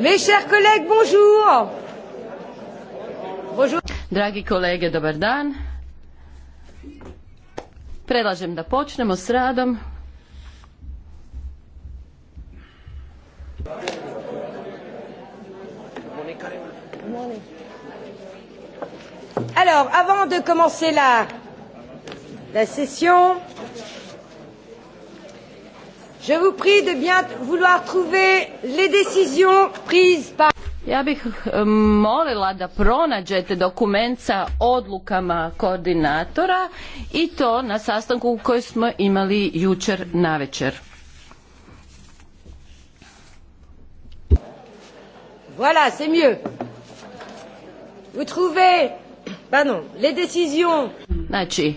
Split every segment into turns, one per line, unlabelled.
Mes chers collègues, bonjour. Bonjour. Dragi kolege, dobar dan. Predlažem da počnemo s radom.
Alors, avant de commencer la la session. Je vous prie de bien vouloir trouver les décisions prises
par... Ja bih eh, molila da pronađete dokument sa odlukama koordinatora i to na sastanku koji smo imali jučer na večer. Voilà, c'est mieux. Vous trouvez, pardon, les décisions. Znači,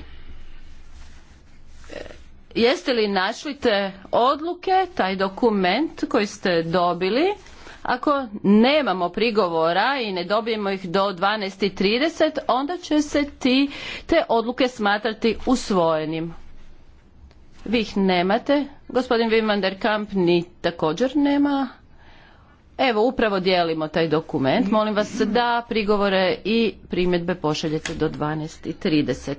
Jeste li našli te odluke, taj dokument koji ste dobili? Ako nemamo prigovora i ne dobijemo ih do 12.30, onda će se ti, te odluke smatrati usvojenim. Vi ih nemate. Gospodin Wim der Kamp ni također nema. Evo, upravo dijelimo taj dokument. Molim vas da prigovore i primjedbe pošaljete do 12.30.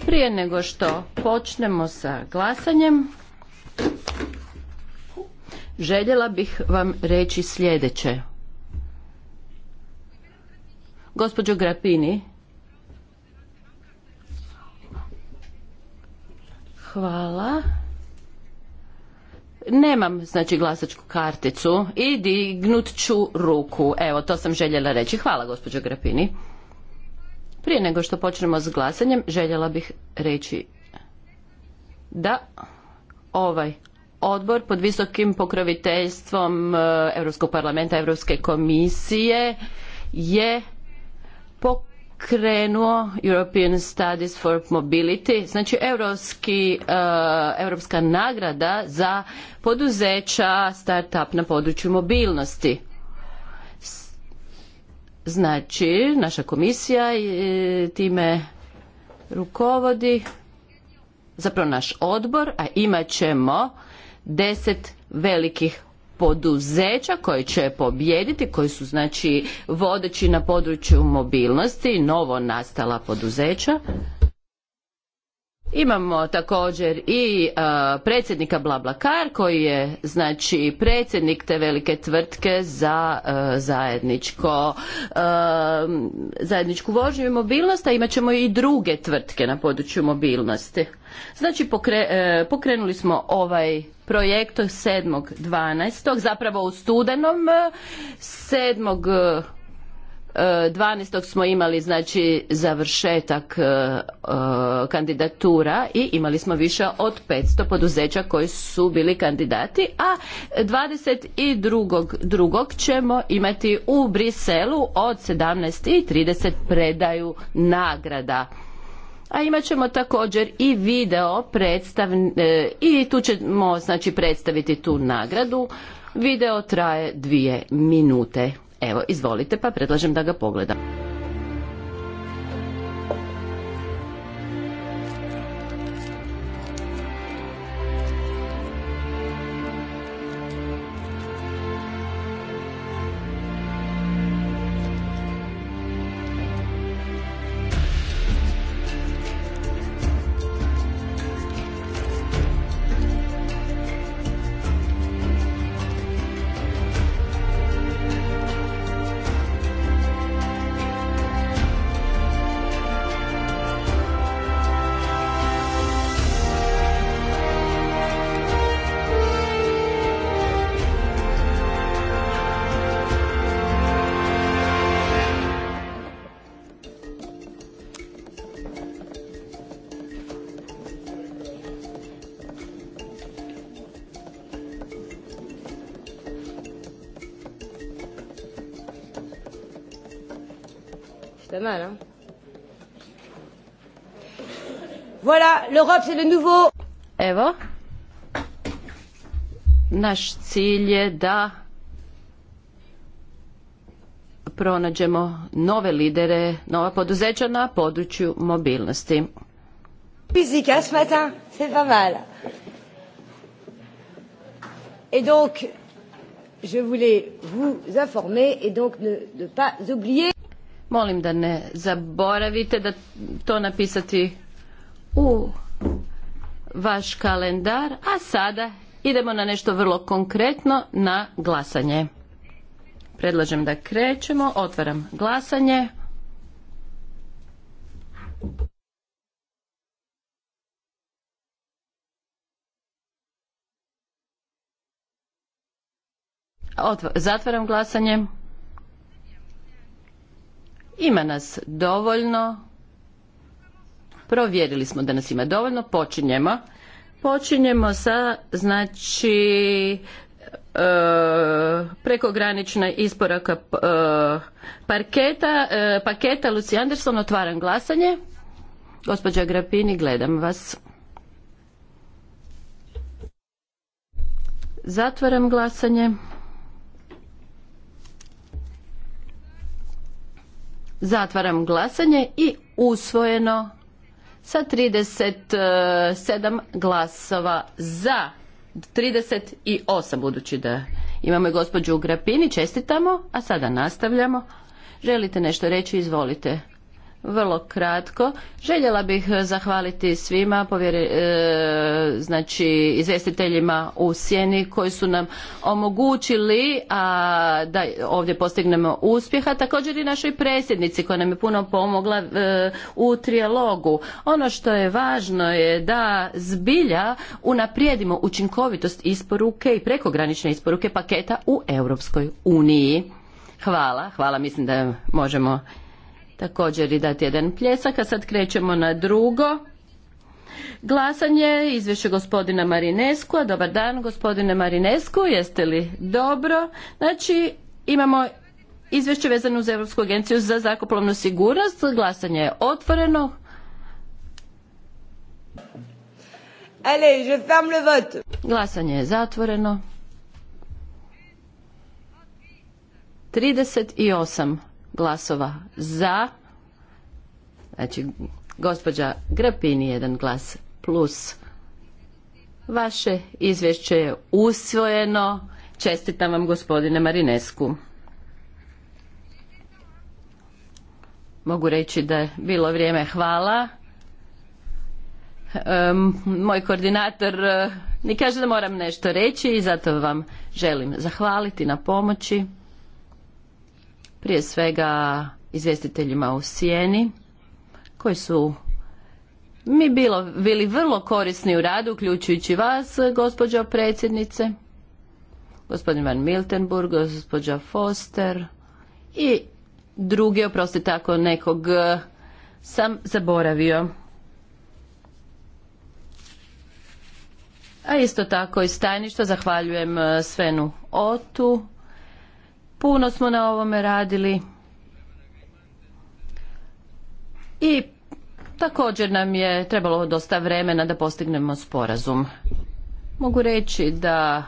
Prije nego što počnemo sa glasanjem, željela bih vam reći sljedeće. Gospođo Grapini, hvala. Nemam, znači, glasačku karticu i dignut ću ruku. Evo, to sam željela reći. Hvala, gospođo Grapini. Prije nego što počnemo s glasanjem, željela bih reći da ovaj odbor pod visokim pokroviteljstvom e, Europskog parlamenta, Europske komisije je pokrenuo European Studies for Mobility, znači europski, e, europska nagrada za poduzeća start-up na području mobilnosti. Znači, naša komisija e, time rukovodi, zapravo naš odbor, a imat ćemo deset velikih poduzeća koje će pobijediti, koji su znači vodeći na području mobilnosti, novo nastala poduzeća. Imamo također i predsjednika Blablakar koji je znači predsjednik te velike tvrtke za zajedničko zajedničku vožnju i mobilnost, a imat ćemo i druge tvrtke na području mobilnosti. Znači e, pokrenuli smo ovaj projekt 7.12. zapravo u studenom 7 12. smo imali znači završetak e, e, kandidatura i imali smo više od 500 poduzeća koji su bili kandidati, a 22. drugog ćemo imati u Briselu od 17.30 predaju nagrada a imat ćemo također i video predstav e, i tu ćemo znači predstaviti tu nagradu. Video traje dvije minute. Evo, izvolite, pa predlažem da ga pogledam. mal. Hein. Voilà, l'Europe c'est le nouveau. Evo. Naš cilj je da pronađemo nove lidere, nova poduzeća na području mobilnosti.
Fizika ce matin, c'est pas mal.
Et donc, je voulais vous informer et donc ne, ne pas oublier. Molim da ne zaboravite da to napisati u vaš kalendar, a sada idemo na nešto vrlo konkretno na glasanje. Predlažem da krećemo, otvaram glasanje. zatvaram glasanje. Ima nas dovoljno. Provjerili smo da nas ima dovoljno. Počinjemo. Počinjemo sa, znači, e, prekogranična isporaka e, parketa, e, paketa Luci Anderson, otvaram glasanje. Gospođa Grapini, gledam vas. Zatvaram glasanje. Zatvaram glasanje i usvojeno sa 37 glasova za 38 budući da imamo i gospođu Grapini, čestitamo, a sada nastavljamo. Želite nešto reći, izvolite vrlo kratko. Željela bih eh, zahvaliti svima, povjeri, eh, znači izvjestiteljima u sjeni koji su nam omogućili a, da ovdje postignemo uspjeha, također i našoj predsjednici koja nam je puno pomogla eh, u trijalogu. Ono što je važno je da zbilja unaprijedimo učinkovitost isporuke i prekogranične isporuke paketa u Europskoj uniji. Hvala, hvala, mislim da možemo također i dati jedan pljesak, a sad krećemo na drugo. Glasanje, izvješće gospodina Marinesku, a dobar dan gospodine Marinesku, jeste li dobro? Znači, imamo izvješće vezano uz Europsku agenciju za zakoplovnu sigurnost, glasanje je otvoreno. Allez, je le Glasanje je zatvoreno. 38 glasova za, znači gospođa Grapini jedan glas plus. Vaše izvješće je usvojeno. Čestitam vam gospodine Marinesku. Mogu reći da je bilo vrijeme hvala. moj koordinator uh, eh, mi kaže da moram nešto reći i zato vam želim zahvaliti na pomoći prije svega izvjestiteljima u Sijeni koji su mi bilo, bili vrlo korisni u radu, uključujući vas, gospođo predsjednice, gospodin Van Miltenburg, gospođa Foster i drugi, oprosti tako, nekog eh, sam zaboravio. A isto tako iz tajništva zahvaljujem eh, Svenu Otu, Puno smo na ovome radili. I također nam je trebalo dosta vremena da postignemo sporazum. Mogu reći da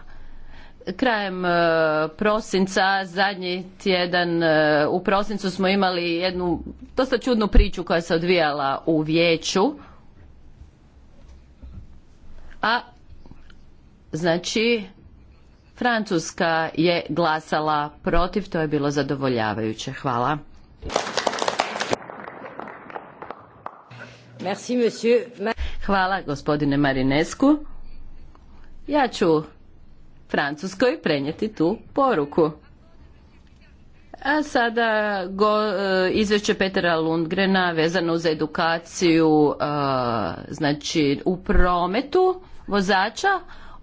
krajem e, prosinca, zadnji tjedan e, u prosincu smo imali jednu dosta čudnu priču koja se odvijala u vijeću. A znači Francuska je glasala protiv, to je bilo zadovoljavajuće. Hvala. Hvala gospodine Marinesku. Ja ću Francuskoj prenijeti tu poruku. A sada go, e, izvješće Petera Lundgrena vezano za edukaciju e, znači u prometu vozača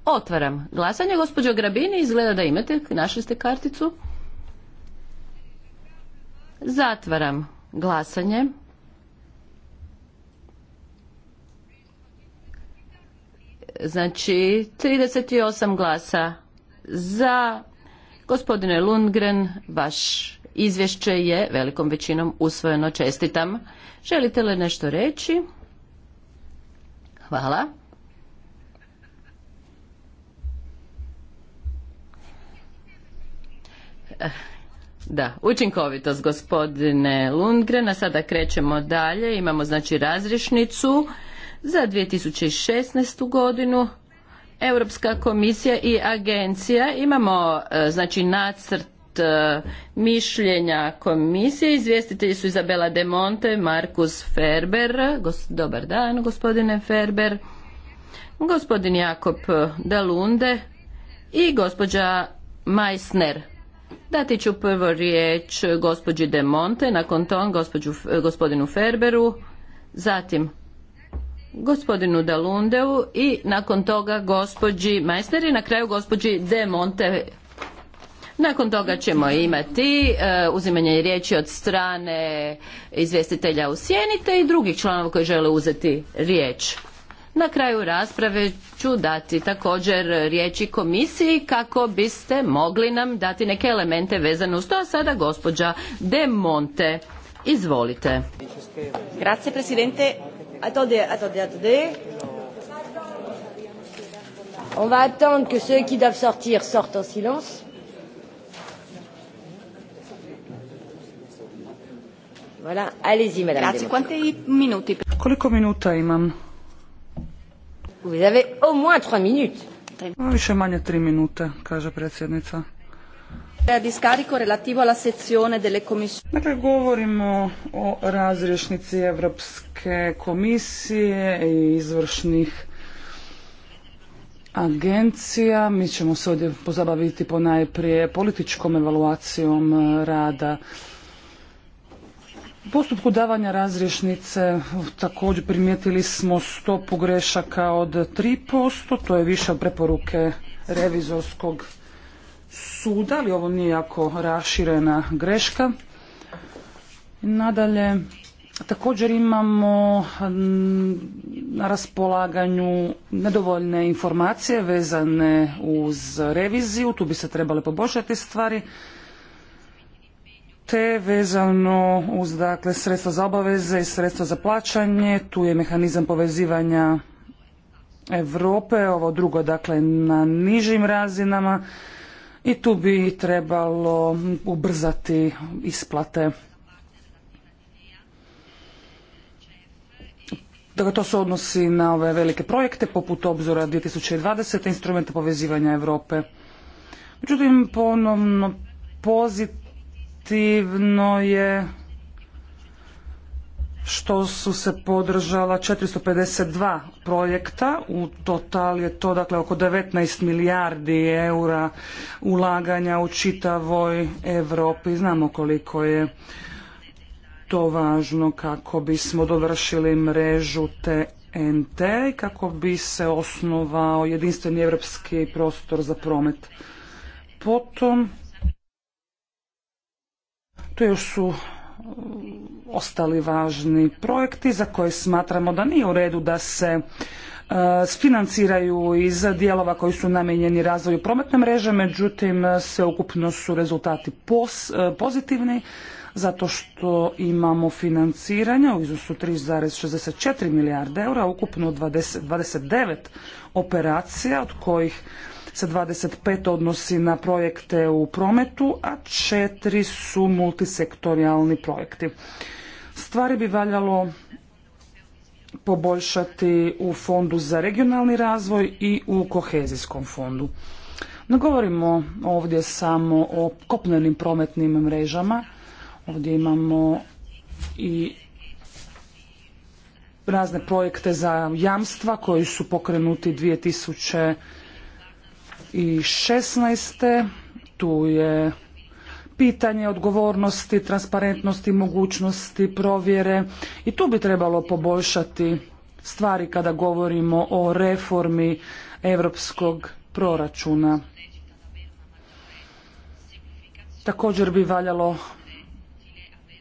Otvaram glasanje. Gospođo Grabini, izgleda da imate, našli ste karticu. Zatvaram glasanje. Znači, 38 glasa za. Gospodine Lundgren, vaš izvješće je velikom većinom usvojeno. Čestitam. Želite li nešto reći? Hvala. da, učinkovitost gospodine Lundgrena. Sada krećemo dalje. Imamo znači razrišnicu za 2016. godinu. Europska komisija i agencija. Imamo e, znači nacrt e, mišljenja komisije. Izvjestitelji su Izabela De Monte, Markus Ferber. Dobar dan, gospodine Ferber. Gospodin Jakob Dalunde i gospođa Majsner. Dati ću prvo riječ gospođi De Monte, nakon to eh, gospodinu Ferberu, zatim gospodinu Dalundeu i nakon toga gospođi majsteri i na kraju gospođi De Monte. Nakon toga ćemo imati eh, uzimanje riječi od strane izvjestitelja u sjeni i drugih članova koji žele uzeti riječ. Na kraju rasprave ću dati također riječi komisiji kako biste mogli nam dati neke elemente vezane uz to. A sada gospođa De Monte, izvolite. Grazie presidente. a to de. On va attendre que ceux qui doivent sortir sortent en silence.
Voilà,
allez-y madame. Grazie, quanti minuti? Koliko minuta imam? Vous avez au moins Više manje tri minute, kaže predsjednica. Dakle, govorimo o razrješnici Evropske komisije i izvršnih agencija. Mi ćemo se ovdje pozabaviti ponajprije političkom evaluacijom eh, rada u postupku davanja razrješnice također primijetili smo stopu grešaka od 3%, to je više od preporuke revizorskog suda, ali ovo nije jako raširena greška. Nadalje, također imamo na raspolaganju nedovoljne informacije vezane uz reviziju, tu bi se trebale poboljšati stvari te vezano uz dakle sredstva za obaveze i sredstva za plaćanje, tu je mehanizam povezivanja Europe, ovo drugo dakle na nižim razinama i tu bi trebalo ubrzati isplate. Dakle, to se odnosi na ove velike projekte poput obzora 2020. instrumenta povezivanja Europe. Međutim, ponovno pozit Pozitivno je što su se podržala 452 projekta, u total je to dakle oko 19 milijardi eura ulaganja u čitavoj Europi. Znamo koliko je to važno kako bismo dovršili mrežu TNT i kako bi se osnovao jedinstveni europski prostor za promet. Potom još su um, ostali važni projekti za koje smatramo da nije u redu da se uh, sfinanciraju iz dijelova koji su namijenjeni razvoju prometne mreže, međutim uh, ukupno su rezultati uh, pozitivni zato što imamo financiranja u iznosu 3,64 milijarde eura, ukupno 29 operacija od kojih se 25 odnosi na projekte u prometu, a četiri su multisektorijalni projekti. Stvari bi valjalo poboljšati u fondu za regionalni razvoj i u kohezijskom fondu. Ne govorimo ovdje samo o kopnenim prometnim mrežama, ovdje imamo i razne projekte za jamstva koji su pokrenuti 2000 i 2016. Tu je pitanje odgovornosti, transparentnosti, mogućnosti, provjere i tu bi trebalo poboljšati stvari kada govorimo o reformi europskog proračuna. Također bi valjalo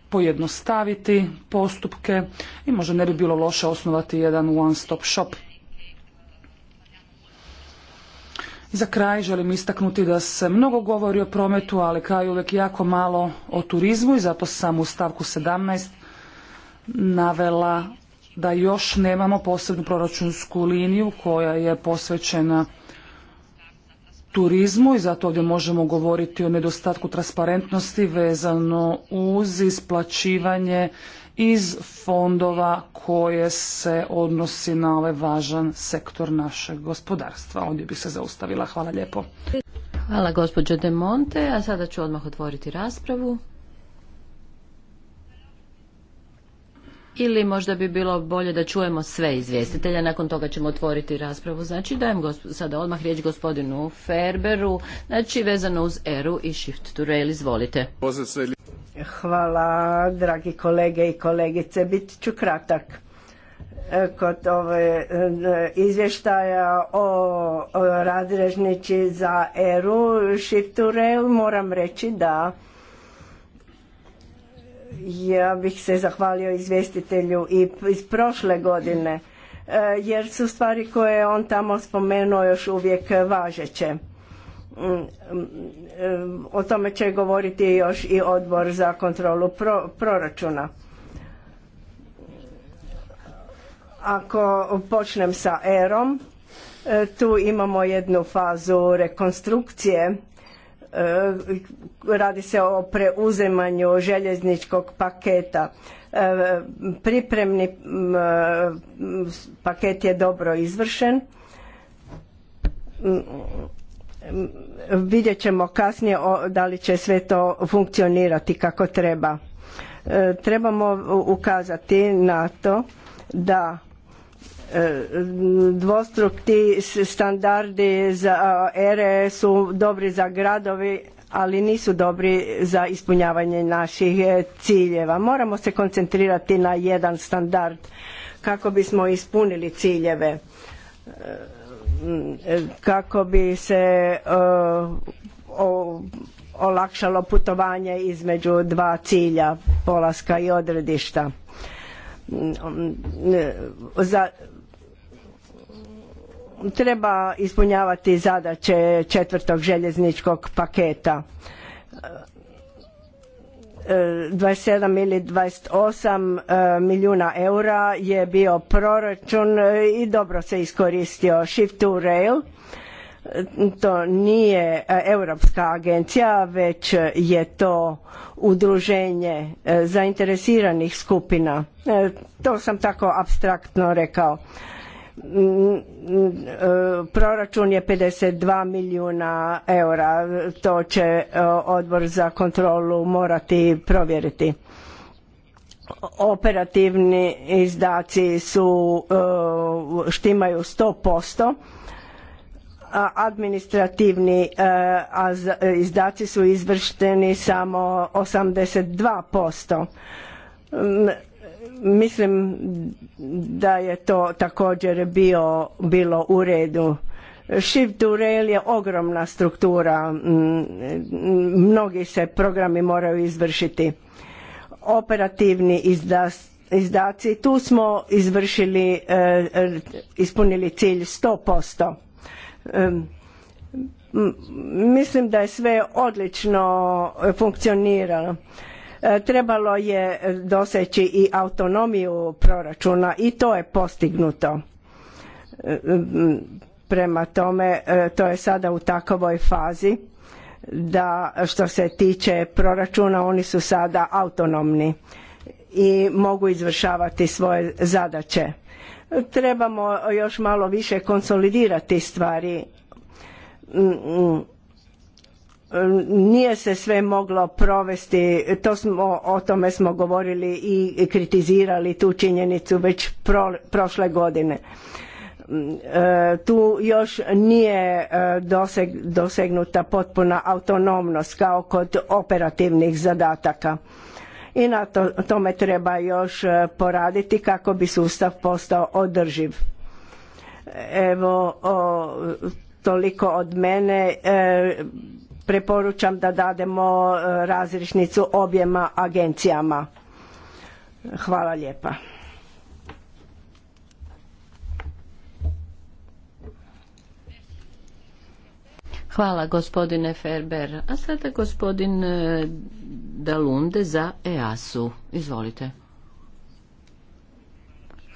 pojednostaviti postupke i možda ne bi bilo loše osnovati jedan one stop shop za kraj želim istaknuti da se mnogo govori o prometu, ali kao i uvijek jako malo o turizmu i zato sam u stavku 17 navela da još nemamo posebnu proračunsku liniju koja je posvećena turizmu i zato ovdje možemo govoriti o nedostatku transparentnosti vezano uz isplaćivanje iz fondova koje se odnosi na ovaj važan sektor našeg gospodarstva. Ovdje bi se zaustavila. Hvala lijepo.
Hvala gospođo De Monte, a sada ću odmah otvoriti raspravu. ili možda bi bilo bolje da čujemo sve izvjestitelje, nakon toga ćemo otvoriti raspravu. Znači dajem sada odmah riječ gospodinu Ferberu, znači vezano uz Eru i Shift to Rail, izvolite.
Hvala dragi kolege i kolegice, bit ću kratak e, kod ove e, izvještaja o razrežnici za Eru, Shift to Rail, moram reći da ja bih se zahvalio izvjestitelju i iz prošle godine e, jer su stvari koje je on tamo spomenuo još uvijek važeće. Mm, mm, e, o tome će govoriti još i odbor za kontrolu proračuna. Ako počnem sa erom, e, tu imamo jednu fazu rekonstrukcije E, radi se o preuzimanju željezničkog paketa. E, pripremni e, paket je dobro izvršen. Vidjet ćemo kasnije da li će sve to funkcionirati kako treba. Trebamo ukazati na to da E, dvostrukti standardi za ere su dobri za gradovi ali nisu dobri za ispunjavanje naših e, ciljeva. Moramo se koncentrirati na jedan standard kako bismo ispunili ciljeve e, kako bi se olakšalo putovanje između dva cilja polaska i odredišta za treba ispunjavati zadaće četvrtog željezničkog paketa. 27 e, ili 28 e, milijuna eura je bio proračun e, i dobro se iskoristio Shift to Rail. To nije Europska agencija, već je to udruženje zainteresiranih skupina. To sam tako abstraktno rekao. E, proračun je 52 milijuna eura to će e, odbor za kontrolu morati provjeriti operativni izdaci su e, štimaju 100% a administrativni izdaci su izvršteni samo 82% mislim da je to također bio, bilo u redu. Shift to Rail je ogromna struktura, mm, mnogi se programi moraju izvršiti. Operativni izdaci, tu smo izvršili, e, e, ispunili cilj 100%. E, mislim da je sve odlično funkcioniralo E, trebalo je e, doseći i autonomiju proračuna i to je postignuto. E, prema tome, to je sada u takovoj fazi da što se tiče proračuna oni su sada autonomni i mogu izvršavati svoje zadaće. Trebamo još malo više konsolidirati stvari nije se sve moglo provesti, to smo, o tome smo govorili i kritizirali tu činjenicu već prošle godine. Mm, e, tu još nije e, dosegnuta potpuna autonomnost kao kod operativnih zadataka i na tome treba još e, poraditi kako bi sustav postao održiv. Evo toliko od mene preporučam da dademo e, razrišnicu objema agencijama. Hvala lijepa.
Hvala gospodine Ferber. A sada gospodin e, Dalunde za EASU. Izvolite.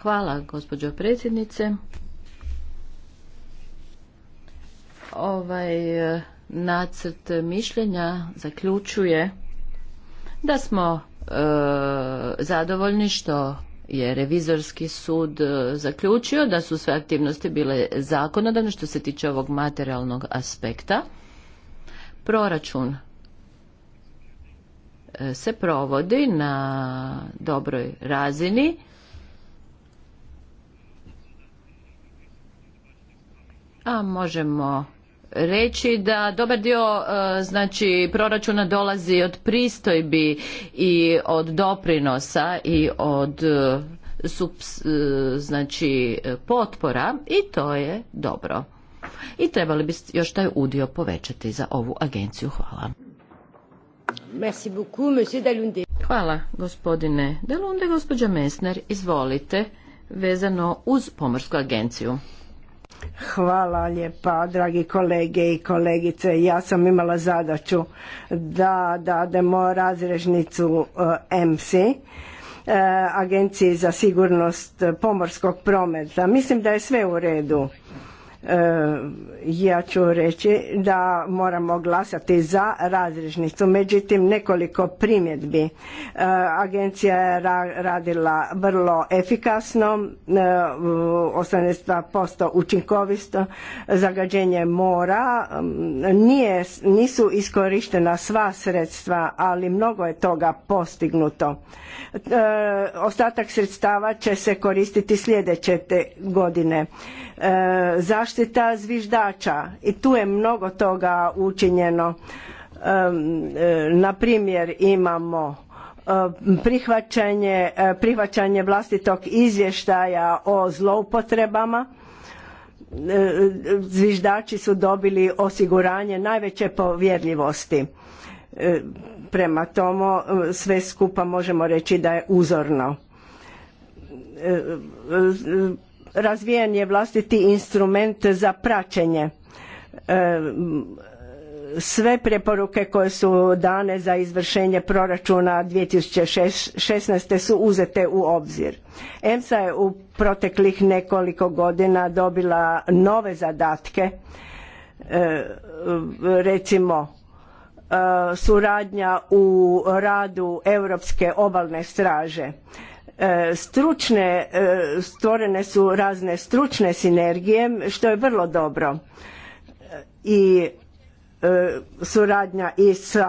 Hvala gospođo predsjednice. Ovaj e, nacrt mišljenja zaključuje da smo e, zadovoljni što je revizorski sud e, zaključio da su sve aktivnosti bile zakonodavne što se tiče ovog materijalnog aspekta. Proračun e, se provodi na dobroj razini. A možemo reći da dobar dio e, znači proračuna dolazi od pristojbi i od doprinosa i od e, e, znači potpora i to je dobro. I trebali bi još taj udio povećati za ovu agenciju. Hvala.
Merci beaucoup,
monsieur Hvala, gospodine Dalunde. Gospođa Mesner, izvolite, vezano uz Pomorsku agenciju.
Hvala lijepa, dragi kolege i kolegice. Ja sam imala zadaću da dademo razrežnicu e, MC, e, Agenciji za sigurnost pomorskog prometa. Mislim da je sve u redu. E, ja ću reći da moramo glasati za razrežnicu. Međutim, nekoliko primjedbi. E, agencija je radila vrlo efikasno, e, posto učinkovito, zagađenje mora, nisu iskorištena sva sredstva, ali mnogo je toga postignuto. Ostatak sredstava će se koristiti sljedeće te godine E, zaštita zviždača i tu je mnogo toga učinjeno. E, na primjer imamo e, prihvaćanje, prihvaćanje vlastitog izvještaja o zloupotrebama zviždači su dobili osiguranje najveće povjerljivosti prema tomu sve skupa možemo reći da je uzorno razvijen je vlastiti instrument za praćenje e, sve preporuke koje su dane za izvršenje proračuna 2016. su uzete u obzir. EMSA je u proteklih nekoliko godina dobila nove zadatke, e, recimo e, suradnja u radu Europske obalne straže E, stručne, e, stvorene su razne stručne sinergije što je vrlo dobro e, i suradnja i sa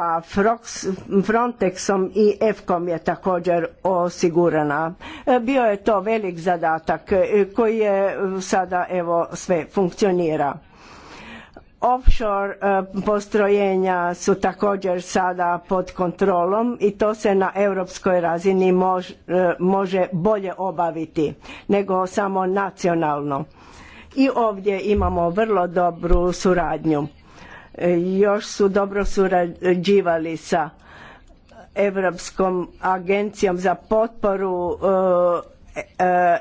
Frontexom i EFKOM je također osigurana. Bio je to velik zadatak koji je sada evo sve funkcionira offshore e, postrojenja su također sada pod kontrolom i to se na europskoj razini e, može bolje obaviti nego samo nacionalno. I ovdje imamo vrlo dobru suradnju. E, još su dobro surađivali sa Europskom agencijom za potporu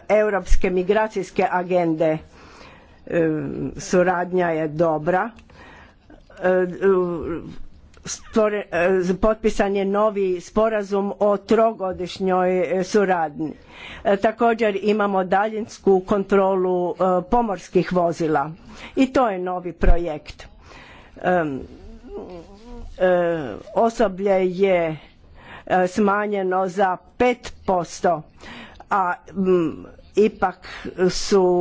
Europske migracijske agende E, suradnja je dobra e, e, potpisan je novi sporazum o trogodišnjoj suradnji. Također imamo daljinsku kontrolu pomorskih vozila i to je novi projekt. Osoblje je smanjeno za 5%, a ipak su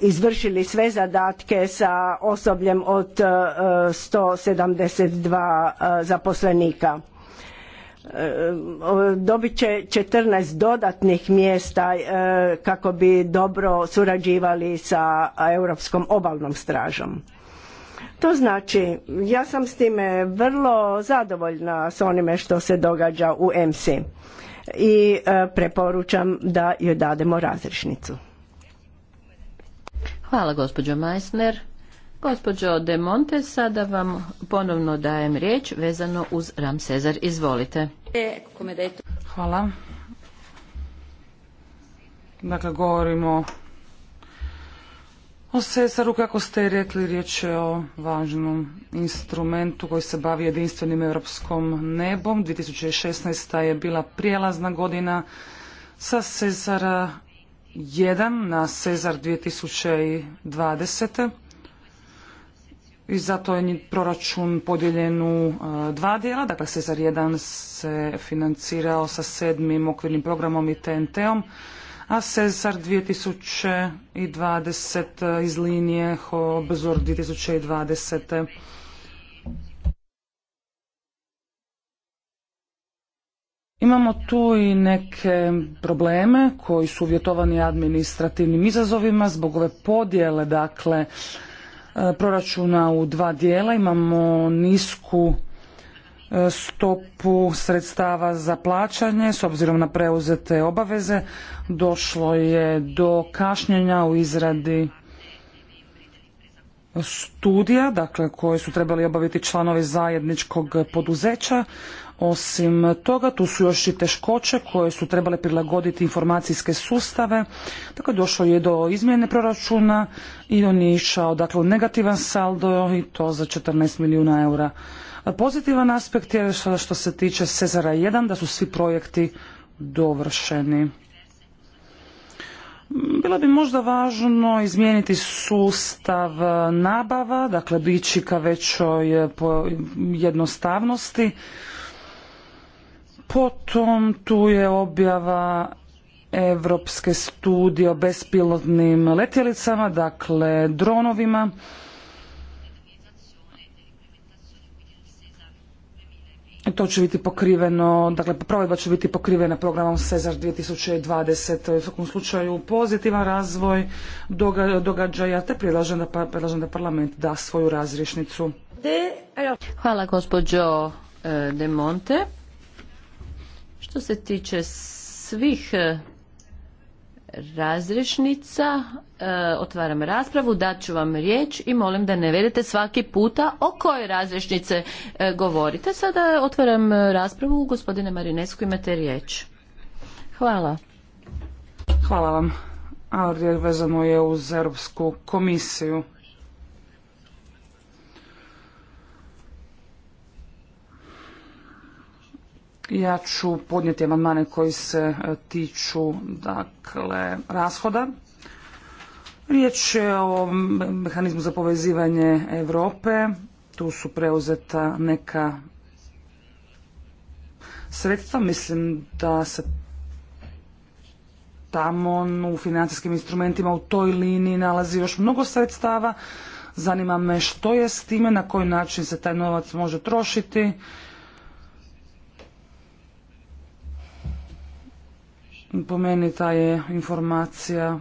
izvršili sve zadatke sa osobljem od 172 e, e, zaposlenika. E, dobit će 14 dodatnih mjesta kako bi dobro surađivali sa Europskom obalnom stražom. To znači, ja sam s time vrlo zadovoljna s onime što se događa u EMSI i preporučam da joj dademo razrješnicu Hvala gospođo Meissner.
Gospođo De Monte, sada vam ponovno dajem riječ vezano uz Ram Cezar. Izvolite.
Hvala. Dakle, govorimo o Cesaru, kako ste rekli, riječ je o važnom instrumentu koji se bavi jedinstvenim europskom nebom. 2016. je bila prijelazna godina sa Cesara 1 na Cezar 2020. I zato je proračun podijeljen u e, dva dijela. Dakle, Cezar 1 se financirao sa sedmim okvirnim programom i TNT-om, a Cezar 2020 iz linije Obzor 2020. Imamo tu i neke probleme koji su uvjetovani administrativnim izazovima zbog ove podjele, dakle, e, proračuna u dva dijela. Imamo nisku e, stopu sredstava za plaćanje s obzirom na preuzete obaveze. Došlo je do kašnjenja u izradi studija, dakle koje su trebali obaviti članovi zajedničkog poduzeća, osim toga, tu su još i teškoće koje su trebale prilagoditi informacijske sustave. Dakle, došlo je do izmjene proračuna i on je išao dakle, u negativan saldo i to za 14 milijuna eura. Pozitivan aspekt je što se tiče Cezara 1, da su svi projekti dovršeni. Bilo bi možda važno izmijeniti sustav nabava, dakle bići ka većoj eh, jednostavnosti. Potom tu je objava Europske studije o bespilotnim letjelicama, dakle dronovima. To će biti pokriveno, dakle provedba će biti pokrivena programom Cezar 2020. U svakom slučaju pozitivan razvoj događaja te predlažem da, pa, predlažem da parlament da svoju razrišnicu.
Hvala gospođo eh, De Monte. Što se tiče svih e, razrješnica, e, otvaram raspravu, daću vam riječ i molim da ne vedete svaki puta o kojoj razrešnice govorite. Sada otvaram e, raspravu,
gospodine Marinesku imate riječ. Hvala. Hvala vam. vezano je uz Europsku komisiju. Ja ću podnijeti amandmane koji se e, tiču dakle, rashoda. Riječ je o mehanizmu za povezivanje Europe. Tu su preuzeta neka sredstva. Mislim da se tamo u financijskim instrumentima u toj liniji nalazi još mnogo sredstava. Zanima me što je s time, na koji način se taj novac može trošiti Po meni ta je informacija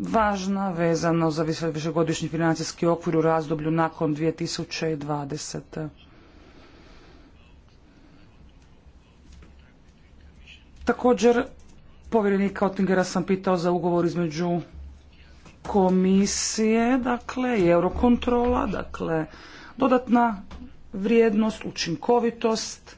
važna vezano za višegodišnji financijski okvir u razdoblju nakon 2020. Također, povjerenika Otingera sam pitao za ugovor između komisije, dakle, i eurokontrola, dakle, dodatna vrijednost, učinkovitost,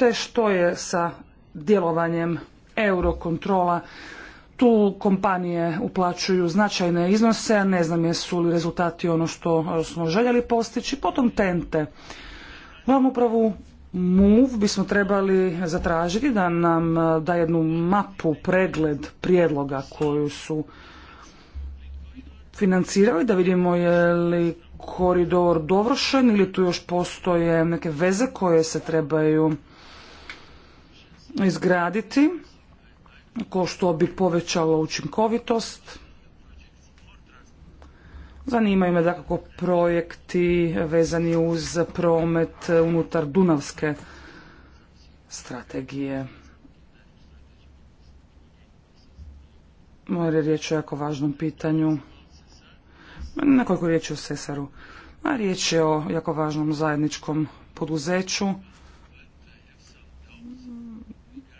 te što je sa djelovanjem eurokontrola. Tu kompanije uplaćuju značajne iznose, a ne znam jesu li rezultati ono što smo željeli postići. Potom tente. Vam upravu MOVE bismo trebali zatražiti da nam e, da jednu mapu, pregled prijedloga koju su financirali, da vidimo je li koridor dovršen ili tu još postoje neke veze koje se trebaju izgraditi, ko što bi povećalo učinkovitost. Zanimaju me dakako projekti vezani uz promet unutar Dunavske strategije. Moje je riječ o jako važnom pitanju. Nekoliko riječi o Sesaru. A riječ je o jako važnom zajedničkom poduzeću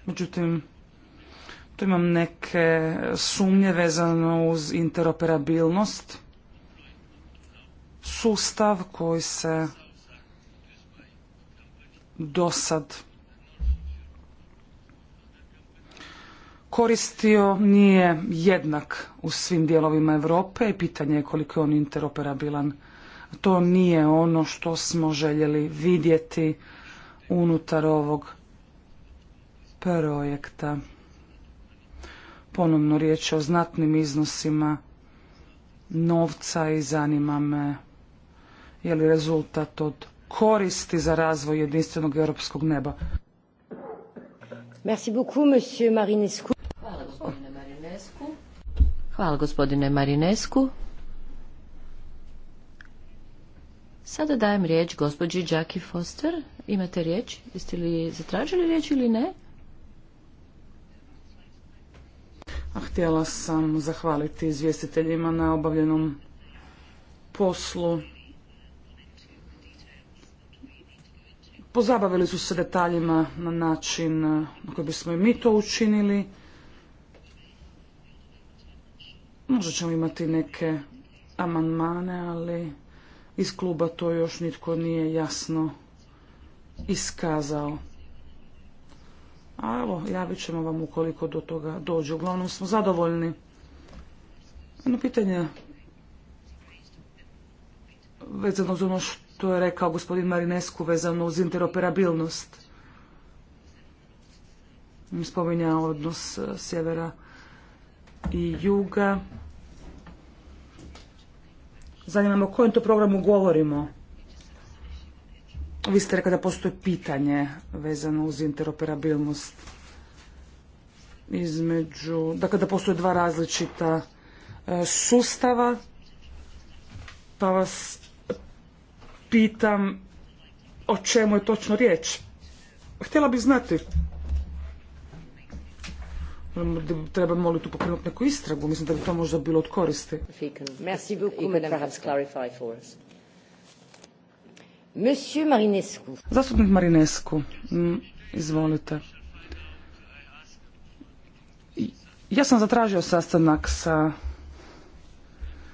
Međutim, tu imam neke sumnje vezano uz interoperabilnost. Sustav koji se do sad koristio nije jednak u svim dijelovima Europe i pitanje je koliko je on interoperabilan. To nije ono što smo željeli vidjeti unutar ovog projekta. Ponovno riječ o znatnim iznosima novca i zanima me je li rezultat od koristi za razvoj jedinstvenog europskog neba. Merci beaucoup, monsieur Marinescu.
Hvala gospodine Marinescu. Hvala gospodine Sada dajem riječ gospođi Jackie Foster. Imate riječ? Jeste li zatražili riječ ili ne?
a htjela sam zahvaliti izvjestiteljima na obavljenom poslu. Pozabavili su se detaljima na način na koji bismo i mi to učinili. Možda ćemo imati neke amandmane, ali iz kluba to još nitko nije jasno iskazao. A evo, javit ćemo vam ukoliko do toga dođe. Uglavnom smo zadovoljni. Jedno pitanje vezano uz ono što je rekao gospodin Marinescu vezano uz interoperabilnost. Spominja odnos e, sjevera i juga. me o kojem to programu govorimo. Vi ste rekli da postoji pitanje vezano uz interoperabilnost između, dakle da postoje dva različita e, sustava, pa vas pitam o čemu je točno riječ. Htjela bih znati Treba moliti tu pokrenuti neku istragu, mislim da bi to možda bilo od koristi. Monsieur Marinescu. Zastupnik Marinescu, izvolite. Ja sam zatražio sastanak sa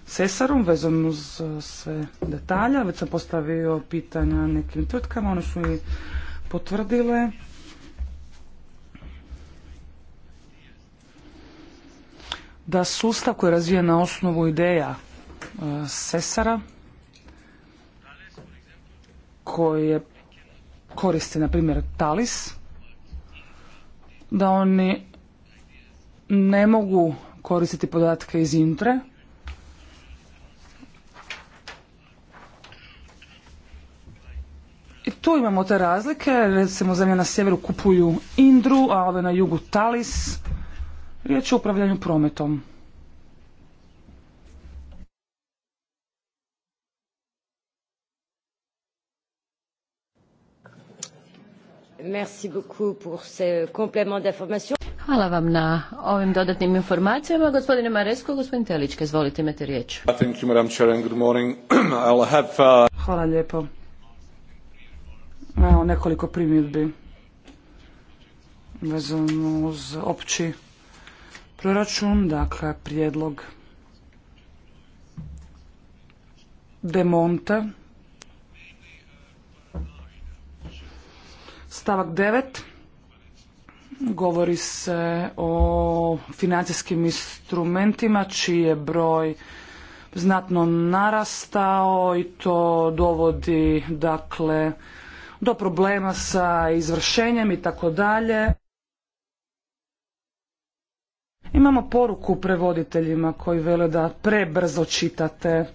Cesarom vezano uz e, sve detalja. Već sam postavio pitanja nekim tvrtkama, one su i potvrdile. Da sustav koji je razvijen na osnovu ideja e, Cesara koje koriste, na primjer, Talis, da oni ne mogu koristiti podatke iz Intre, I tu imamo te razlike, recimo zemlje na sjeveru kupuju Indru, a ove na jugu Talis. Riječ je o upravljanju prometom.
Hvala vam na ovim dodatnim informacijama. Gospodine Maresko, gospodin Telička, izvolite, imate riječ.
Uh, Hvala lijepo. Evo nekoliko primjedbi vezano uz opći proračun, dakle prijedlog demonta Stavak 9. Govori se o financijskim instrumentima čiji je broj znatno narastao i to dovodi dakle do problema sa izvršenjem i tako dalje. Imamo poruku prevoditeljima koji vele da prebrzo čitate.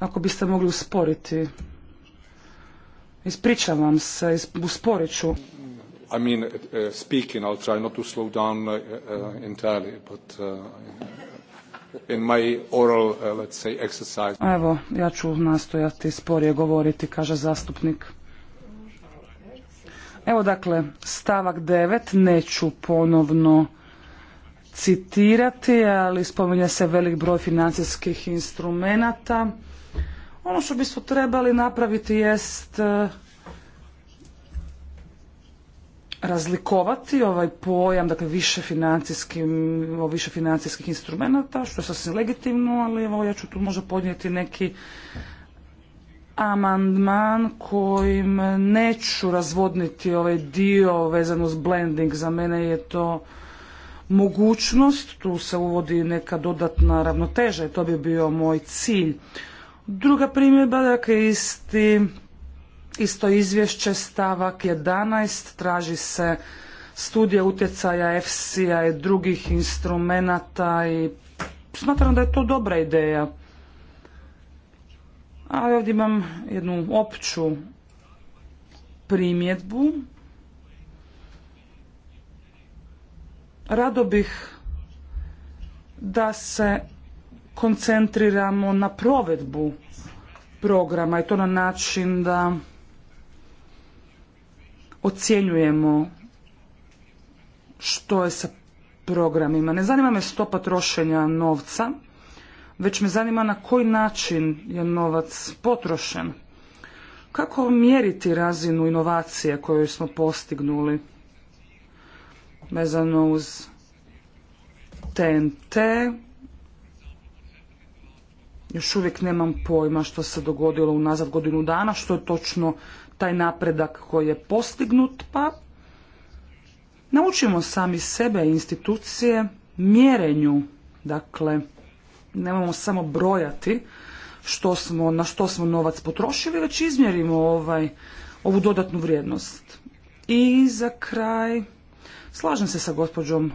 Ako biste mogli usporiti Ispričavam se, usporit ću.
I mean, uh, speaking, I'll try not to slow down uh, uh, entirely, but uh, in my
oral, let's say, exercise. Evo, ja ću nastojati sporije govoriti, kaže zastupnik. Evo dakle, stavak 9, neću ponovno citirati, ali spominje se velik broj financijskih instrumenata ono što bismo trebali napraviti jest e, razlikovati ovaj pojam, dakle više financijskih, više financijskih instrumenata, što je sasvim legitimno, ali evo ja ću tu možda podnijeti neki amandman kojim neću razvodniti ovaj dio vezan uz blending. Za mene je to mogućnost, tu se uvodi neka dodatna ravnoteža i to bi bio moj cilj. Druga primjedba, dakle, isti, isto izvješće, stavak 11, traži se studija utjecaja EFSI-a i drugih instrumenata i smatram da je to dobra ideja. Ali ovdje imam jednu opću primjedbu. Rado bih da se koncentriramo na provedbu programa i to na način da ocjenjujemo što je sa programima. Ne zanima me stopa trošenja novca, već me zanima na koji način je novac potrošen. Kako mjeriti razinu inovacije koju smo postignuli vezano uz TNT, još uvijek nemam pojma što se dogodilo unazad godinu dana, što je točno taj napredak koji je postignut, pa naučimo sami sebe i institucije mjerenju. Dakle, nemamo samo brojati što smo, na što smo novac potrošili, već izmjerimo ovaj, ovu dodatnu vrijednost. I za kraj, slažem se sa gospođom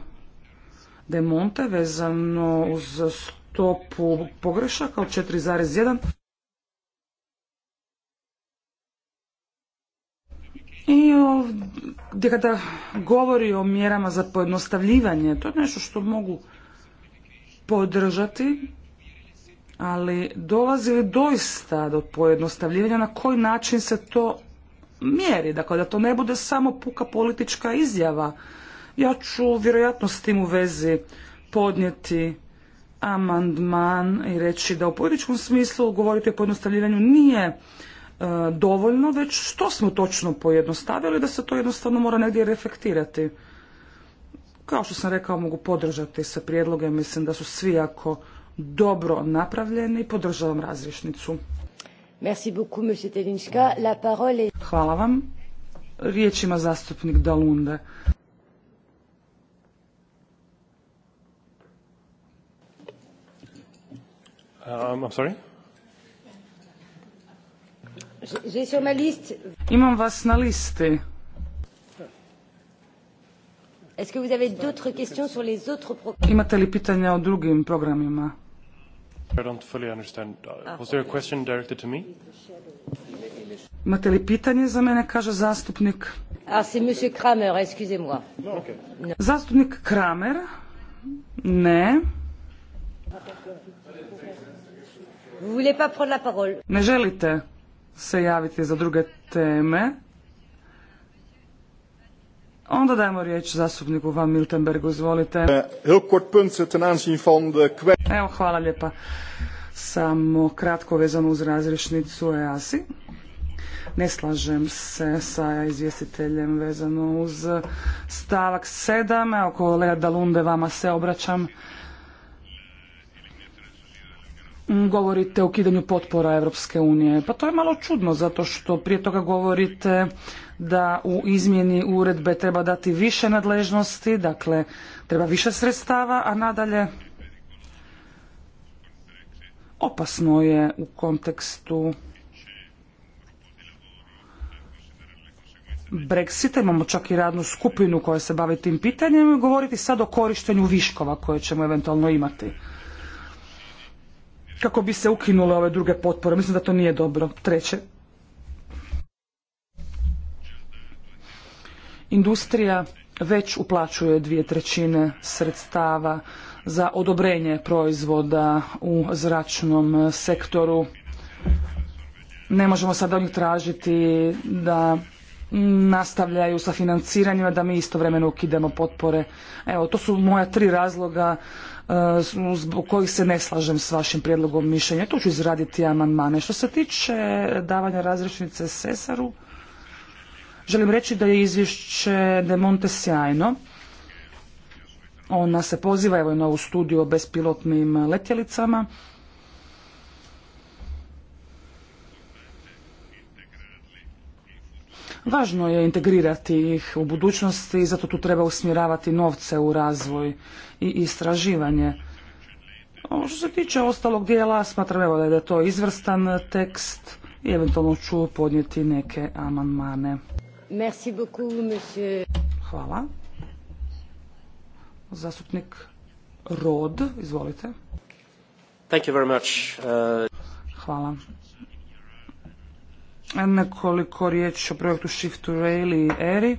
Demonte vezano uz topu pogrešaka od 4,1 I ovdje kada govori o mjerama za pojednostavljivanje, to je nešto što mogu podržati, ali dolazi li doista do pojednostavljivanja, na koji način se to mjeri, dakle da to ne bude samo puka politička izjava. Ja ću vjerojatno s tim u vezi podnijeti amandman i reći da u političkom smislu govoriti o pojednostavljivanju nije e, dovoljno, već što smo točno pojednostavili da se to jednostavno mora negdje reflektirati. Kao što sam rekao, mogu podržati sa prijedloge, mislim da su svi jako dobro napravljeni i podržavam razrišnicu. La Hvala vam. Riječ ima zastupnik Dalunde. Um, I'm sorry. Imam vas na liste.
Est-ce que vous avez d'autres questions sur les autres programmes?
Imate li pitanja o drugim programima?
I don't fully understand. Uh, was there a question directed to me?
Imate li pitanje za mene, kaže zastupnik. A, ah, c'est monsieur Kramer, excusez-moi. Okay. Zastupnik Kramer? Ne. Ne želite se javiti za druge teme. Onda dajemo riječ zastupniku Van Miltenbergu, izvolite. Eh, Evo, hvala lijepa. Samo kratko vezano uz razrješnicu EASI. Ne slažem se sa izvjestiteljem vezano uz stavak 7. oko kolega Lunde vama se obraćam govorite o ukidanju potpora Europske unije. Pa to je malo čudno zato što prije toga govorite da u izmjeni uredbe treba dati više nadležnosti, dakle treba više sredstava, a nadalje opasno je u kontekstu Brexita, imamo čak i radnu skupinu koja se bavi tim pitanjem i govoriti sad o korištenju viškova koje ćemo eventualno imati kako bi se ukinule ove druge potpore. Mislim da to nije dobro. Treće. Industrija već uplaćuje dvije trećine sredstava za odobrenje proizvoda u zračnom sektoru. Ne možemo sad od tražiti da nastavljaju sa financiranjima, da mi istovremeno ukidemo potpore. Evo, to su moja tri razloga E, zbog kojih se ne slažem s vašim prijedlogom mišljenja. Tu ću izraditi amandmane. Što se tiče davanja razrešnice Sesaru, želim reći da je izvješće De Monte sjajno. Ona se poziva evo, na ovu studiju o bespilotnim letjelicama. Važno je integrirati ih u budućnosti i zato tu treba usmjeravati novce u razvoj i istraživanje. Ono što se tiče ostalog dijela, smatram evo da je to izvrstan tekst i eventualno ću podnijeti neke amandmane. Merci beaucoup, monsieur. Hvala. Zastupnik Rod, izvolite. Thank you very much. Uh, Hvala. Nekoliko riječ o projektu Shift to Rail i ERI.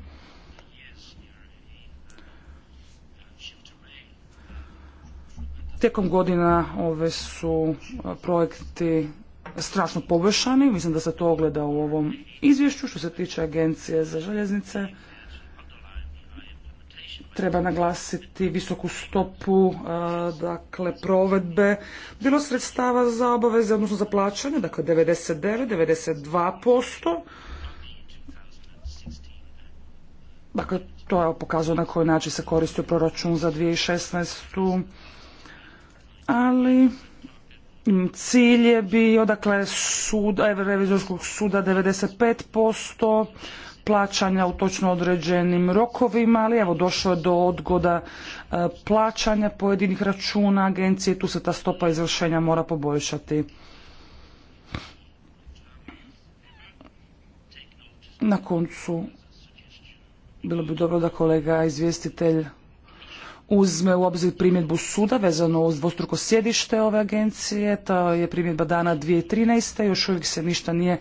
Tijekom godina ove su projekti strašno poboljšani. Mislim da se to ogleda u ovom izvješću što se tiče Agencije za željeznice treba naglasiti visoku stopu e, dakle provedbe bilo sredstava za obaveze odnosno za plaćanje dakle 99 92% dakle to je pokazano na koji način se koristio proračun za 2016. ali cilj je bio dakle sud, e, revizorskog suda 95% plaćanja u točno određenim rokovima, ali evo došlo je do odgoda e, plaćanja pojedinih računa agencije, tu se ta stopa izvršenja mora poboljšati. Na koncu bilo bi dobro da kolega izvjestitelj uzme u obzir primjedbu suda vezano uz dvostruko sjedište ove agencije. To je primjedba dana 2013. Još uvijek se ništa nije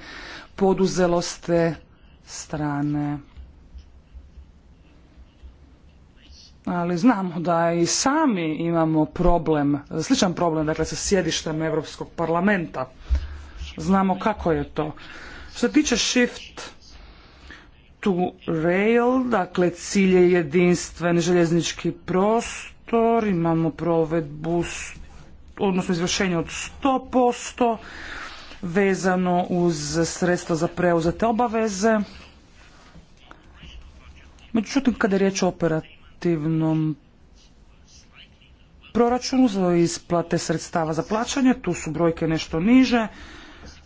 poduzelo s te strane. Ali znamo da i sami imamo problem, sličan problem dakle sa sjedištem Europskog parlamenta. Znamo kako je to. Što se tiče shift to rail, dakle cilj je jedinstven željeznički prostor, imamo provedbu, odnosno izvršenje od 100%, vezano uz sredstva za preuzete obaveze. Međutim, kada je riječ o operativnom proračunu za isplate sredstava za plaćanje, tu su brojke nešto niže,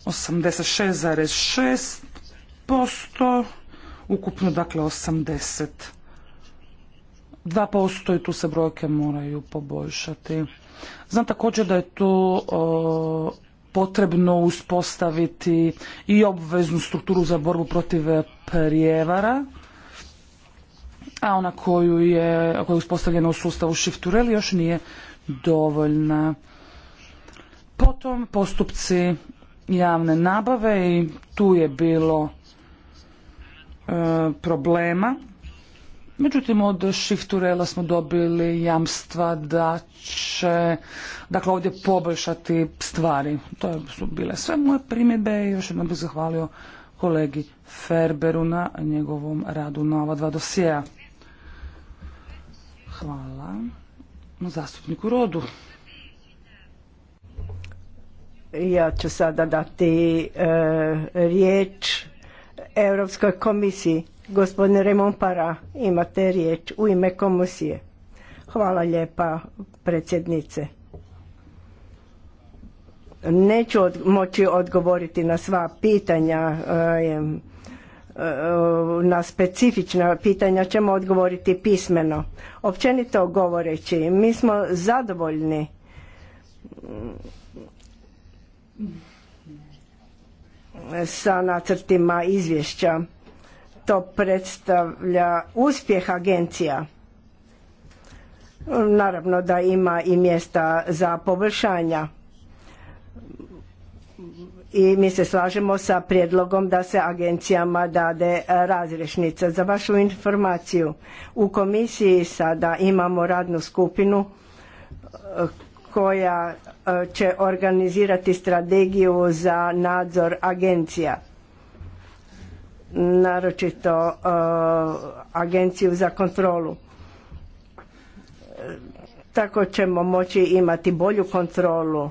86,6%, ukupno dakle 80%. 2% i tu se brojke moraju poboljšati. Znam također da je tu potrebno uspostaviti i obveznu strukturu za borbu protiv prijevara, a ona koju je, koja je uspostavljena u sustavu Shift još nije dovoljna. Potom postupci javne nabave i tu je bilo e, problema Međutim, od Šifturela smo dobili jamstva da će dakle, ovdje poboljšati stvari. To su bile sve moje primjedbe i još jednom bih zahvalio kolegi Ferberu na njegovom radu na ova dva dosijeja. Hvala zastupniku Rodu.
Ja ću sada dati e, riječ Europskoj komisiji Gospodine Remon imate riječ u ime komisije. Hvala lijepa, predsjednice. Neću moći odgovoriti na sva pitanja, eh, eh, na specifična pitanja ćemo odgovoriti pismeno. Općenito govoreći, mi smo zadovoljni mm, sa nacrtima izvješća to predstavlja uspjeh agencija. Naravno da ima i mjesta za poboljšanja. I mi se slažemo sa prijedlogom da se agencijama dade razrešnica. Za vašu informaciju, u komisiji sada imamo radnu skupinu eh, koja eh, će organizirati strategiju za nadzor agencija naročito e, agenciju za kontrolu. E, tako ćemo moći imati bolju kontrolu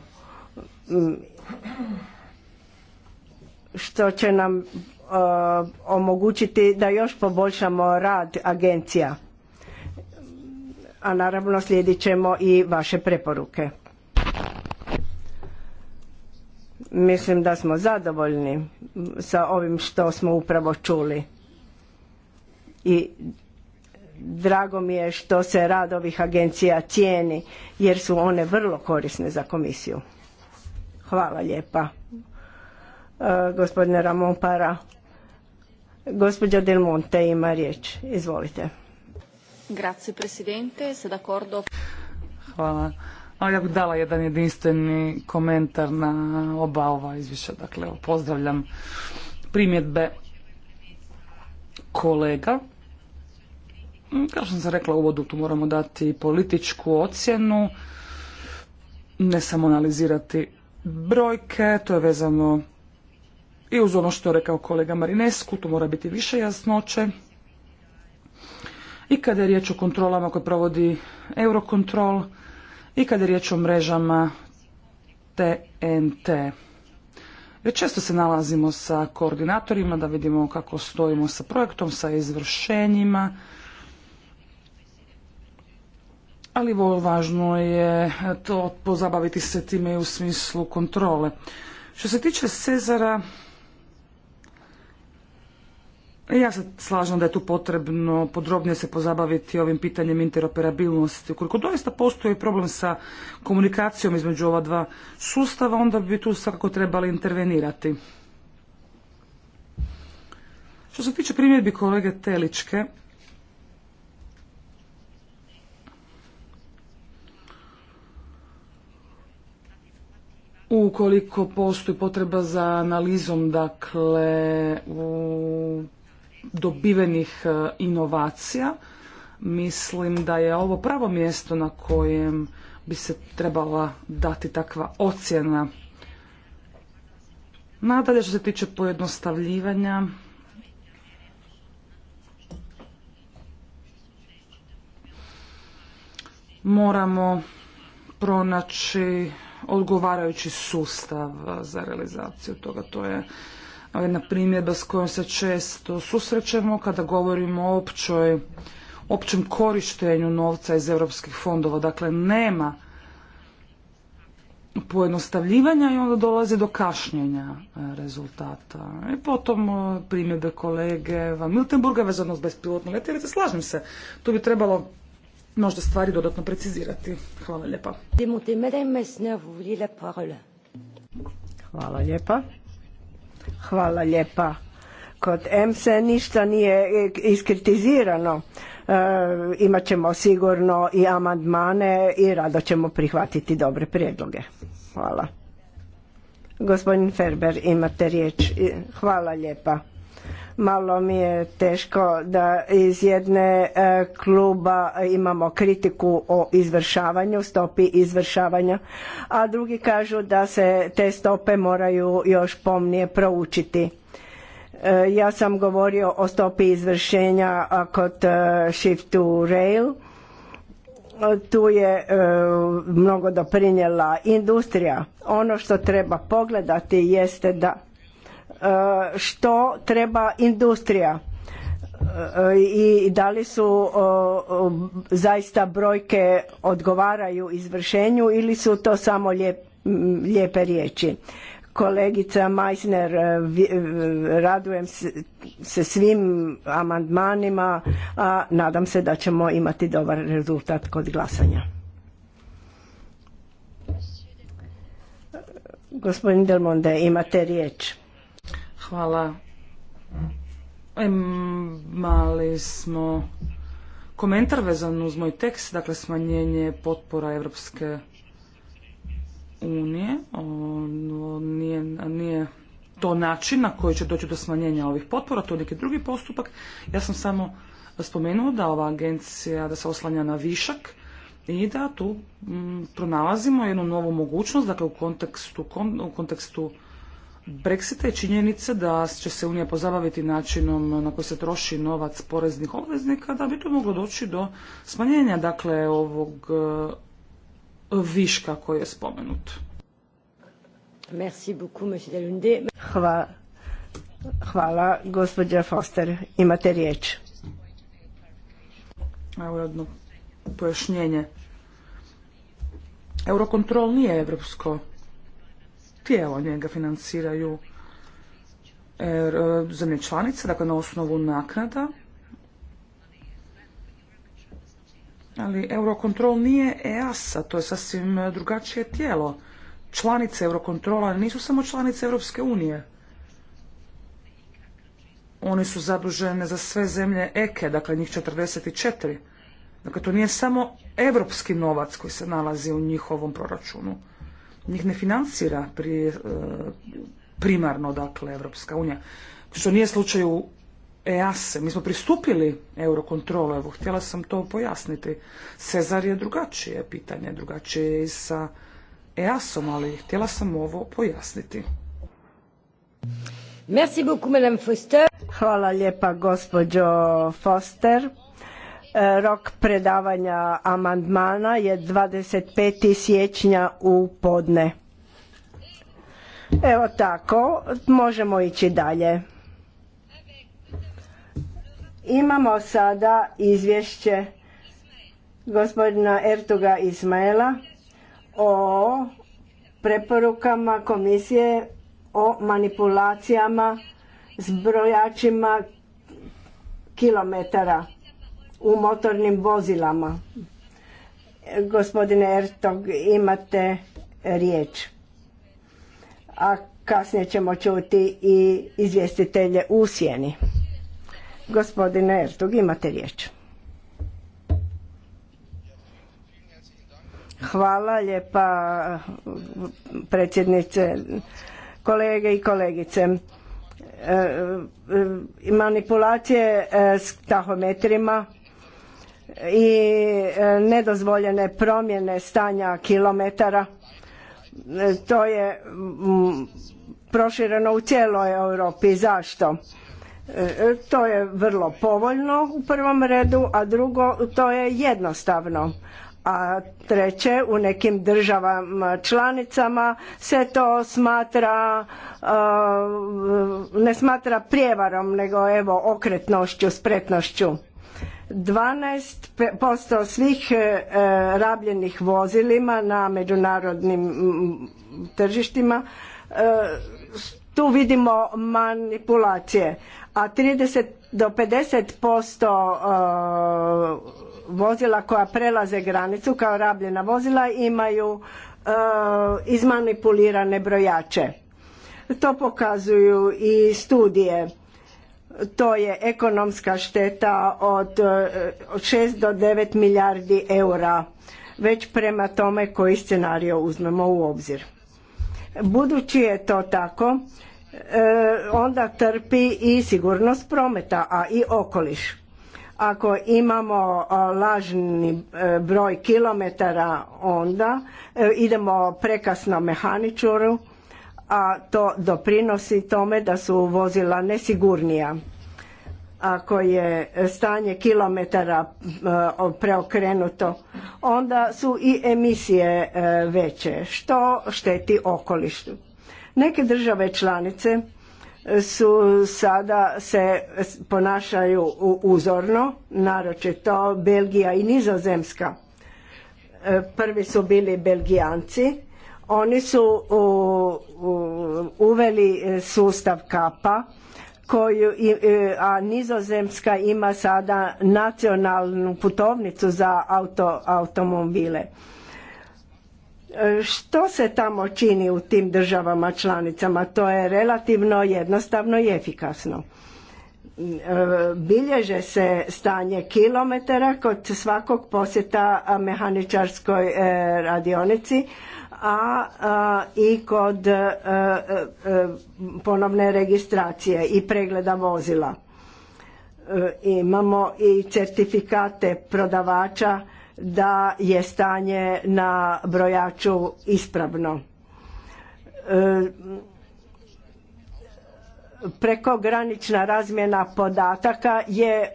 što će nam e, omogućiti da još poboljšamo rad agencija. A naravno slijedit ćemo i vaše preporuke. Mislim da smo zadovoljni sa ovim što smo upravo čuli. I drago mi je što se rad ovih agencija cijeni jer su one vrlo korisne za komisiju. Hvala lijepa. E, gospodine Ramon Para. Gospođa Del Monte ima riječ. Izvolite. Grazie
Presidente, se d'accordo.
Hvala ali ja bih dala jedan jedinstveni komentar na oba ova izvješća. Dakle, pozdravljam primjedbe kolega. Kao što sam rekla u uvodu, tu moramo dati političku ocjenu, ne samo analizirati brojke, to je vezano i uz ono što je rekao kolega Marinesku, tu mora biti više jasnoće. I kada je riječ o kontrolama koje provodi Eurokontrol, i kad je riječ o mrežama TNT. Već često se nalazimo sa koordinatorima da vidimo kako stojimo sa projektom, sa izvršenjima, ali važno je to pozabaviti se time i u smislu kontrole. Što se tiče Cezara, ja se slažem da je tu potrebno podrobnije se pozabaviti ovim pitanjem interoperabilnosti. Ukoliko doista postoji problem sa komunikacijom između ova dva sustava, onda bi tu svakako trebali intervenirati. Što se tiče primjedbi kolege Teličke, ukoliko postoji potreba za analizom, dakle, u dobivenih e, inovacija. Mislim da je ovo pravo mjesto na kojem bi se trebala dati takva ocjena. Nadalje što se tiče pojednostavljivanja, moramo pronaći odgovarajući sustav za realizaciju toga. To je jedna primjedba s kojom se često susrećemo kada govorimo o općoj, općem korištenju novca iz europskih fondova. Dakle, nema pojednostavljivanja i onda dolazi do kašnjenja e, rezultata. I potom e, primjedbe kolege Van Miltenburga vezano s bespilotne letjelice. Slažem se, tu bi trebalo možda stvari dodatno precizirati. Hvala lijepa. Hvala lijepa. Hvala lijepa. Kod
EMSE ništa nije iskritizirano. E, imat ćemo sigurno i amandmane i rado ćemo prihvatiti dobre prijedloge. Hvala. Gospodin Ferber, imate riječ. Hvala lijepa. Malo mi je teško da iz jedne e, kluba imamo kritiku o izvršavanju, stopi izvršavanja, a drugi kažu da se te stope moraju još pomnije proučiti. E, ja sam govorio o stopi izvršenja kod e, Shift to Rail. Tu je mnogo doprinjela industrija. Ono što treba pogledati jeste da što treba industrija e, i da li su zaista brojke odgovaraju izvršenju ili su to samo lijepe riječi. Kolegica Meissner, e, e, radujem se svim amandmanima, a nadam se da ćemo imati dobar rezultat kod glasanja. Gospodin
Delmonde, imate riječ. Hvala. mali smo komentar vezan uz moj tekst, dakle smanjenje potpora Evropske unije. Ono nije, to način na koji će doći do smanjenja ovih potpora, to je neki drugi postupak. Ja sam samo spomenuo da ova agencija da se oslanja na višak i da tu mm, pronalazimo jednu novu mogućnost, dakle u kontekstu Brexita je činjenica da će se Unija pozabaviti načinom na koji se troši novac poreznih obveznika da bi to moglo doći do smanjenja dakle ovog e, viška koji je spomenut.
Merci beaucoup, hvala, gospođa Foster. Imate riječ. Evo
jedno pojašnjenje. Eurokontrol nije evropsko tijelo, njega financiraju e, zemlje članice, dakle na osnovu naknada. Ali Eurocontrol nije EASA, to je sasvim drugačije tijelo. Članice Eurocontrola nisu samo članice Europske unije. Oni su zadužene za sve zemlje EKE, e, dakle njih 44. Dakle, to nije samo evropski novac koji se nalazi u njihovom proračunu njih ne financira pri, e, primarno, dakle, Evropska unija. Što nije slučaj u EASE. Mi smo pristupili eurokontrolu, evo, htjela sam to pojasniti. Cezar je drugačije pitanje, drugačije je i sa EASom, ali htjela sam ovo pojasniti. Merci beaucoup, Madame Foster.
Hvala lijepa, gospođo Foster. E, rok predavanja amandmana je 25. siječnja u podne. Evo tako, možemo ići dalje. Imamo sada izvješće gospodina Ertuga Ismaela o preporukama komisije o manipulacijama s brojačima kilometara u motornim vozilama. Gospodine Ertog, imate riječ. A kasnije ćemo čuti i izvjestitelje u sjeni. Gospodine Ertog, imate riječ. Hvala lijepa predsjednice, kolege i kolegice. E, e, manipulacije e, s tahometrima i e, nedozvoljene promjene stanja kilometara. E, to je prošireno u cijeloj Europi. Zašto? E, to je vrlo povoljno u prvom redu, a drugo to je jednostavno. A treće, u nekim državama članicama se to smatra, ne smatra prijevarom, nego evo okretnošću, spretnošću 12% svih e, e, rabljenih vozilima na međunarodnim tržištima e, tu vidimo manipulacije a 30 do 50% vozila koja prelaze granicu kao rabljena vozila imaju izmanipulirane brojače to pokazuju i studije to je ekonomska šteta od 6 e, do 9 milijardi eura već prema tome koji scenario uzmemo u obzir. Budući je to tako, e, onda trpi i sigurnost prometa, a i okoliš. Ako imamo lažni e, broj kilometara, onda idemo prekasno mehaničuru, a to doprinosi tome da su vozila nesigurnija. Ako je stanje kilometara e, preokrenuto, onda su i emisije e, veće, što šteti okolišu. Neke države članice su sada se ponašaju uzorno, naročito Belgija i Nizozemska. E, prvi su bili Belgijanci, oni su uveli e, sustav kapa koju e, a Nizozemska ima sada nacionalnu putovnicu za auto, automobile. E, što se tamo čini u tim državama članicama? To je relativno jednostavno i efikasno. Bilježe se stanje kilometara kod svakog posjeta mehaničarskoj radionici, a i kod e, e, e, ponovne registracije i pregleda vozila. Imamo i certifikate prodavača da je stanje na brojaču ispravno. Prekogranična razmjena podataka je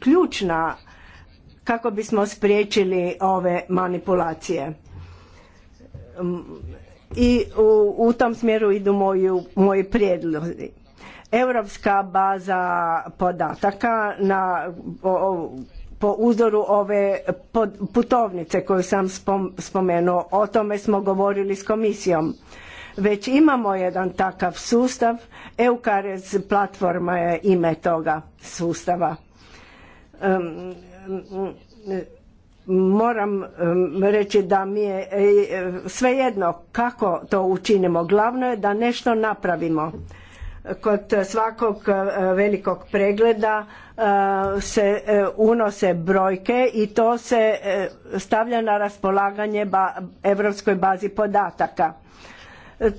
ključna kako bismo spriječili ove manipulacije Mm, i u, tom smjeru idu moji, moji prijedlozi. Europska baza podataka na po uzoru ove putovnice koju sam spomenuo, o tome smo govorili s komisijom. Već imamo jedan takav sustav, Eukarez platforma je ime toga sustava moram reći da mi je e, svejedno kako to učinimo. Glavno je da nešto napravimo. Kod svakog e, velikog pregleda e, se unose brojke i to se stavlja na raspolaganje Europskoj bazi podataka.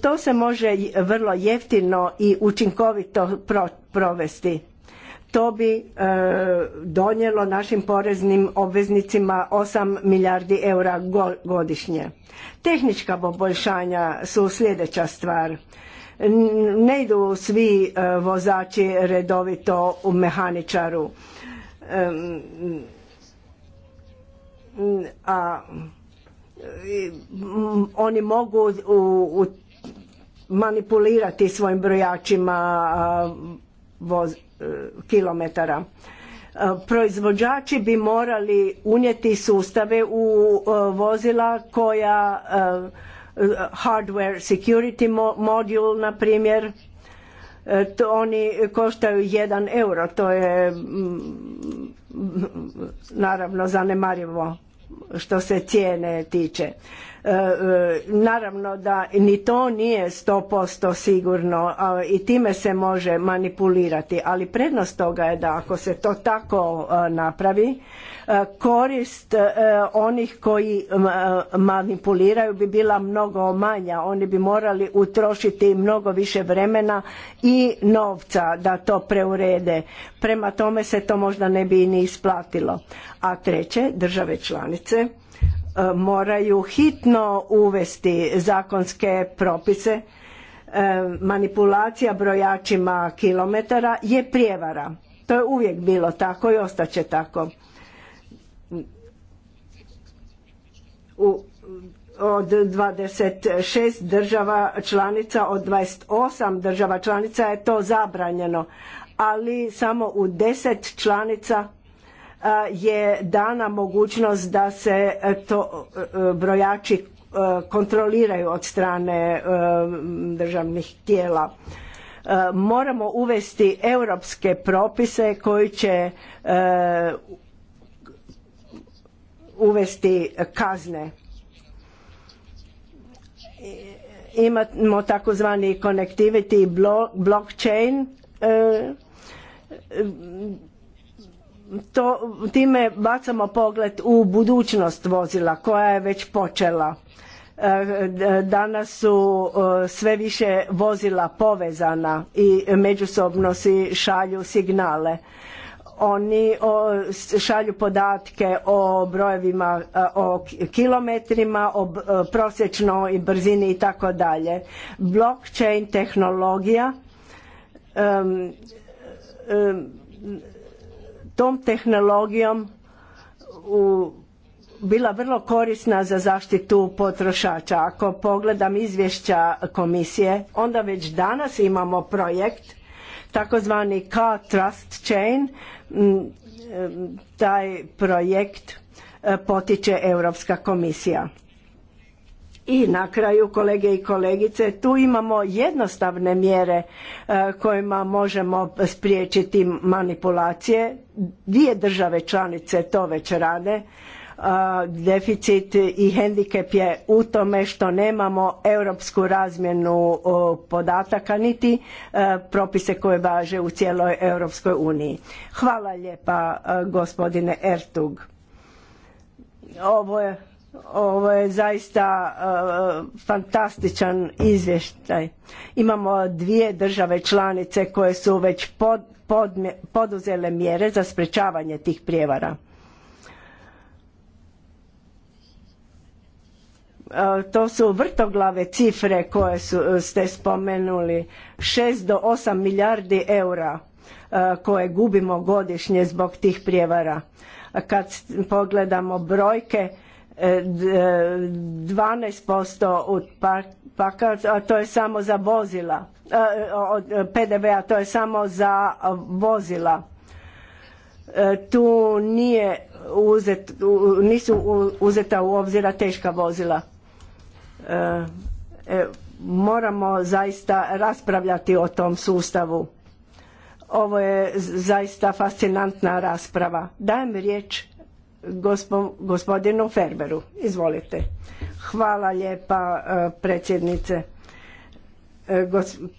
To se može vrlo jeftino i učinkovito provesti to bi e, donijelo našim poreznim obveznicima 8 milijardi eura godišnje. Tehnička poboljšanja su sljedeća stvar. Ne idu svi e, vozači redovito u mehaničaru. A oni mogu manipulirati svojim brojačima kilometara. E, proizvođači bi morali unijeti sustave u e, vozila koja e, hardware security module na primjer to oni koštaju 1 euro, to je mm, naravno zanemarivo što se cijene tiče. E, e, naravno da ni to nije 100% sigurno i time se može manipulirati, ali prednost toga je da ako se to tako e, napravi, korist onih koji manipuliraju bi bila mnogo manja. Oni bi morali utrošiti mnogo više vremena i novca da to preurede. Prema tome se to možda ne bi ni isplatilo. A treće, države članice E, moraju hitno uvesti zakonske propise. E, manipulacija brojačima kilometara je prijevara. To je uvijek bilo tako i će tako. U, od 26 država članica, od 28 država članica je to zabranjeno, ali samo u 10 članica je dana mogućnost da se e, to e, e, brojači kontroliraju od strane državnih tijela. Moramo uvesti europske propise koji će uvesti kazne. Imamo takozvani connectivity blockchain to, time bacamo pogled u budućnost vozila koja je već počela. E, danas su e, sve više vozila povezana i međusobno si šalju signale. Oni šalju podatke o brojevima, e, o kilometrima, o prosječnoj brzini i tako dalje. Blockchain tehnologija tom tehnologijom u, bila vrlo korisna za zaštitu potrošača. Ako pogledam izvješća komisije, onda već danas imamo projekt takozvani Car Trust Chain. Mm, e, taj projekt e, potiče Europska komisija. I na kraju, kolege i kolegice, tu imamo jednostavne mjere e, kojima možemo spriječiti manipulacije. Dvije države članice to već rade. E, deficit i hendikep je u tome što nemamo europsku razmjenu podataka niti e, propise koje važe u cijeloj Europskoj uniji. Hvala lijepa gospodine Ertug. Ovo je ovo je zaista e, fantastičan izvještaj. Imamo dvije države članice koje su već poduzele mjere za sprečavanje tih prijevara. E, to su vrtoglave cifre koje e, ste spomenuli. 6 do 8 milijardi eura koje gubimo godišnje zbog tih prijevara. Kad pogledamo brojke, 12% od paka, to je samo za vozila, e, od PDV-a, to je samo za vozila. E, tu nije uzet, nisu uzeta u obzira teška vozila. E, moramo zaista raspravljati o tom sustavu. Ovo je zaista fascinantna rasprava. Dajem riječ gospodinu Ferberu. Izvolite. Hvala lijepa e, predsjednice. E,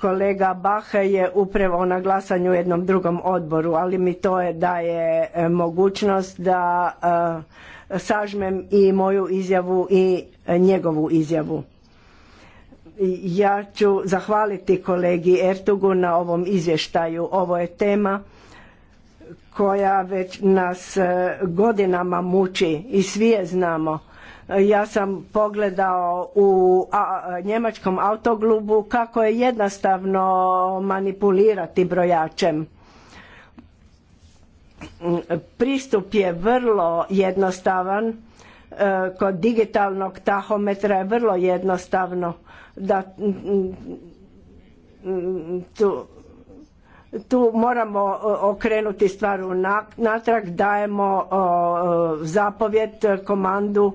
kolega Baha je upravo na glasanju u jednom drugom odboru, ali mi to je daje e, mogućnost da sažmem i moju izjavu i njegovu izjavu. Ja ću zahvaliti kolegi Ertugu na ovom izvještaju. Ovo je tema koja već nas e, godinama muči i svi je znamo. Ja sam pogledao u njemačkom autoglubu kako je jednostavno manipulirati brojačem. Pristup je vrlo jednostavan, e, kod digitalnog tahometra je vrlo jednostavno da tu tu moramo e, okrenuti stvar natrag, dajemo e, zapovjet komandu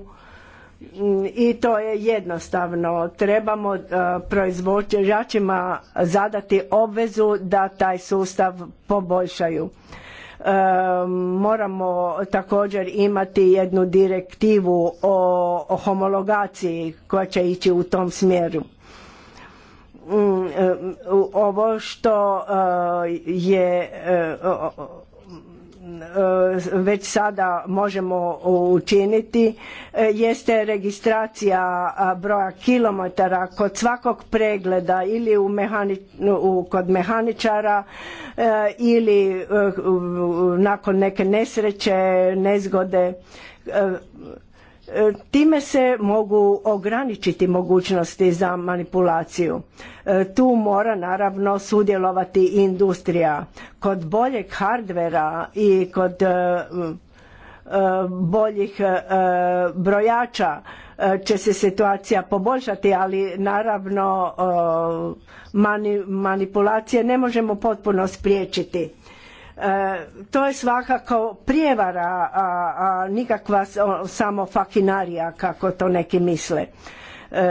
i to je jednostavno. Trebamo e, proizvođačima zadati obvezu da taj sustav poboljšaju. Moramo također imati jednu direktivu o homologaciji koja će ići u tom smjeru Mm, e, ovo što e, je e, već sada možemo učiniti jeste registracija broja kilometara kod svakog pregleda ili u mehani, u, kod mehaničara ili nakon neke nesreće, nezgode E, time se mogu ograničiti mogućnosti za manipulaciju. E, tu mora naravno sudjelovati industrija. Kod boljeg hardvera i kod e, boljih brojača će se situacija poboljšati, ali naravno manipulacije ne možemo potpuno spriječiti. E, to je svakako prijevara, a, nikakva samo fakinarija kako to neki misle. E,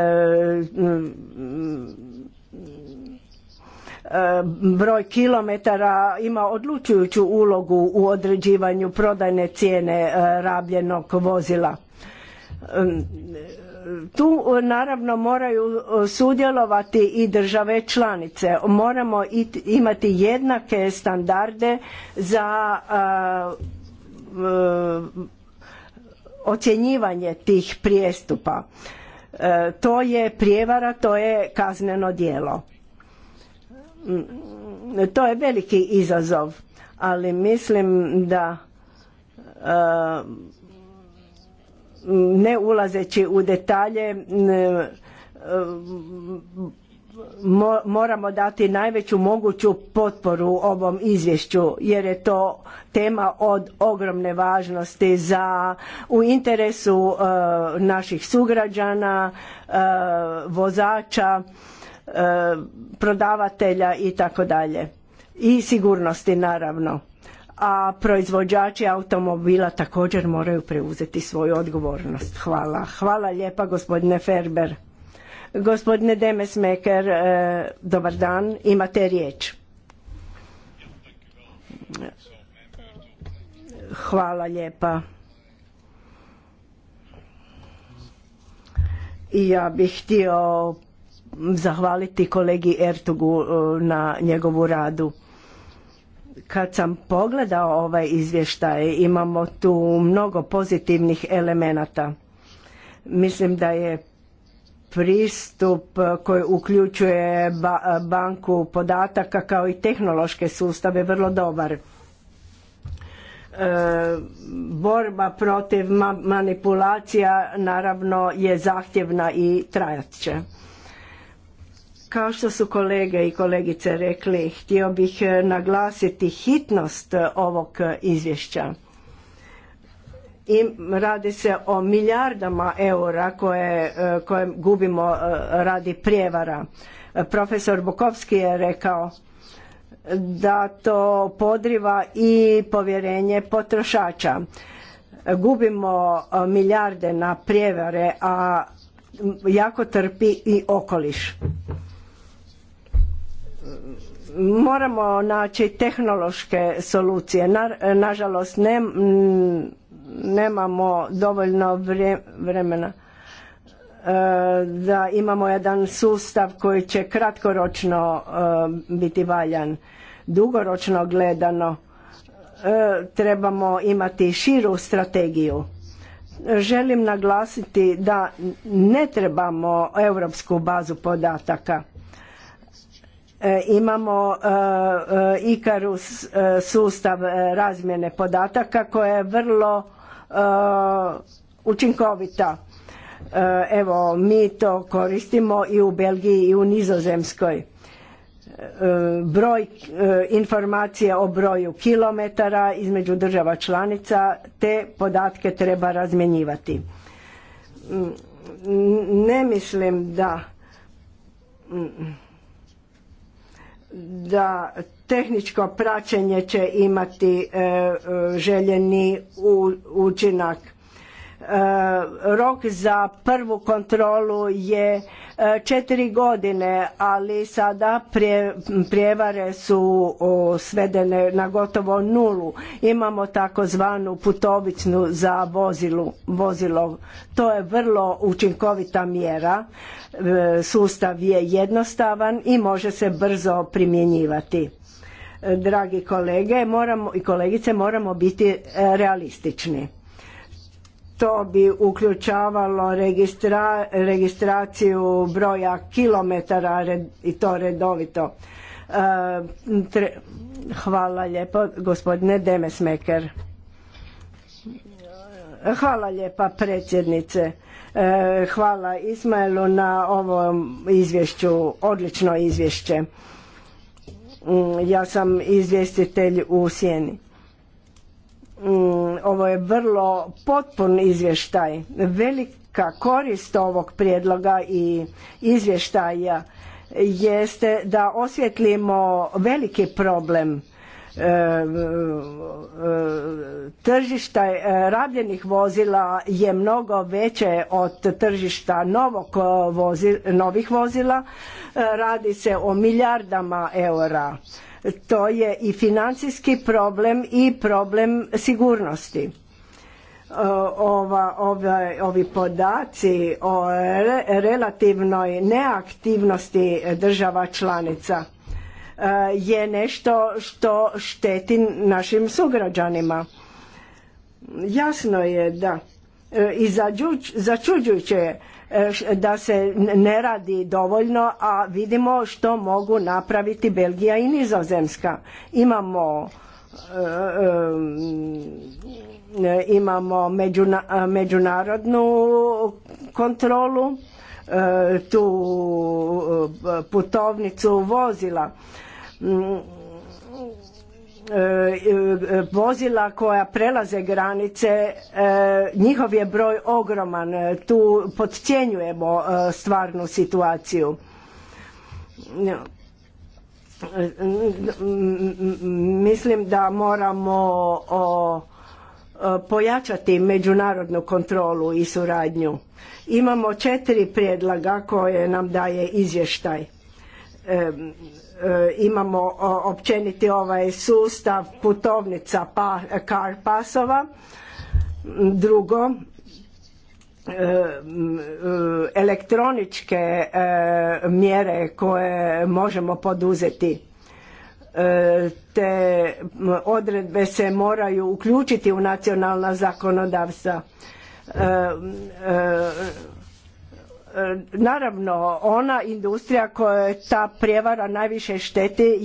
e, broj kilometara ima odlučujuću ulogu u određivanju prodajne cijene rabljenog vozila tu e, naravno moraju e, sudjelovati i države članice. Moramo imati jednake standarde za e, ocjenjivanje tih prijestupa. To je prijevara, to je kazneno djelo. Mm, to je veliki izazov, ali mislim da ne ulazeći u detalje moramo dati najveću moguću potporu ovom izvješću jer je to tema od ogromne važnosti za u interesu e, naših sugrađana, e, vozača, e, prodavatelja i tako dalje i sigurnosti naravno a proizvođači automobila također moraju preuzeti svoju odgovornost. Hvala. Hvala lijepa gospodine Ferber. Gospodine Demes-Meker, e, dobar dan, imate riječ. Hvala lijepa. I ja bih htio zahvaliti kolegi Ertugu e, na njegovu radu kad sam pogledao ovaj izvještaj, imamo tu mnogo pozitivnih elemenata. Mislim da je pristup koji uključuje banku podataka kao i tehnološke sustave vrlo dobar. E, borba protiv manipulacija naravno je zahtjevna i trajat će. Kao što su kolege i kolegice rekli, htio bih e, naglasiti hitnost e, ovog e, izvješća. I radi se o milijardama eura koje, gubimo radi prijevara. Profesor Bukovski je rekao da to podriva i povjerenje potrošača. Gubimo milijarde na prijevare, a jako trpi i okoliš moramo naći tehnološke solucije. nažalost, nemamo dovoljno vremena e, da imamo jedan sustav koji će kratkoročno e, biti valjan. Dugoročno gledano e, trebamo imati širu strategiju. Želim naglasiti da ne trebamo europsku bazu podataka E, imamo e, e, Ikarus sustav razmjene podataka koja je vrlo učinkovita. Evo, mi to koristimo i u Belgiji i u Nizozemskoj. Broj informacije o broju kilometara između država članica te podatke treba razmjenjivati. Mm, ne mislim da mm, da tehničko praćenje će imati e, e, željeni učinak Eh, rok za prvu kontrolu je eh, četiri godine, ali sada prijevare su svedene na gotovo nulu. Imamo takozvanu putovicnu za vozilo. To je vrlo učinkovita mjera. Eh, sustav je jednostavan i može se brzo primjenjivati. Dragi kolege moramo, i kolegice, moramo biti realistični to bi uključavalo registraciju broja kilometara i to redovito. E, tre, hvala lijepo gospodine Demesmeker. Hvala lijepa predsjednice. E, hvala Ismailu na ovom izvješću, odlično izvješće. Mm, ja sam izvjestitelj u Sjeni. Mm, ovo je vrlo potpun izvještaj. Velika korist ovog prijedloga i izvještaja jeste da osvjetlimo veliki problem e, e, tržišta e, rabljenih vozila je mnogo veće od tržišta novih vozila. Radi se o milijardama eura to je i financijski problem i problem sigurnosti. E, ova, ovi podaci o relativnoj neaktivnosti država članica e, je nešto što šteti našim sugrađanima. Jasno je da e, i začuđujuće je E, da se ne radi dovoljno, a vidimo što mogu napraviti Belgija i Nizozemska. Imamo e, e, imamo međunarodnu kontrolu, tu putovnicu vozila E, e, vozila koja prelaze granice, e, njihov je broj ogroman. Tu podcjenjujemo stvarnu situaciju. Mislim da moramo pojačati međunarodnu kontrolu i suradnju. Imamo četiri prijedloga koje nam daje izvještaj E, imamo općeniti ovaj sustav putovnica pa pasova drugo e, e, elektroničke mjere koje možemo poduzeti te odredbe se moraju uključiti u nacionalna zakonodavstva E, naravno ona industrija kojoj ta prijevara najviše šteti e,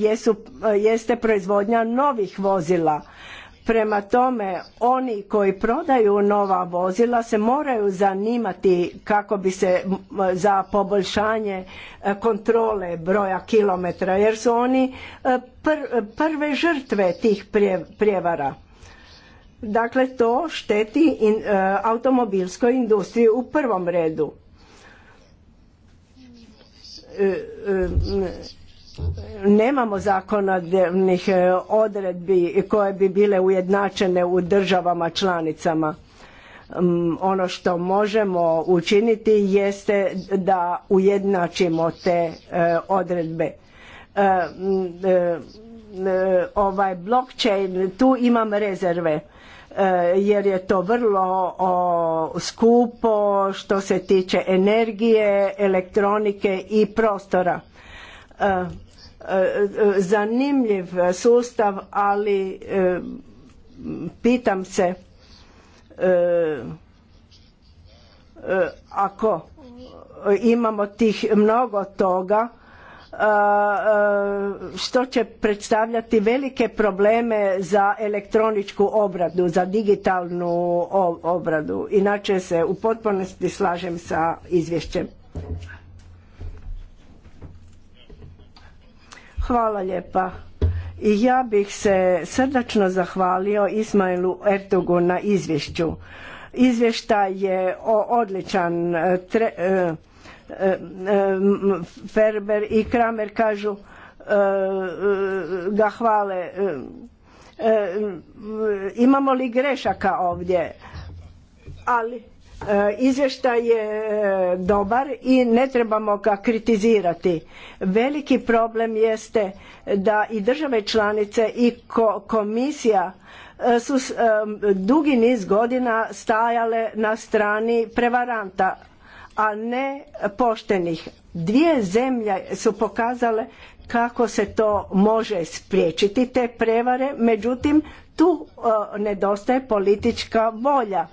jeste proizvodnja novih vozila prema tome oni koji prodaju nova vozila se moraju zanimati kako bi se za poboljšanje e, kontrole broja kilometra jer su oni prve žrtve tih prijevara dakle to šteti automobilskoj industriji u prvom redu E, e, nemamo zakonodavnih e, odredbi koje bi bile ujednačene u državama članicama. Mm, ono što možemo učiniti jeste da ujednačimo te odredbe. Mm, ovaj blockchain, tu imam rezerve E, jer je to vrlo skupo što se tiče energije, elektronike i prostora. E, e, zanimljiv sustav, ali pitam se ako imamo tih mnogo toga što će predstavljati velike probleme za elektroničku obradu, za digitalnu obradu. Inače se u potpunosti slažem sa izvješćem. Hvala lijepa. I ja bih se srdačno zahvalio Ismailu Ertugu na izvješću. Izvještaj je odličan. E, e, Ferber i Kramer kažu e, ga hvale e, e, imamo li grešaka ovdje ali izvještaj je dobar i ne trebamo ga kritizirati veliki problem jeste da i države članice i komisija su dugi niz godina stajale na strani prevaranta a ne poštenih. Dvije zemlje su pokazale kako se to može spriječiti te prevare, međutim tu e, nedostaje politička volja. E,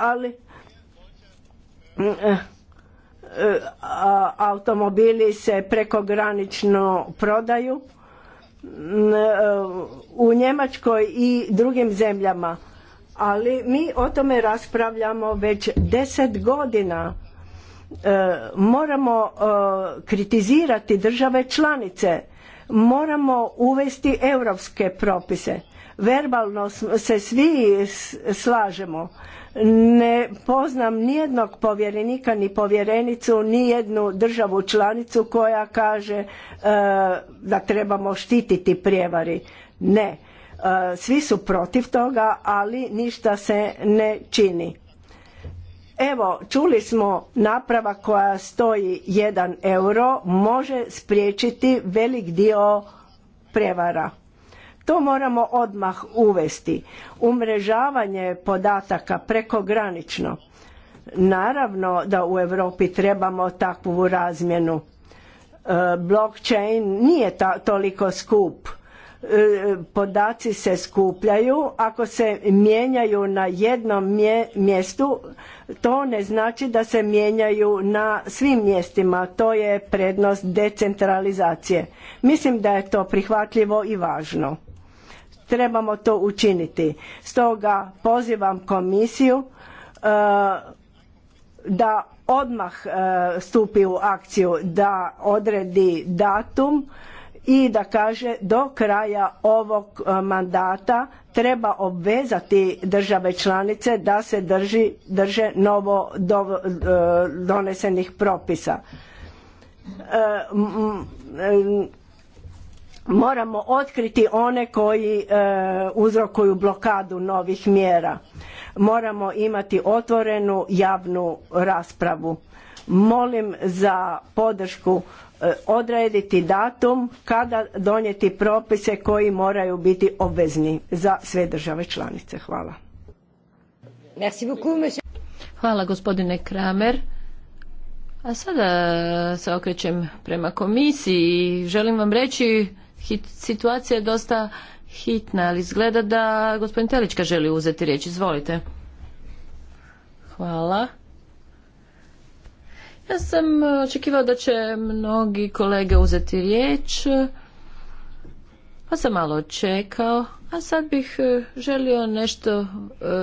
ali e, automobili se prekogranično prodaju u Njemačkoj i drugim zemljama ali mi o tome raspravljamo već deset godina. E, moramo e, kritizirati države članice, moramo uvesti europske propise. Verbalno se svi slažemo. Ne poznam nijednog povjerenika ni povjerenicu, ni jednu državu članicu koja kaže e, da trebamo štititi prijevari. Ne E, svi su protiv toga, ali ništa se ne čini. Evo, čuli smo naprava koja stoji 1 euro može spriječiti velik dio prevara. To moramo odmah uvesti. Umrežavanje podataka prekogranično. Naravno da u Europi trebamo takvu razmjenu. E, blockchain nije toliko skup E, podaci se skupljaju, ako se mijenjaju na jednom mjestu, to ne znači da se mijenjaju na svim mjestima, to je prednost decentralizacije. Mislim da je to prihvatljivo i važno. Trebamo to učiniti. Stoga pozivam komisiju e, da odmah e, stupi u akciju, da odredi datum i da kaže do kraja ovog e, mandata treba obvezati države članice da se drži, drže novo e, donesenih propisa. E, moramo otkriti one koji uzrokuju blokadu novih mjera. Moramo imati otvorenu javnu raspravu. Molim za podršku E, odrediti datum kada donijeti propise koji moraju biti obvezni za sve države članice. Hvala.
Hvala gospodine Kramer. A sada e, se okrećem prema komisiji i želim vam reći hit, situacija je dosta hitna, ali izgleda da gospodin Telička želi uzeti riječ. Izvolite. Hvala. Ja sam e, očekivao da će mnogi kolege uzeti riječ, pa sam malo čekao, a sad bih e, želio nešto e,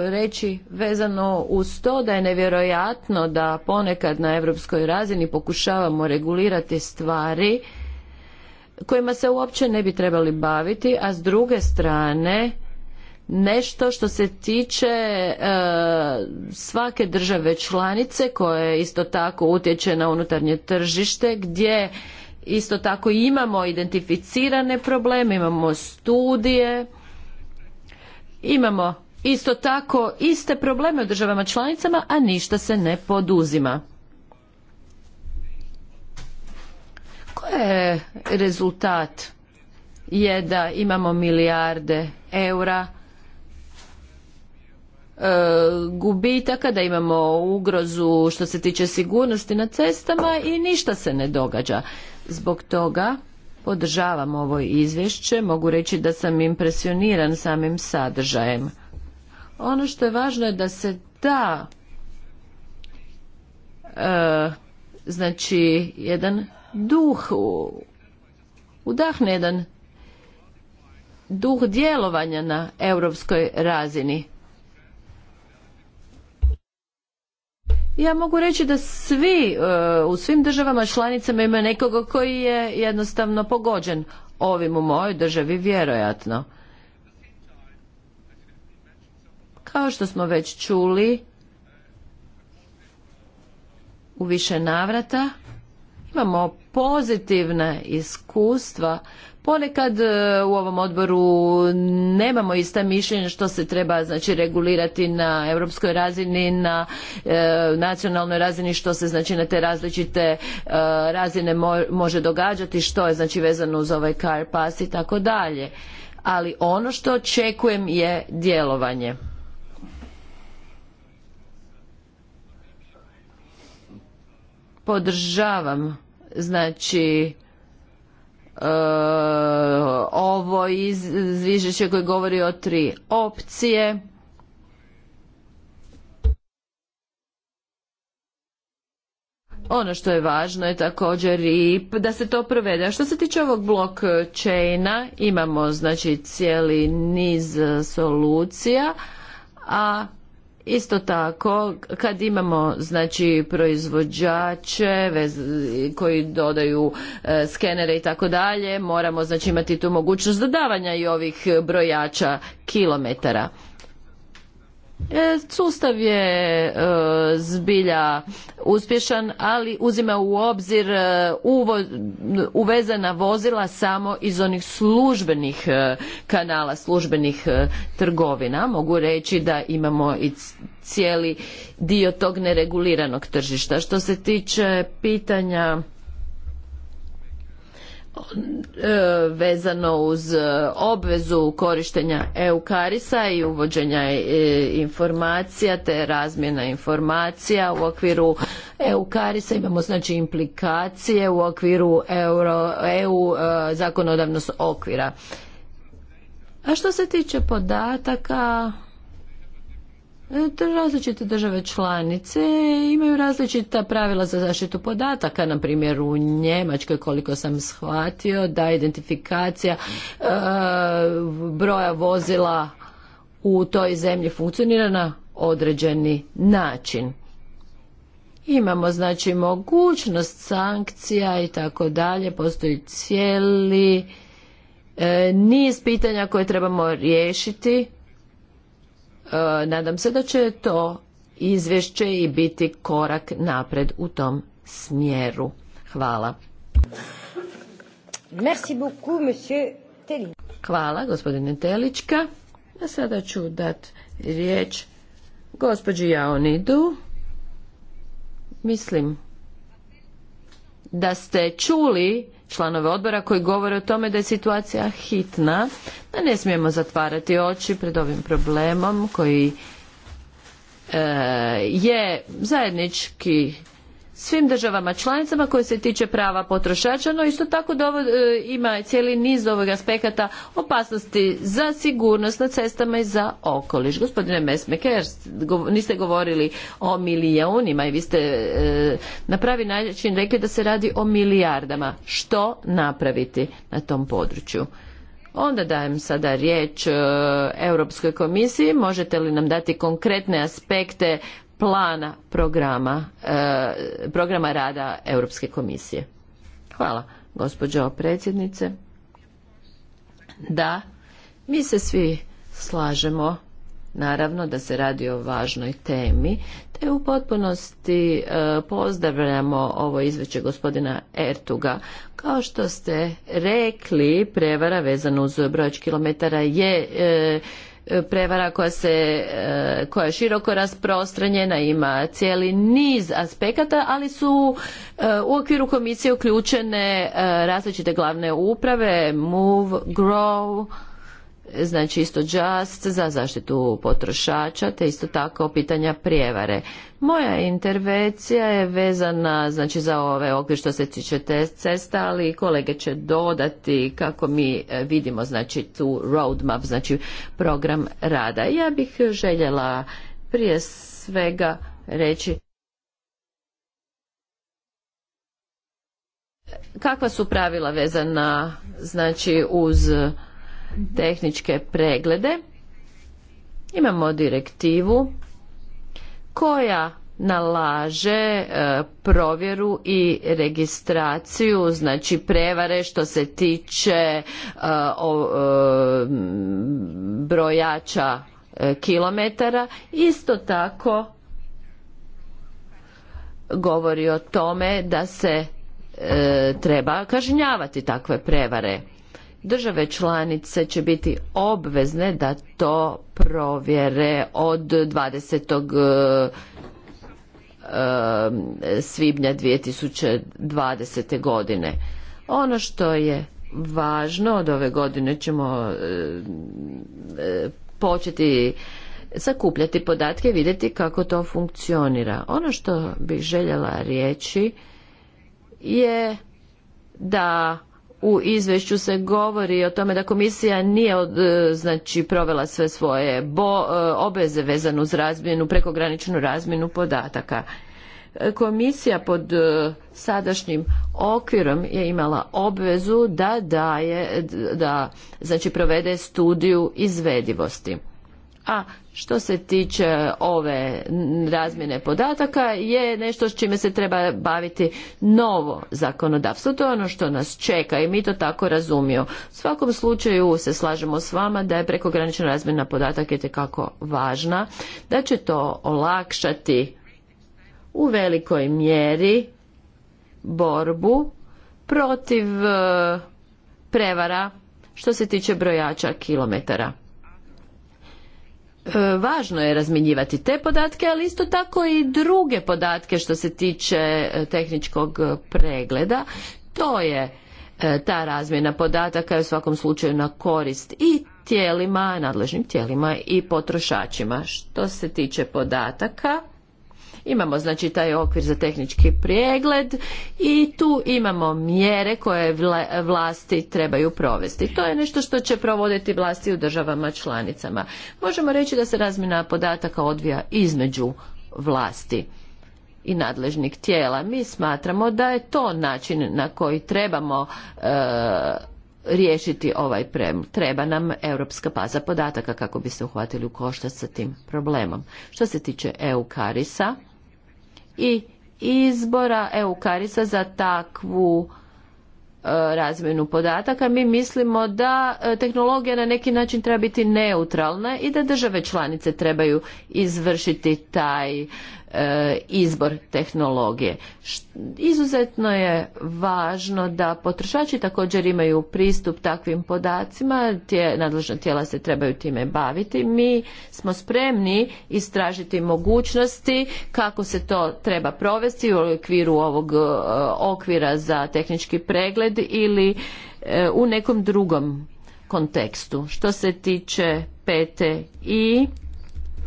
reći vezano uz to da je nevjerojatno da ponekad na europskoj razini pokušavamo regulirati stvari kojima se uopće ne bi trebali baviti, a s druge strane nešto što se tiče e, svake države članice koje isto tako utječe na unutarnje tržište gdje isto tako imamo identificirane probleme, imamo studije, imamo isto tako iste probleme u državama članicama, a ništa se ne poduzima. Koji je rezultat? Je da imamo milijarde eura E, gubitaka, da imamo ugrozu što se tiče sigurnosti na cestama i ništa se ne događa. Zbog toga podržavam ovo izvješće, mogu reći da sam impresioniran samim sadržajem. Ono što je važno je da se ta e, znači jedan duh udahne jedan duh djelovanja na europskoj razini ja mogu reći da svi e, u svim državama članicama ima nekoga koji je jednostavno pogođen ovim u mojoj državi vjerojatno kao što smo već čuli u više navrata imamo pozitivna iskustva Ponekad e, u ovom odboru nemamo ista mišljenja što se treba znači regulirati na europskoj razini, na e, nacionalnoj razini što se znači na te različite e, razine mo može događati, što je znači vezano uz ovaj car pass i tako dalje. Ali ono što očekujem je djelovanje. Podržavam znači E, ovo izvižeće koje govori o tri opcije ono što je važno je također i da se to provede. A što se tiče ovog blockchaina, imamo znači cijeli niz solucija, a Isto tako, kad imamo znači proizvođače koji dodaju e, skenere i tako dalje, moramo znači imati tu mogućnost dodavanja i ovih brojača kilometara. E, sustav je e, zbilja uspješan, ali uzima u obzir e, uvezana vozila samo iz onih službenih kanala, službenih trgovina. Mogu reći da imamo i cijeli dio tog nereguliranog tržišta. Što se tiče pitanja E, vezano uz e, obvezu korištenja eukarisa i uvođenja e, informacija te razmjena informacija u okviru eukarisa imamo znači implikacije u okviru Euro, EU zakonodavnog okvira a što se tiče podataka Različite države članice imaju različita pravila za zaštitu podataka, na primjer u Njemačkoj koliko sam shvatio da identifikacija e, broja vozila u toj zemlji funkcionira na određeni način. Imamo znači mogućnost sankcija i tako dalje, postoji cijeli e, niz pitanja koje trebamo riješiti E, nadam se da će to izvješće i biti korak napred u tom smjeru. Hvala.
Merci beaucoup, monsieur
Hvala, gospodine Telička. A sada ću dati riječ gospođi Jaonidu. Mislim da ste čuli članove odbora koji govore o tome da je situacija hitna, da ne smijemo zatvarati oči pred ovim problemom koji e, je zajednički svim državama članicama koje se tiče prava potrošača, no isto tako e, ima cijeli niz ovog aspekata opasnosti za sigurnost na cestama i za okoliš. Gospodine Mesmeker, niste govorili o milijunima i vi ste e, na pravi način rekli da se radi o milijardama. Što napraviti na tom području? Onda dajem sada riječ e, Europskoj komisiji. Možete li nam dati konkretne aspekte plana programa, e, programa rada Europske komisije. Hvala, gospođo predsjednice. Da, mi se svi slažemo, naravno, da se radi o važnoj temi, te u potpunosti e, pozdravljamo ovo izveće gospodina Ertuga. Kao što ste rekli, prevara vezana uz broj kilometara je... E, prevara koja, se, e, koja je široko rasprostranjena, ima cijeli niz aspekata, ali su e, u okviru komisije uključene e, različite glavne uprave, Move, Grow, znači isto just za zaštitu potrošača te isto tako pitanja prijevare. Moja intervencija je vezana znači za ove okvir što se tiče cesta, ali kolege će dodati kako mi e, vidimo znači tu roadmap, znači program rada. Ja bih željela prije svega reći kakva su pravila vezana znači uz tehničke preglede. Imamo direktivu koja nalaže e, provjeru i registraciju znači prevare što se tiče e, e, brojača kilometara isto tako govori o tome da se treba kažnjavati takve prevare Države članice će biti obvezne da to provjere od 20 e, e, svibnja 2020. godine. Ono što je važno, od ove godine ćemo e, početi sakupljati podatke i vidjeti kako to funkcionira. Ono što bih željela reći je da u izvješću se govori o tome da komisija nije e, znači provela sve svoje e, obveze vezane uz razmjenu, prekograničnu razmjenu podataka. E, komisija pod sadašnjim okvirom je imala obvezu da daje, da znači provede studiju izvedivosti. A što se tiče ove razmjene podataka je nešto s čime se treba baviti novo zakonodavstvo. To je ono što nas čeka i mi to tako razumijemo. U svakom slučaju se slažemo s vama da je prekogranična razmjena podataka itekako važna, da će to olakšati u velikoj mjeri borbu protiv eh, prevara što se tiče brojača kilometara E, važno je razmjenjivati te podatke, ali isto tako i druge podatke što se tiče e, tehničkog e, pregleda. To je ta razmjena podataka je u svakom slučaju na korist i tijelima, nadležnim tijelima i potrošačima. Što se tiče podataka, Imamo znači taj okvir za tehnički pregled i tu imamo mjere koje vlasti trebaju provesti. To je nešto što će provoditi vlasti u državama članicama. Možemo reći da se razmjena podataka odvija između vlasti i nadležnih tijela. Mi smatramo da je to način na koji trebamo e, riješiti ovaj prem. Treba nam europska paza podataka kako bi se uhvatili u koštac sa tim problemom. Što se tiče EU karisa, i izbora Eukarisa za takvu e, razmjenu podataka. Mi mislimo da e, tehnologija na neki način treba biti neutralna i da države članice trebaju izvršiti taj E, izbor tehnologije. Izuzetno je važno da potrošači također imaju pristup takvim podacima, tje, nadležna tijela se trebaju time baviti. Mi smo spremni istražiti mogućnosti kako se to treba provesti u okviru ovog e, okvira za tehnički pregled ili e, u nekom drugom kontekstu. Što se tiče PTI,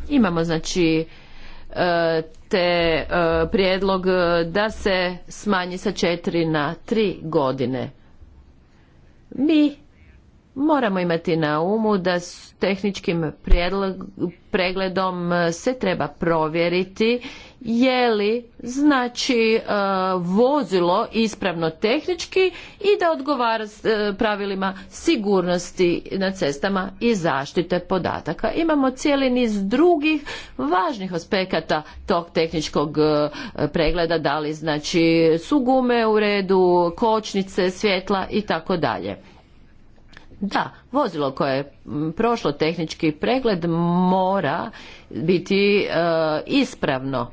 imamo znači te e, prijedlog da se smanji sa četiri na tri godine. Mi Moramo imati na umu da s tehničkim pregledom e, se treba provjeriti je li znači e, vozilo ispravno tehnički i da odgovara e, pravilima sigurnosti na cestama i zaštite podataka. Imamo cijeli niz drugih važnih aspekata tog tehničkog pregleda, da li znači su gume u redu, kočnice, svjetla i tako dalje. Da, vozilo koje je prošlo tehnički pregled mora biti e, ispravno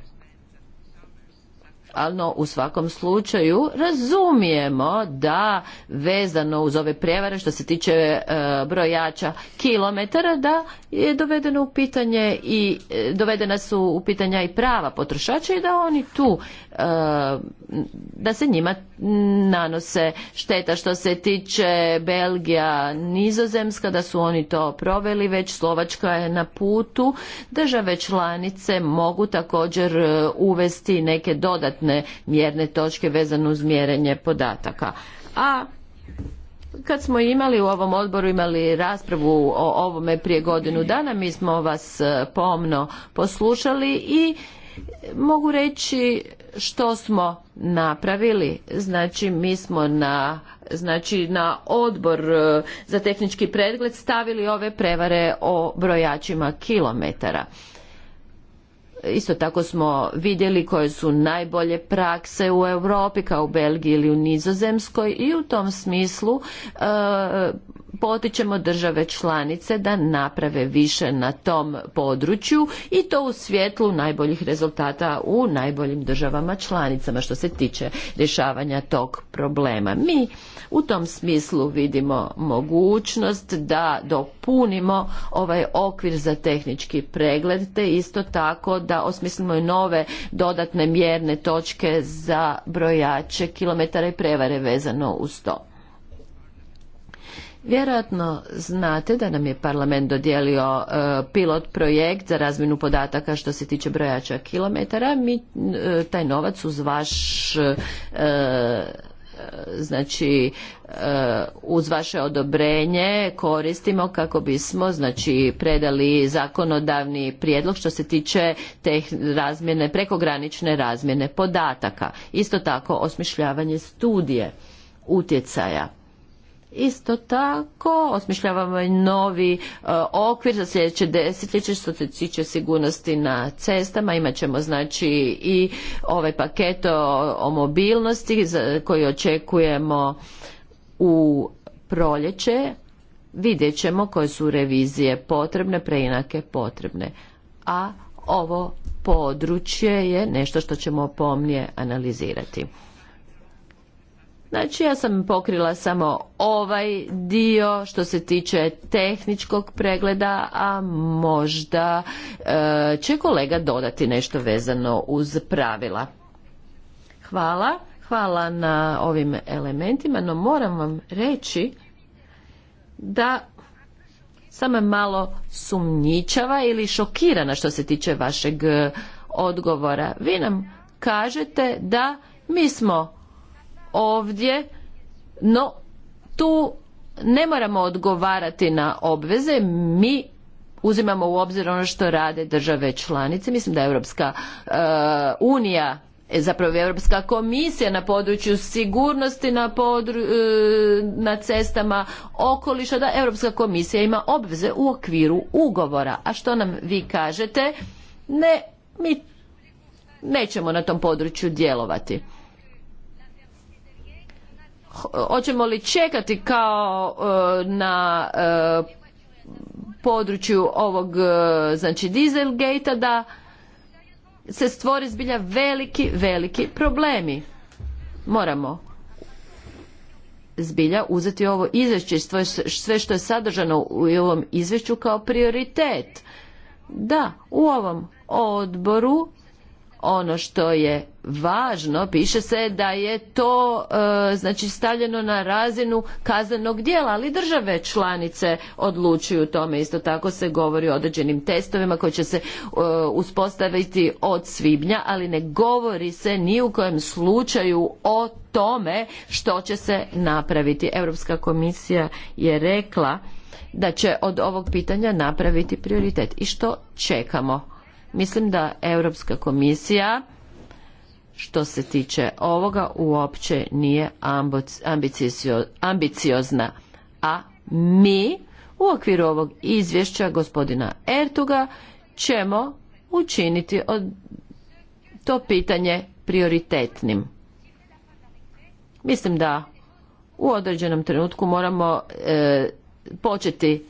no u svakom slučaju razumijemo da vezano uz ove prijevare što se tiče e, brojača kilometara da je dovedeno u pitanje i e, dovedena su u pitanja i prava potrošača i da oni tu e, da se njima nanose šteta što se tiče Belgija, Nizozemska da su oni to proveli već Slovačka je na putu države članice mogu također e, uvesti neke dodatne konkretne mjerne točke vezano uz mjerenje podataka. A kad smo imali u ovom odboru imali raspravu o ovome prije godinu dana, mi smo vas e, pomno poslušali i mogu reći što smo napravili. Znači mi smo na znači na odbor e, za tehnički pregled stavili ove prevare o brojačima kilometara. Isto tako smo vidjeli koje su najbolje prakse u Europi kao u Belgiji ili u Nizozemskoj i u tom smislu e, potičemo države članice da naprave više na tom području i to u svjetlu najboljih rezultata u najboljim državama članicama što se tiče rješavanja tog problema. Mi u tom smislu vidimo mogućnost da dopunimo ovaj okvir za tehnički pregled te isto tako da osmislimo i nove dodatne mjerne točke za brojače kilometara i prevare vezano uz to. Vjerojatno znate da nam je parlament dodijelio e, pilot projekt za razmjenu podataka što se tiče brojača kilometara. Mi e, taj novac uz vaš e, znači eh, uz vaše odobrenje koristimo kako bismo znači predali zakonodavni prijedlog što se tiče teh razmjene prekogranične razmjene podataka isto tako osmišljavanje studije utjecaja Isto tako, osmišljavamo i novi e, okvir za sljedeće desetljeće što se tiče sigurnosti na cestama. Imat ćemo znači i ovaj paket o, mobilnosti koji očekujemo u proljeće. Vidjet ćemo koje su revizije potrebne, preinake potrebne. A ovo područje je nešto što ćemo pomnije analizirati. Znači ja sam pokrila samo ovaj dio što se tiče tehničkog pregleda, a možda e, će kolega dodati nešto vezano uz pravila. Hvala, hvala na ovim elementima, no moram vam reći da sam malo sumnjičava ili šokirana što se tiče vašeg odgovora. Vi nam kažete da mi smo ovdje, no tu ne moramo odgovarati na obveze, mi uzimamo u obzir ono što rade države članice. Mislim da Europska e, unija e, zapravo Europska komisija na području sigurnosti na, e, na cestama okoliša, da Europska komisija ima obveze u okviru ugovora. A što nam vi kažete? Ne, mi nećemo na tom području djelovati hoćemo li čekati kao e, na e, području ovog e, znači dieselgate da se stvori zbilja veliki, veliki problemi. Moramo zbilja uzeti ovo izvješće sve što je sadržano u ovom izvješću kao prioritet. Da, u ovom odboru ono što je važno, piše se da je to e, znači stavljeno na razinu kaznenog dijela, ali države članice odlučuju tome. Isto tako se govori o određenim testovima koji će se e, uspostaviti od svibnja, ali ne govori se ni u kojem slučaju o tome što će se napraviti. Europska komisija je rekla da će od ovog pitanja napraviti prioritet. I što čekamo? Mislim da Europska komisija što se tiče ovoga uopće nije ambiciozna. A mi u okviru ovog izvješća gospodina Ertuga ćemo učiniti to pitanje prioritetnim. Mislim da u određenom trenutku moramo e, početi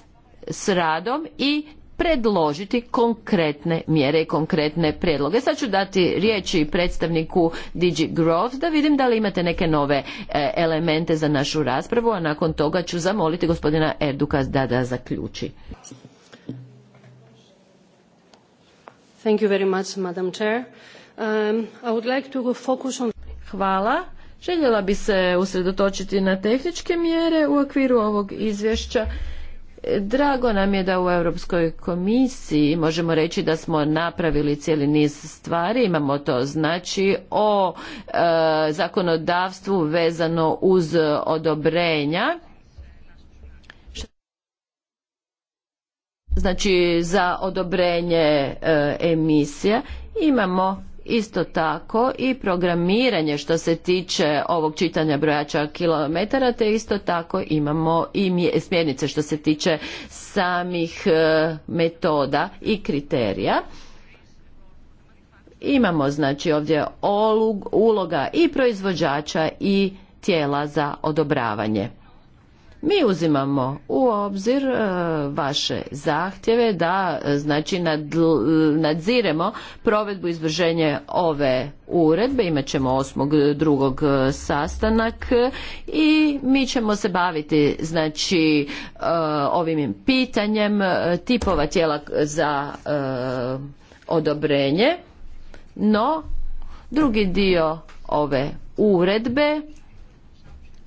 s radom i predložiti konkretne mjere i konkretne prijedloge. Sad ću dati riječi predstavniku Digi Growth da vidim da li imate neke nove eh, elemente za našu raspravu, a nakon toga ću zamoliti gospodina Erduka da da zaključi.
Thank you very much, Madam
um, Hvala. Željela bi se usredotočiti na tehničke mjere u okviru ovog izvješća Drago nam je da u Europskoj komisiji možemo reći da smo napravili cijeli niz stvari, imamo to znači o e, zakonodavstvu vezano uz odobrenja. Znači za odobrenje e, emisija imamo Isto tako i programiranje što se tiče ovog čitanja brojača kilometara, te isto tako imamo i smjernice što se tiče samih e, metoda i kriterija. Imamo znači ovdje uloga i proizvođača i tijela za odobravanje. Mi uzimamo u obzir e, vaše zahtjeve da e, znači nadziremo provedbu izvršenja ove uredbe, imat ćemo osmog drugog e, sastanak i mi ćemo se baviti znači ovim pitanjem tipova tijela za odobrenje, no drugi dio ove uredbe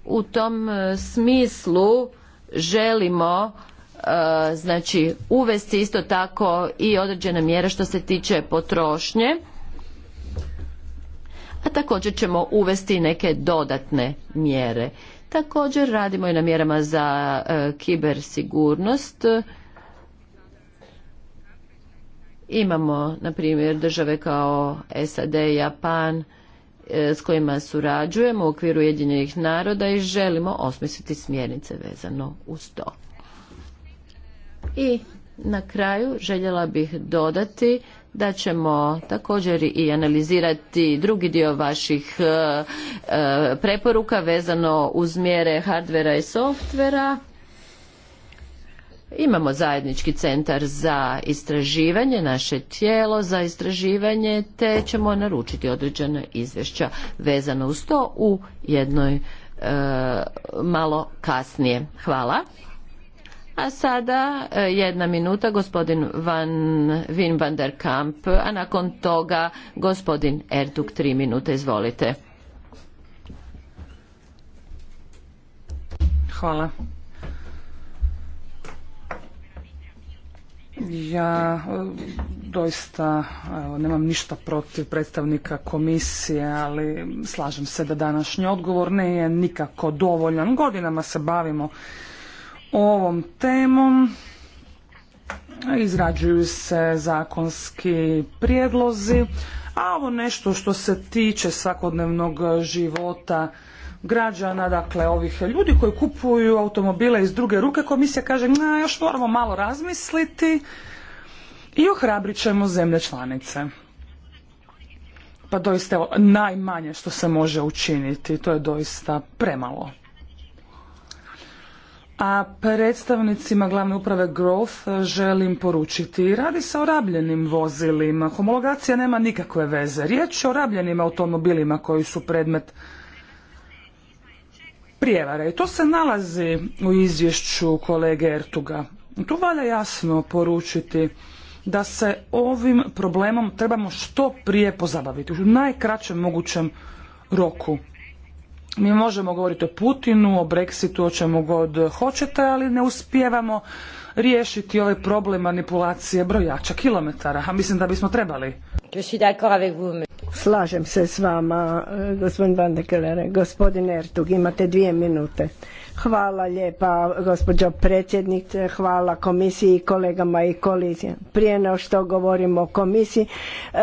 u tom e, smislu želimo e, znači uvesti isto tako i određene mjere što se tiče potrošnje a također ćemo uvesti neke dodatne mjere također radimo i na mjerama za e, kibersigurnost imamo na primjer države kao SAD Japan E, s kojima surađujemo u okviru Ujedinjenih naroda i želimo osmisliti smjernice vezano uz to. I na kraju željela bih dodati da ćemo također i analizirati drugi dio vaših e, e, preporuka vezano uz mjere hardvera i softvera Imamo zajednički centar za istraživanje, naše tijelo za istraživanje, te ćemo naručiti određena izvješća vezano uz to u jednoj e, malo kasnije. Hvala. A sada e, jedna minuta gospodin Van, Wim van der Kamp, a nakon toga gospodin Ertug, tri minute, izvolite.
Hvala. Ja e, doista nemam ništa protiv predstavnika komisije, ali slažem se da današnji odgovor ne je nikako dovoljan. Godinama se bavimo ovom temom. Izrađuju se zakonski prijedlozi, a ovo nešto što se tiče svakodnevnog života građana, dakle ovih ljudi koji kupuju automobile iz druge ruke, komisija kaže na, još moramo malo razmisliti i ohrabrit ćemo zemlje članice. Pa doista najmanje što se može učiniti, to je doista premalo. A predstavnicima glavne uprave Growth želim poručiti. Radi se o rabljenim vozilima. Homologacija nema nikakve veze. Riječ je o rabljenim automobilima koji su predmet Prijevara I to se nalazi u izvješću kolege Ertuga. Tu valja jasno poručiti da se ovim problemom trebamo što prije pozabaviti, u najkraćem mogućem roku. Mi možemo govoriti o Putinu, o Brexitu, o čemu god hoćete, ali ne uspijevamo riješiti ovaj problem manipulacije brojača kilometara, a mislim da bismo trebali.
Slažem se s vama, e, gospodin Van de gospodine Gospodin Ertug, imate dvije minute. Hvala lijepa, gospođo predsjednice, hvala komisiji, kolegama i kolizijama. Prije nego što govorimo o komisiji, e,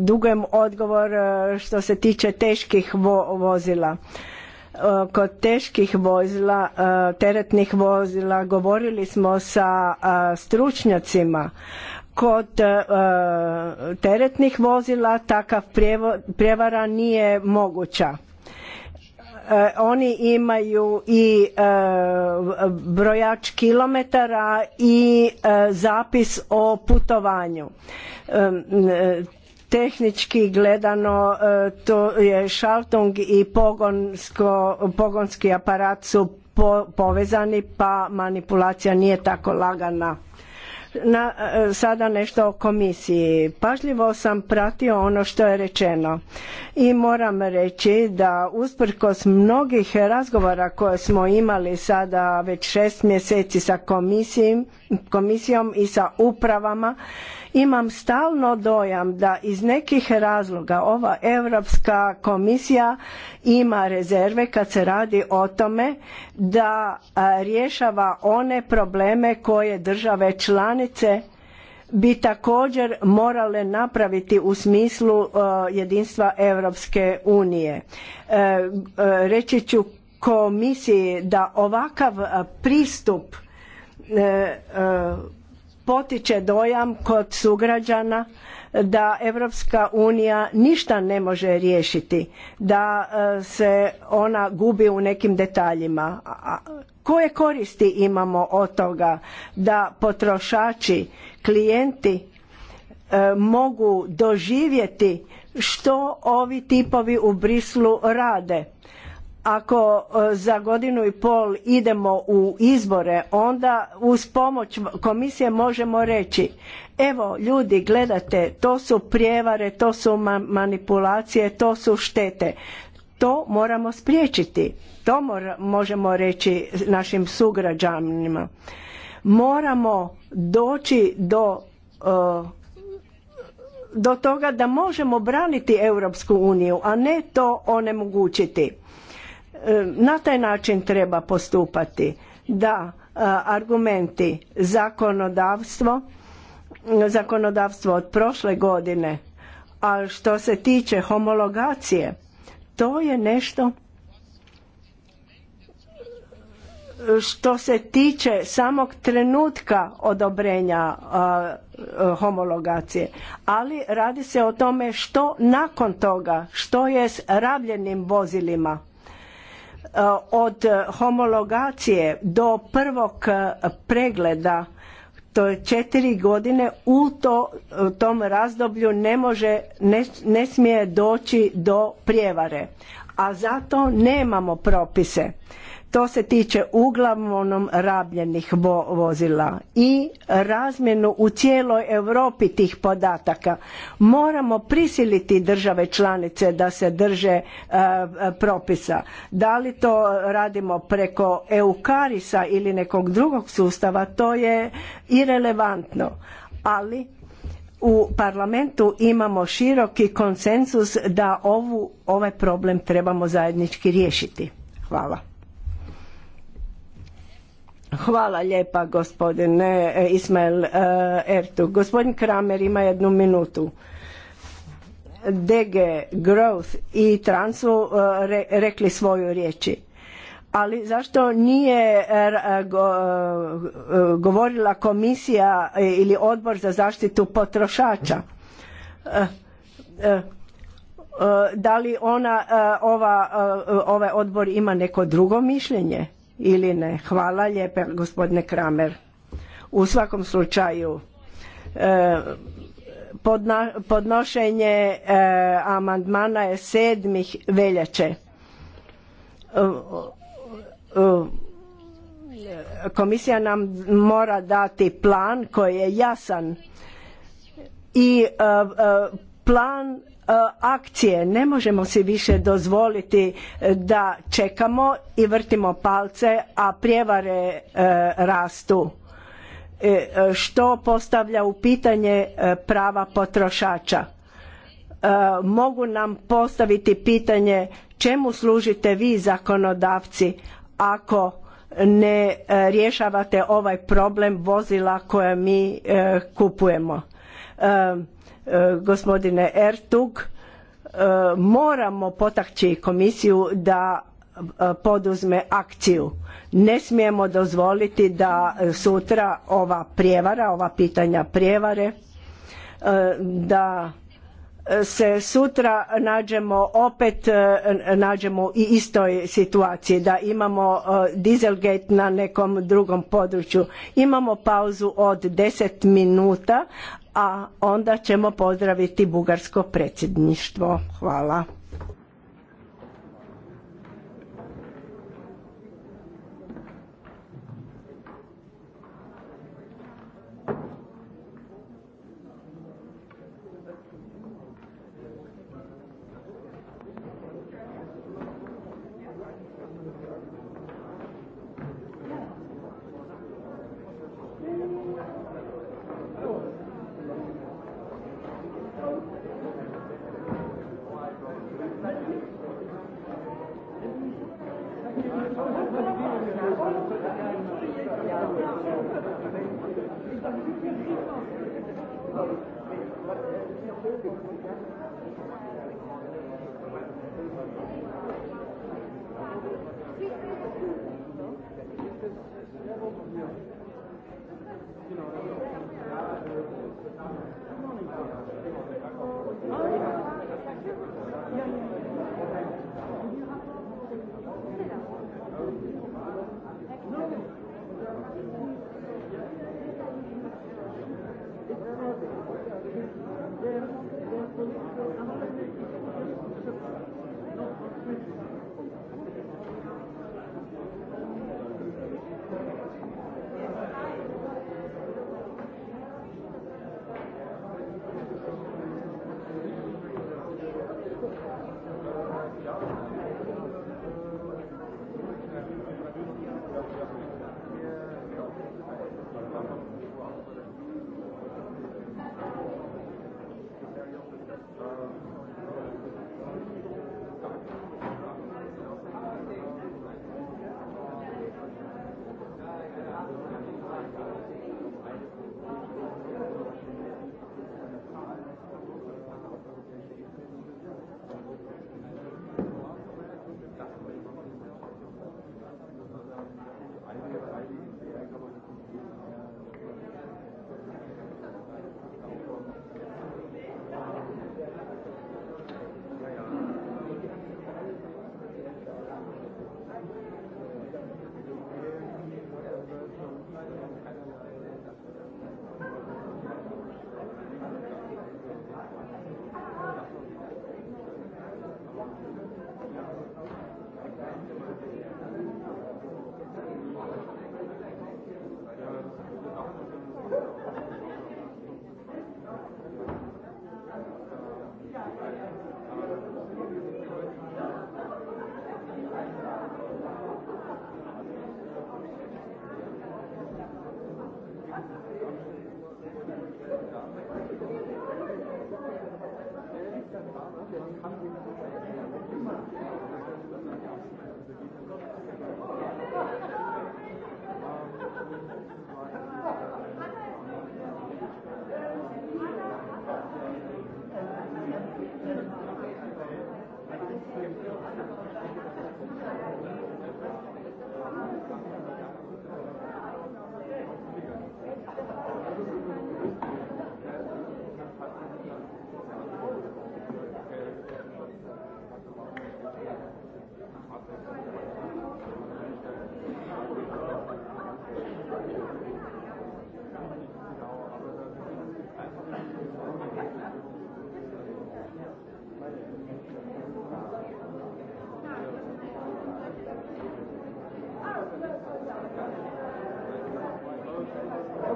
dugujem odgovor e, što se tiče teških vozila kod teških vozila, teretnih vozila, govorili smo sa stručnjacima Kod e, teretnih vozila takav prijevara nije moguća. E, oni imaju i e, brojač kilometara i zapis o putovanju. Tehnički gledano to je šaltung i pogonski aparat su povezani pa manipulacija nije tako lagana. Na, e, sada nešto o komisiji. Pažljivo sam pratio ono što je rečeno i moram reći da usprkos mnogih razgovora koje smo imali sada već šest mjeseci sa komisijom i sa upravama, imam stalno dojam da iz nekih razloga ova Europska komisija ima rezerve kad se radi o tome da rješava one probleme koje države članice bi također morale napraviti u smislu jedinstva Europske unije. E, e, reći ću komisiji da ovakav pristup e, potiče dojam kod sugrađana da Europska unija ništa ne može riješiti, da e, se ona gubi u nekim detaljima. Koje koristi imamo od toga da potrošači, klijenti e, mogu doživjeti što ovi tipovi u Brislu rade? ako e, za godinu i pol idemo u izbore onda uz pomoć komisije možemo reći evo ljudi gledate to su prijevare to su manipulacije to su štete to moramo spriječiti to možemo reći našim sugrađanima moramo doći do e, do toga da možemo braniti Europsku uniju, a ne to onemogućiti. Na taj način treba postupati. Da, argumenti zakonodavstvo, zakonodavstvo od prošle godine, a što se tiče homologacije, to je nešto što se tiče samog trenutka odobrenja homologacije ali radi se o tome što nakon toga što je s rabljenim vozilima Eh, od homologacije do prvog eh, pregleda to je četiri godine u to, tom razdoblju ne može ne, ne smije doći do prijevare a zato nemamo propise to se tiče uglavnom rabljenih vozila i razmjenu u cijeloj Europi tih podataka. Moramo prisiliti države članice da se drže e, propisa. Da li to radimo preko Eukarisa ili nekog drugog sustava, to je irelevantno. Ali u parlamentu imamo široki konsenzus da ovu, ovaj problem trebamo zajednički riješiti. Hvala. Hvala lijepa gospodine e, Ismail e, Ertu. Gospodin Kramer ima jednu minutu. DG, Growth i Transu e, rekli svoju riječi. Ali zašto nije govorila komisija ili odbor za zaštitu potrošača? Da li ona, ova, ovaj odbor ima neko drugo mišljenje? ili ne? Hvala lijepa gospodine Kramer. U svakom slučaju e, podnošenje e, amandmana je sedmih veljače. E, komisija nam mora dati plan koji je jasan i plan E, akcije. Ne možemo si više dozvoliti e, da čekamo i vrtimo palce, a prijevare e, rastu što postavlja u pitanje prava potrošača. Mogu nam postaviti pitanje čemu služite vi zakonodavci ako ne rješavate ovaj problem vozila koja mi kupujemo. E, gospodine Ertug, e, moramo potakći komisiju da e, poduzme akciju. Ne smijemo dozvoliti da sutra ova prijevara, ova pitanja prijevare, da se sutra nađemo opet nađemo u istoj situaciji da imamo dieselgate na nekom drugom području imamo pauzu od deset minuta a onda ćemo pozdraviti bugarsko predsjedništvo. Hvala.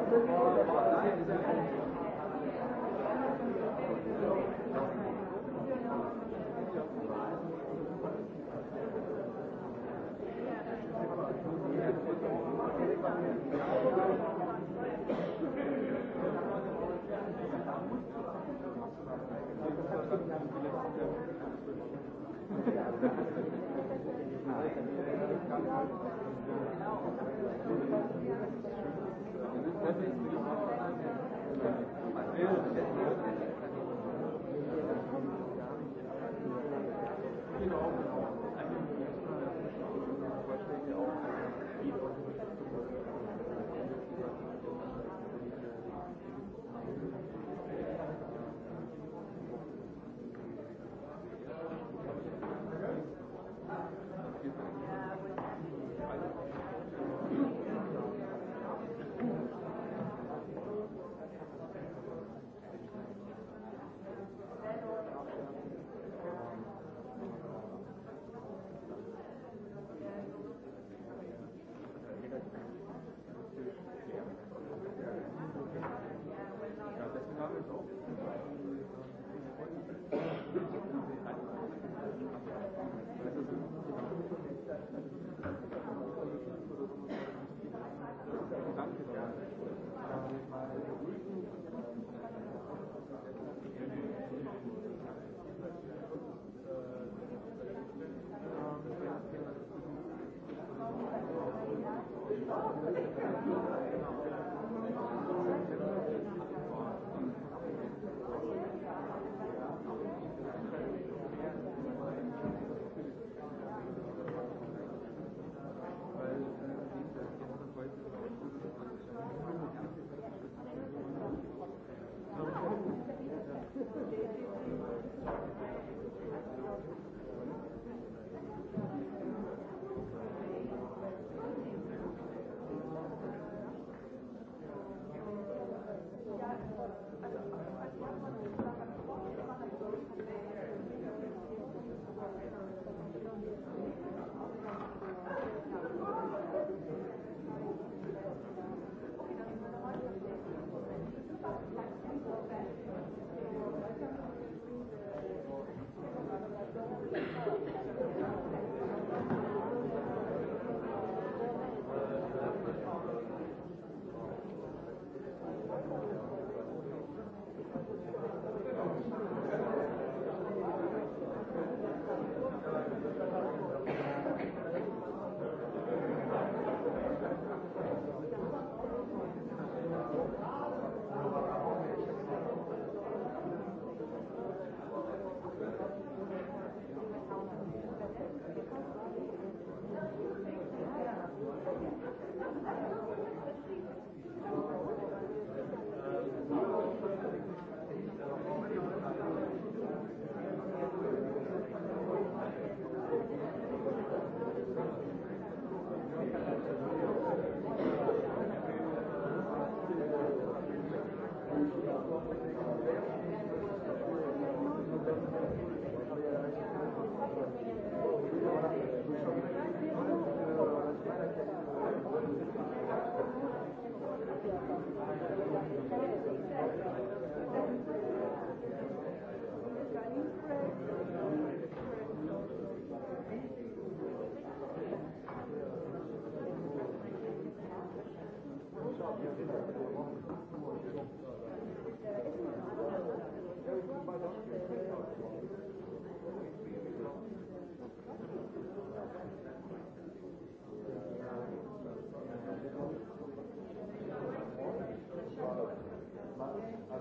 Hvala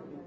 Hvala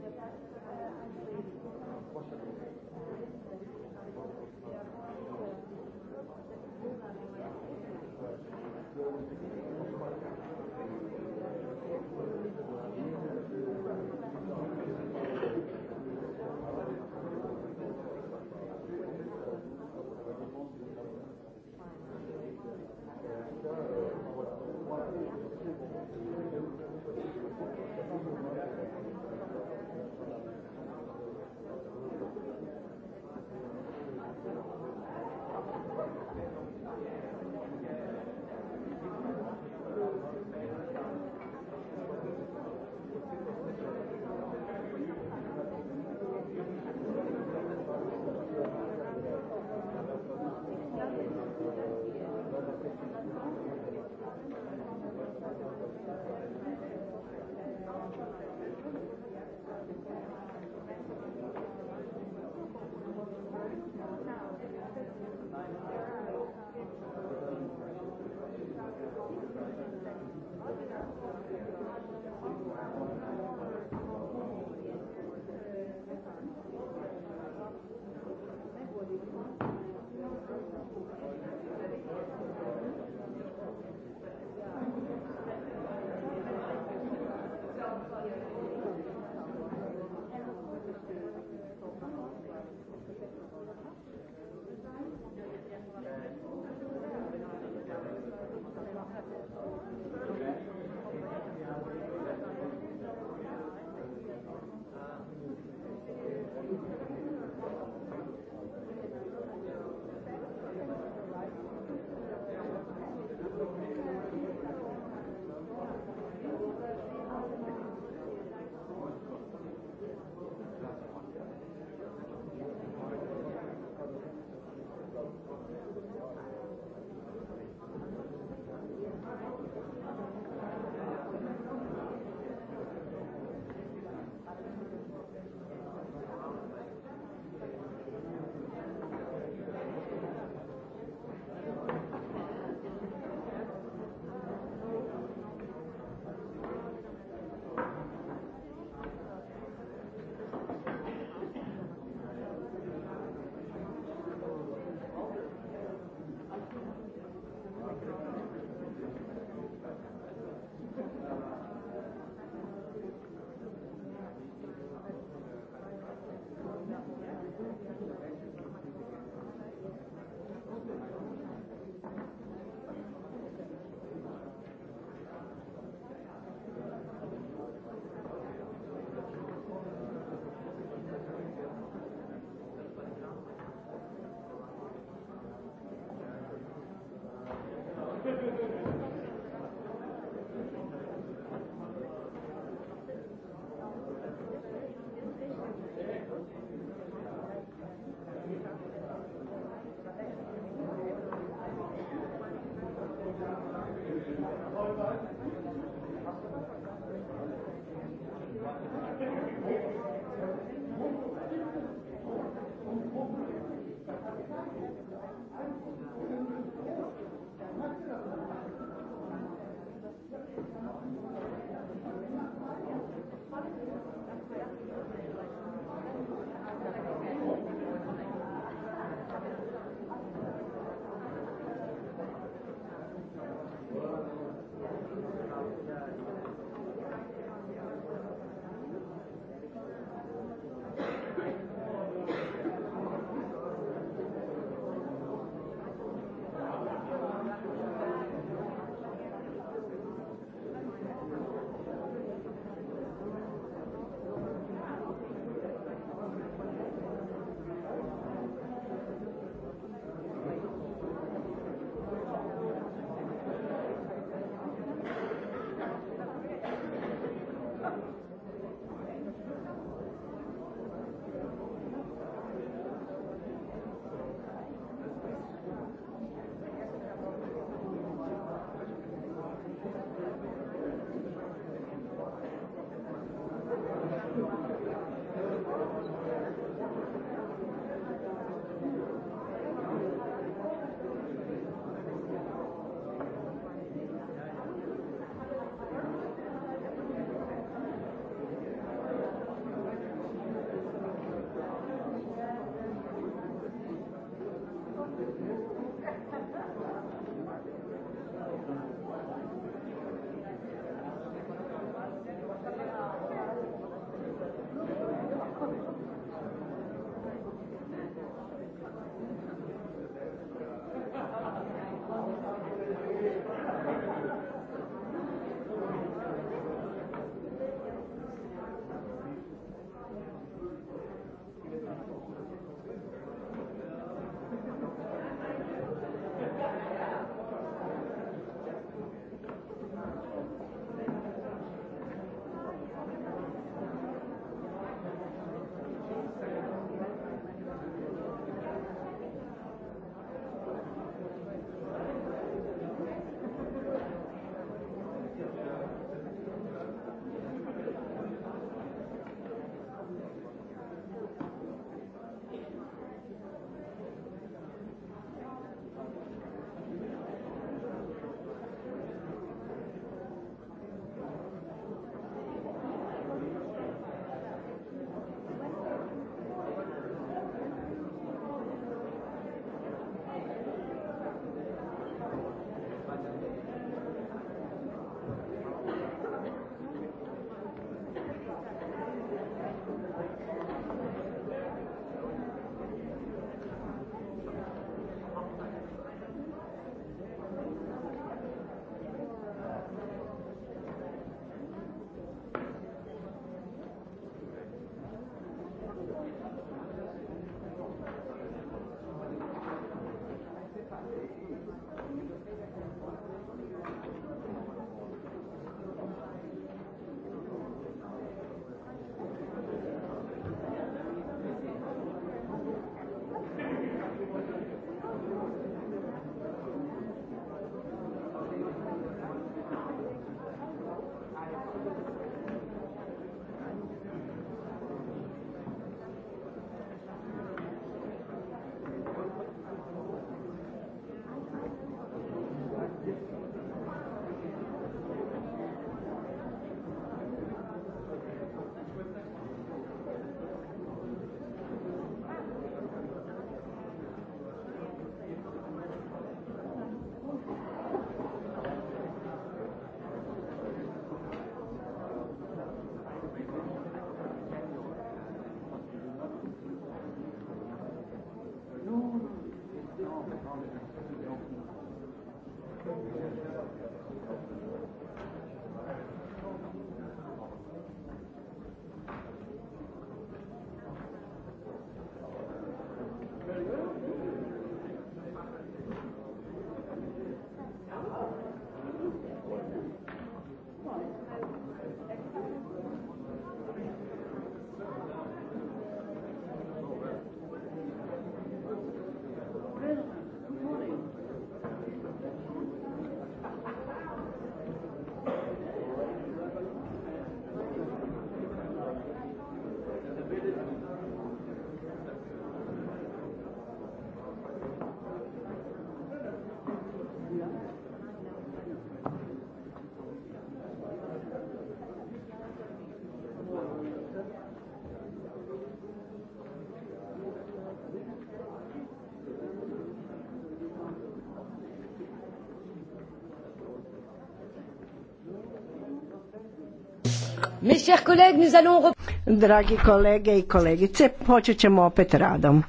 Dragi kolege i kolegice, počet ćemo opet radom.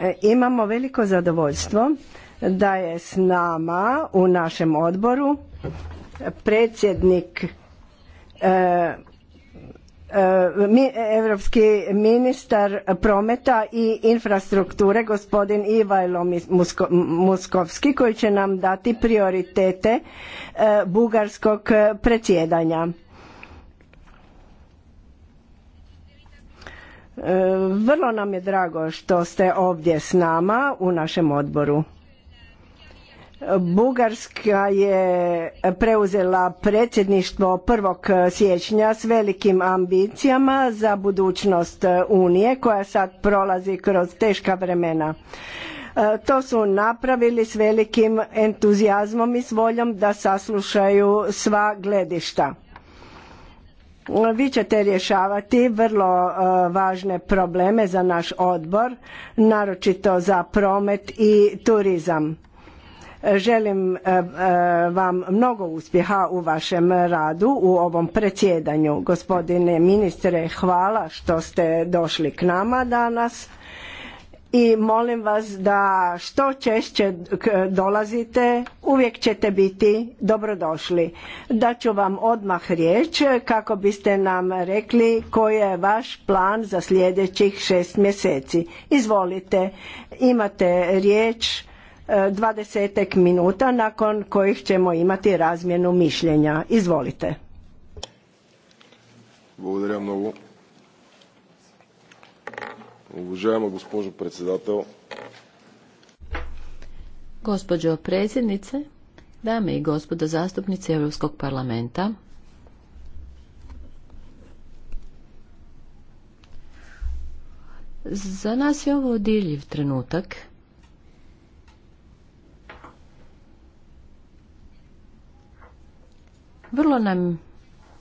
E, imamo veliko zadovoljstvo da je s nama u našem odboru predsjednik e, europski ministar prometa i infrastrukture gospodin Ivajlo Muskovski koji će nam dati prioritete e, bugarskog predsjedanja. E, vrlo nam je drago što ste ovdje s nama u našem odboru. Bugarska je preuzela predsjedništvo 1. siječnja s velikim ambicijama za budućnost Unije koja sad prolazi kroz teška vremena. E, to su napravili s velikim entuzijazmom i s voljom da saslušaju sva gledišta. Vi ćete rješavati vrlo e, važne probleme za naš odbor, naročito za promet i turizam Želim e, e, vam mnogo uspjeha u vašem radu, u ovom predsjedanju. Gospodine ministre, hvala što ste došli k nama danas i molim vas da što češće dolazite, uvijek ćete biti dobrodošli. Da ću vam odmah riječ kako biste nam rekli koji je vaš plan za sljedećih šest mjeseci. Izvolite, imate riječ dvadesetak minuta nakon kojih ćemo imati razmjenu mišljenja. Izvolite.
Благодаря mnogo.
Gospođo predsjednice, dame i gospodo zastupnici Europskog parlamenta, za nas je ovo dirljiv trenutak – Vrlo nam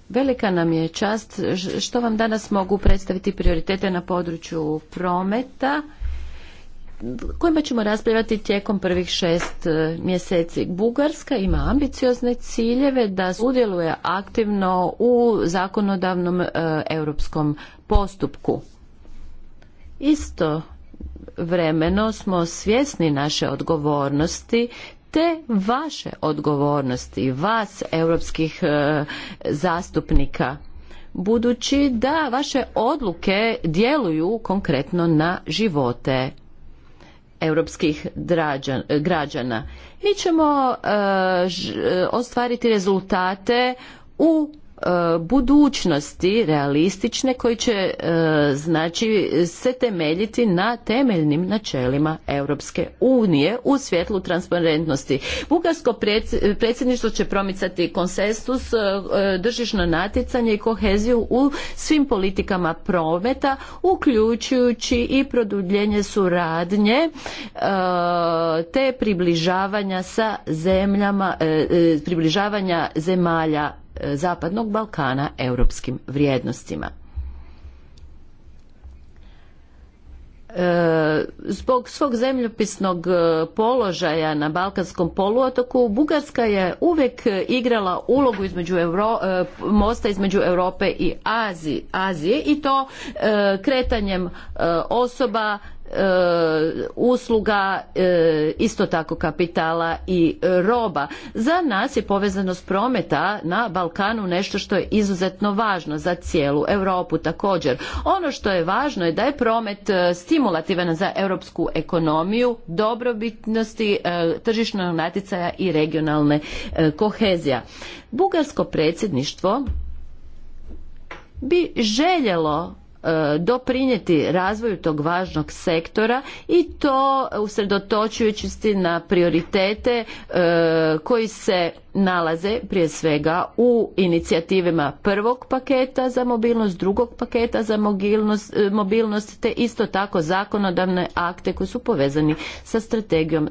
Velika nam je čast što vam danas mogu predstaviti prioritete na području prometa kojima ćemo raspravljati tijekom prvih šest e, mjeseci. Bugarska ima ambiciozne ciljeve da sudjeluje aktivno u zakonodavnom e, europskom postupku. Isto vremeno smo svjesni naše odgovornosti te vaše odgovornosti, vas europskih e, zastupnika budući da vaše odluke djeluju konkretno na živote europskih e, građana. Mi ćemo e, ostvariti rezultate u E, budućnosti realistične koji će e, znači se temeljiti na temeljnim načelima Europske unije u svjetlu transparentnosti. Bugarsko predsjedništvo će promicati konsensus, e, držišno natjecanje i koheziju u svim politikama prometa, uključujući i produljenje suradnje te približavanja sa zemljama, približavanja zemalja E, Zapadnog Balkana europskim vrijednostima. E, zbog svog zemljopisnog e, položaja na Balkanskom poluotoku Bugarska je uvijek igrala ulogu između mosta između Europe i Azije i to kretanjem osoba E, usluga, e, isto tako kapitala i roba. Za nas je povezanost prometa na Balkanu nešto što je izuzetno važno za cijelu Europu također. Ono što je važno je da je promet e, stimulativan za europsku ekonomiju, dobrobitnosti tržišnog natjecaja i regionalne kohezija. Bugarsko predsjedništvo bi željelo E, doprinijeti razvoju tog važnog sektora i to usredotočujući se na prioritete e, koji se nalaze prije svega u inicijativama prvog paketa za mobilnost, drugog paketa za e, mobilnost te isto tako zakonodavne akte koji su povezani sa strategijom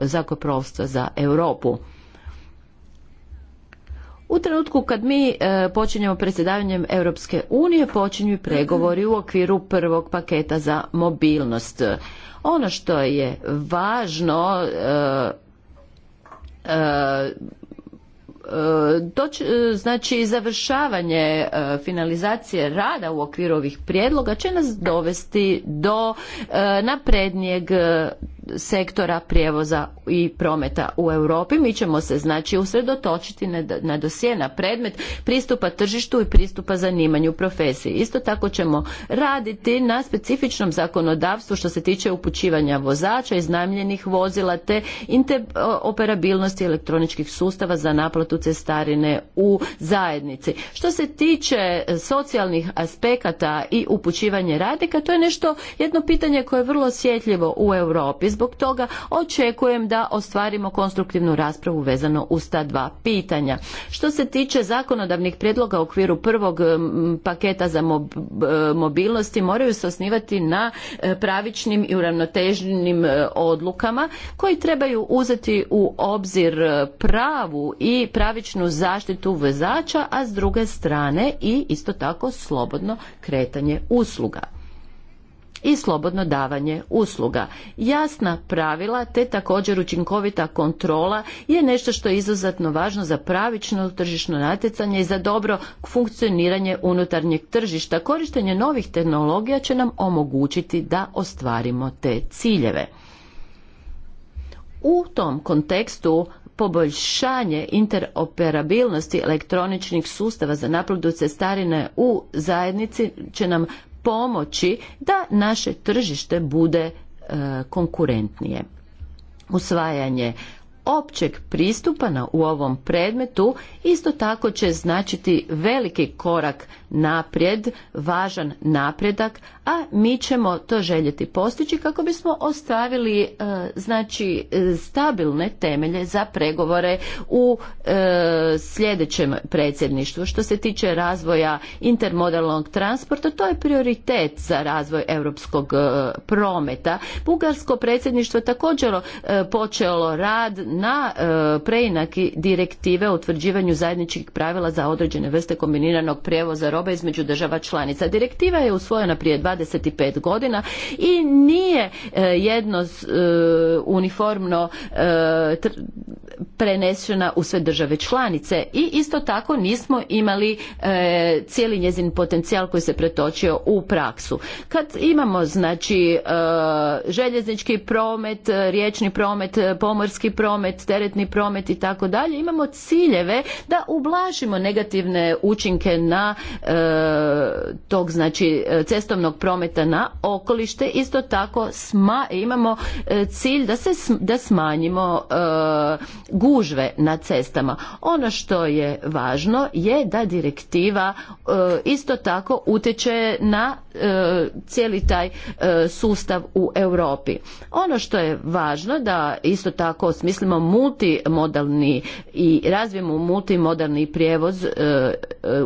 zakoprovstva za Europu. U trenutku kad mi e, počinjemo predsjedavanjem Europske unije, počinju pregovori u okviru prvog paketa za mobilnost. Ono što je važno e, e, znači završavanje finalizacije rada u okviru ovih prijedloga će nas dovesti do naprednijeg sektora prijevoza i prometa u Europi. Mi ćemo se znači usredotočiti na, na dosije, na predmet pristupa tržištu i pristupa zanimanju profesiji. Isto tako ćemo raditi na specifičnom zakonodavstvu što se tiče upućivanja vozača, iznajmljenih vozila te interoperabilnosti elektroničkih sustava za naplatu cestarine u zajednici. Što se tiče socijalnih aspekata i upućivanje radnika, to je nešto, jedno pitanje koje je vrlo osjetljivo u Europi. Zbog toga očekujem da ostvarimo konstruktivnu raspravu vezano uz ta dva pitanja. Što se tiče zakonodavnih prijedloga u okviru prvog paketa za e, mobilnosti moraju se osnivati na e, pravičnim i uravnoteženim e, odlukama koji trebaju uzeti u obzir pravu i pravičnu zaštitu vozača, a s druge strane i isto tako slobodno kretanje usluga i slobodno davanje usluga. Jasna pravila te također učinkovita kontrola je nešto što je izuzetno važno za pravično tržišno natjecanje i za dobro funkcioniranje unutarnjeg tržišta. Korištenje novih tehnologija će nam omogućiti da ostvarimo te ciljeve. U tom kontekstu poboljšanje interoperabilnosti elektroničnih sustava za naplatu cestarine u zajednici će nam pomoći da naše tržište bude e, konkurentnije. Usvajanje općeg pristupa na, u ovom predmetu isto tako će značiti veliki korak naprijed, važan napredak, a mi ćemo to željeti postići kako bismo ostavili e, znači e, stabilne temelje za pregovore u e, sljedećem predsjedništvu. Što se tiče razvoja intermodalnog transporta, to je prioritet za razvoj europskog prometa. Bugarsko predsjedništvo je također počelo rad na preinaki direktive o utvrđivanju zajedničkih pravila za određene vrste kombiniranog prijevoza roba između država članica. Direktiva je usvojena prije 25 godina i nije e, jedno e, uniformno e, prenesena u sve države članice i isto tako nismo imali cijeli njezin potencijal koji se pretočio u praksu. Kad imamo znači željeznički promet, riječni promet, pomorski promet, teretni promet i tako dalje, imamo ciljeve da ublažimo negativne učinke na tog znači cestovnog prometa prometa na okolište isto tako sma, imamo e, cilj da se da smanjimo e, gužve na cestama ono što je važno je da direktiva e, isto tako utječe na e, cijeli taj sustav u Europi ono što je važno da isto tako smislimo multimodalni i razvijemo multimodalni prijevoz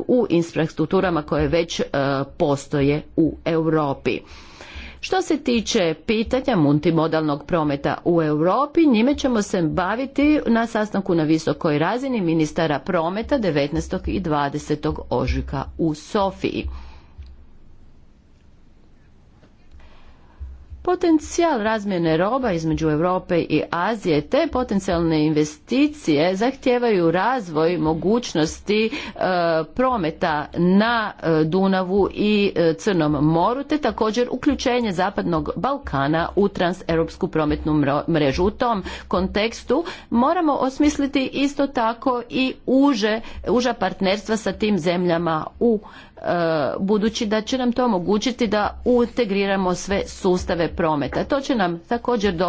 u infrastrukturama koje već postoje u Europi Europi. Što se tiče pitanja multimodalnog prometa u Europi, njime ćemo se baviti na sastanku na visokoj razini ministara prometa 19. i 20. ožujka u Sofiji. Potencijal razmjene roba između Europe i Azije te potencijalne investicije zahtijevaju razvoj mogućnosti e, prometa na e, Dunavu i e, Crnom moru te također uključenje zapadnog Balkana u transeuropsku prometnu mrežu. U tom kontekstu moramo osmisliti isto tako i uže, uža partnerstva sa tim zemljama u E, budući da će nam to omogućiti da integriramo sve sustave prometa. To će nam također e,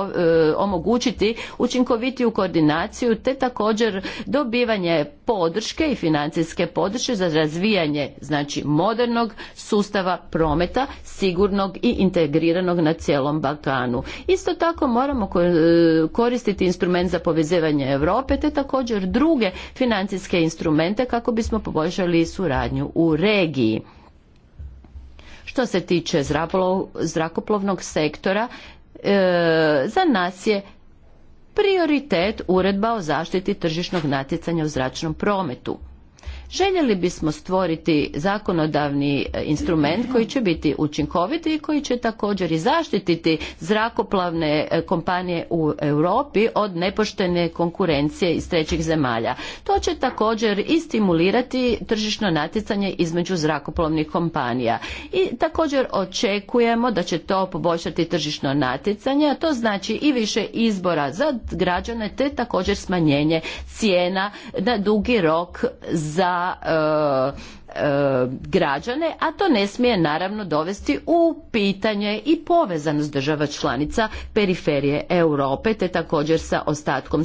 omogućiti učinkovitiju koordinaciju te također dobivanje podrške i financijske podrške za razvijanje znači modernog sustava prometa sigurnog i integriranog na cijelom Balkanu. Isto tako moramo e, koristiti instrument za povezivanje Europe te također druge financijske instrumente kako bismo poboljšali suradnju u regiji što se tiče zrakoplovnog sektora, e, za nas je prioritet uredba o zaštiti tržišnog natjecanja u zračnom prometu. Željeli bismo stvoriti zakonodavni e, instrument koji će biti učinkoviti i koji će također i zaštititi zrakoplavne e, kompanije u Europi od nepoštene konkurencije iz trećih zemalja. To će također i stimulirati tržišno natjecanje između zrakoplovnih kompanija. I također očekujemo da će to poboljšati tržišno natjecanje, a to znači i više izbora za građane te također smanjenje cijena na dugi rok za da E, građane, a to ne smije naravno dovesti u pitanje i povezanost država članica periferije Europe te također sa ostatkom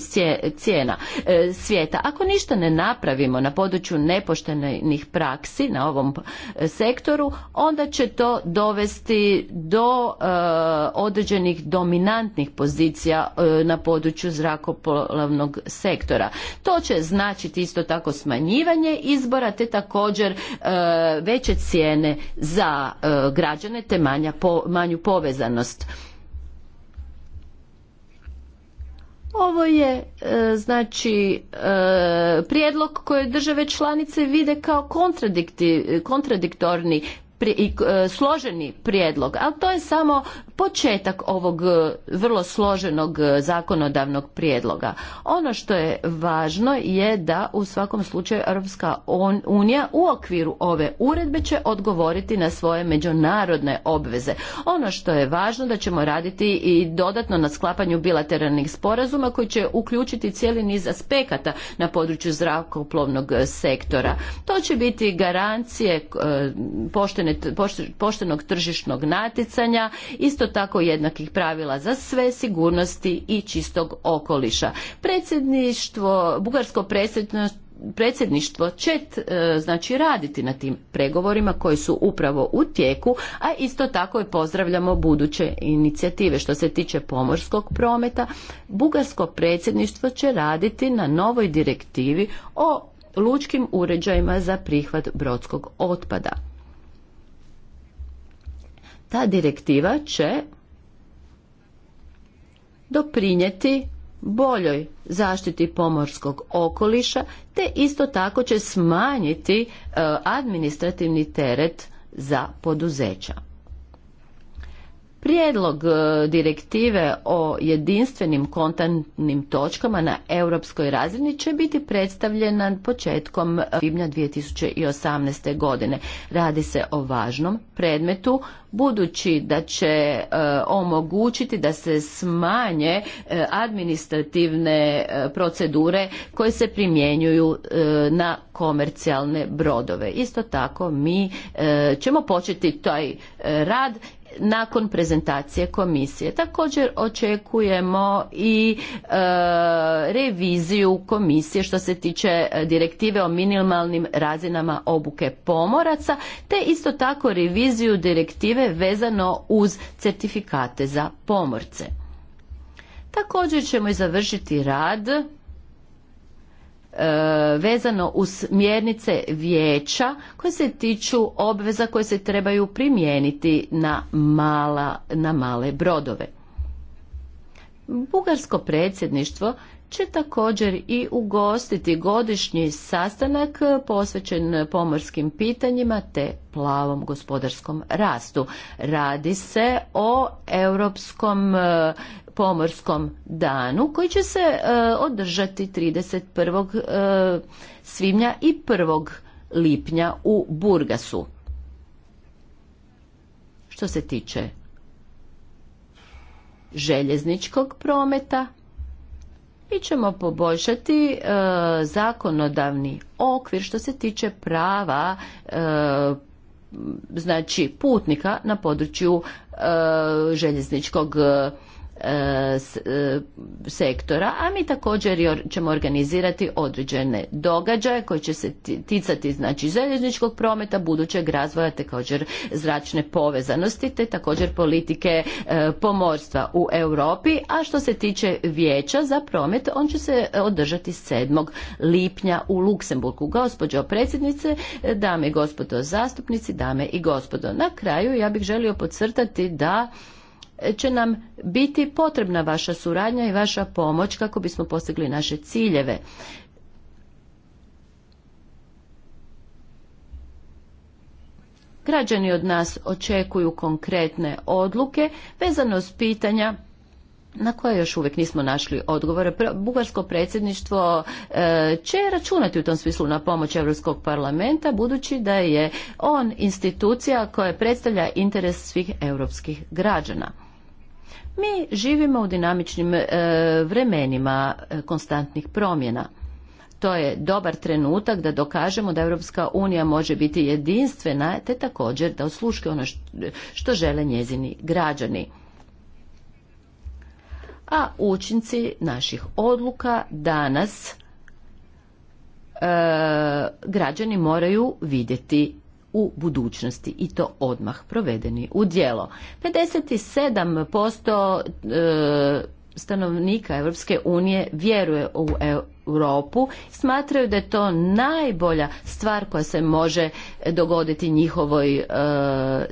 cijena e, svijeta. Ako ništa ne napravimo na području nepoštenih praksi na ovom e, sektoru, onda će to dovesti do određenih dominantnih pozicija na području zrakoplovnog sektora. To će značiti isto tako smanjivanje izbora te također E, veće cijene za e, građane te manju povezanost. Ovo je e, znači prijedlog koji države članice vide kao kontradiktorni i e, složeni prijedlog, ali to je samo početak ovog e, vrlo složenog e, zakonodavnog prijedloga. Ono što je važno je da u svakom slučaju Europska unija u okviru ove uredbe će odgovoriti na svoje međunarodne obveze. Ono što je važno da ćemo raditi i dodatno na sklapanju bilateralnih sporazuma koji će uključiti cijeli niz aspekata na području zrakoplovnog sektora. To će biti garancije poštene poštene, poštenog tržišnog natjecanja, isto tako jednakih pravila za sve sigurnosti i čistog okoliša. Predsjedništvo, bugarsko predsjedništvo predsjedništvo će e, znači raditi na tim pregovorima koji su upravo u tijeku, a isto tako i pozdravljamo buduće inicijative što se tiče pomorskog prometa. Bugarsko predsjedništvo će raditi na novoj direktivi o lučkim uređajima za prihvat brodskog otpada ta direktiva će doprinijeti boljoj zaštiti pomorskog okoliša te isto tako će smanjiti e, administrativni teret za poduzeća Prijedlog e, direktive o jedinstvenim kontantnim točkama na europskoj razini će biti predstavljena početkom e, svibnja 2018. godine. Radi se o važnom predmetu budući da će e, omogućiti da se smanje administrativne procedure koje se primjenjuju na komercijalne brodove. Isto tako mi ćemo početi taj rad nakon prezentacije komisije. Također očekujemo i e, reviziju komisije što se tiče e, direktive o minimalnim razinama obuke pomoraca te isto tako reviziju direktive vezano uz certifikate za pomorce. Također ćemo i završiti rad E, vezano uz smjernice vijeća koje se tiču obveza koje se trebaju primijeniti na, mala, na male brodove. Bugarsko predsjedništvo će također i ugostiti godišnji sastanak posvećen pomorskim pitanjima te plavom gospodarskom rastu. Radi se o Europskom e, pomorskom danu koji će se e, održati 31. E, svibnja i 1. lipnja u Burgasu. Što se tiče željezničkog prometa, mi ćemo poboljšati e, zakonodavni okvir što se tiče prava e, znači putnika na području e, željezničkog E, e, sektora, a mi također ćemo organizirati određene događaje koji će se ticati znači željezničkog prometa, budućeg razvoja, također zračne povezanosti, te također politike e, pomorstva u Europi, a što se tiče vijeća za promet, on će se održati 7. lipnja u Luksemburgu. Gospođo predsjednice, dame i gospodo zastupnici, dame i gospodo, na kraju ja bih želio podcrtati da će nam biti potrebna vaša suradnja i vaša pomoć kako bismo postigli naše ciljeve. Građani od nas očekuju konkretne odluke vezano s pitanja na koje još uvijek nismo našli odgovore. Bugarsko predsjedništvo e, će računati u tom smislu na pomoć Europskog parlamenta budući da je on institucija koja predstavlja interes svih europskih građana. Mi živimo u dinamičnim e, vremenima e, konstantnih promjena. To je dobar trenutak da dokažemo da Europska unija može biti jedinstvena, te također da osluške ono što žele njezini građani. A učinci naših odluka danas e, građani moraju vidjeti u budućnosti i to odmah provedeni u djelo. 57% e, stanovnika Europske unije vjeruje u Europu, smatraju da je to najbolja stvar koja se može dogoditi njihovoj e,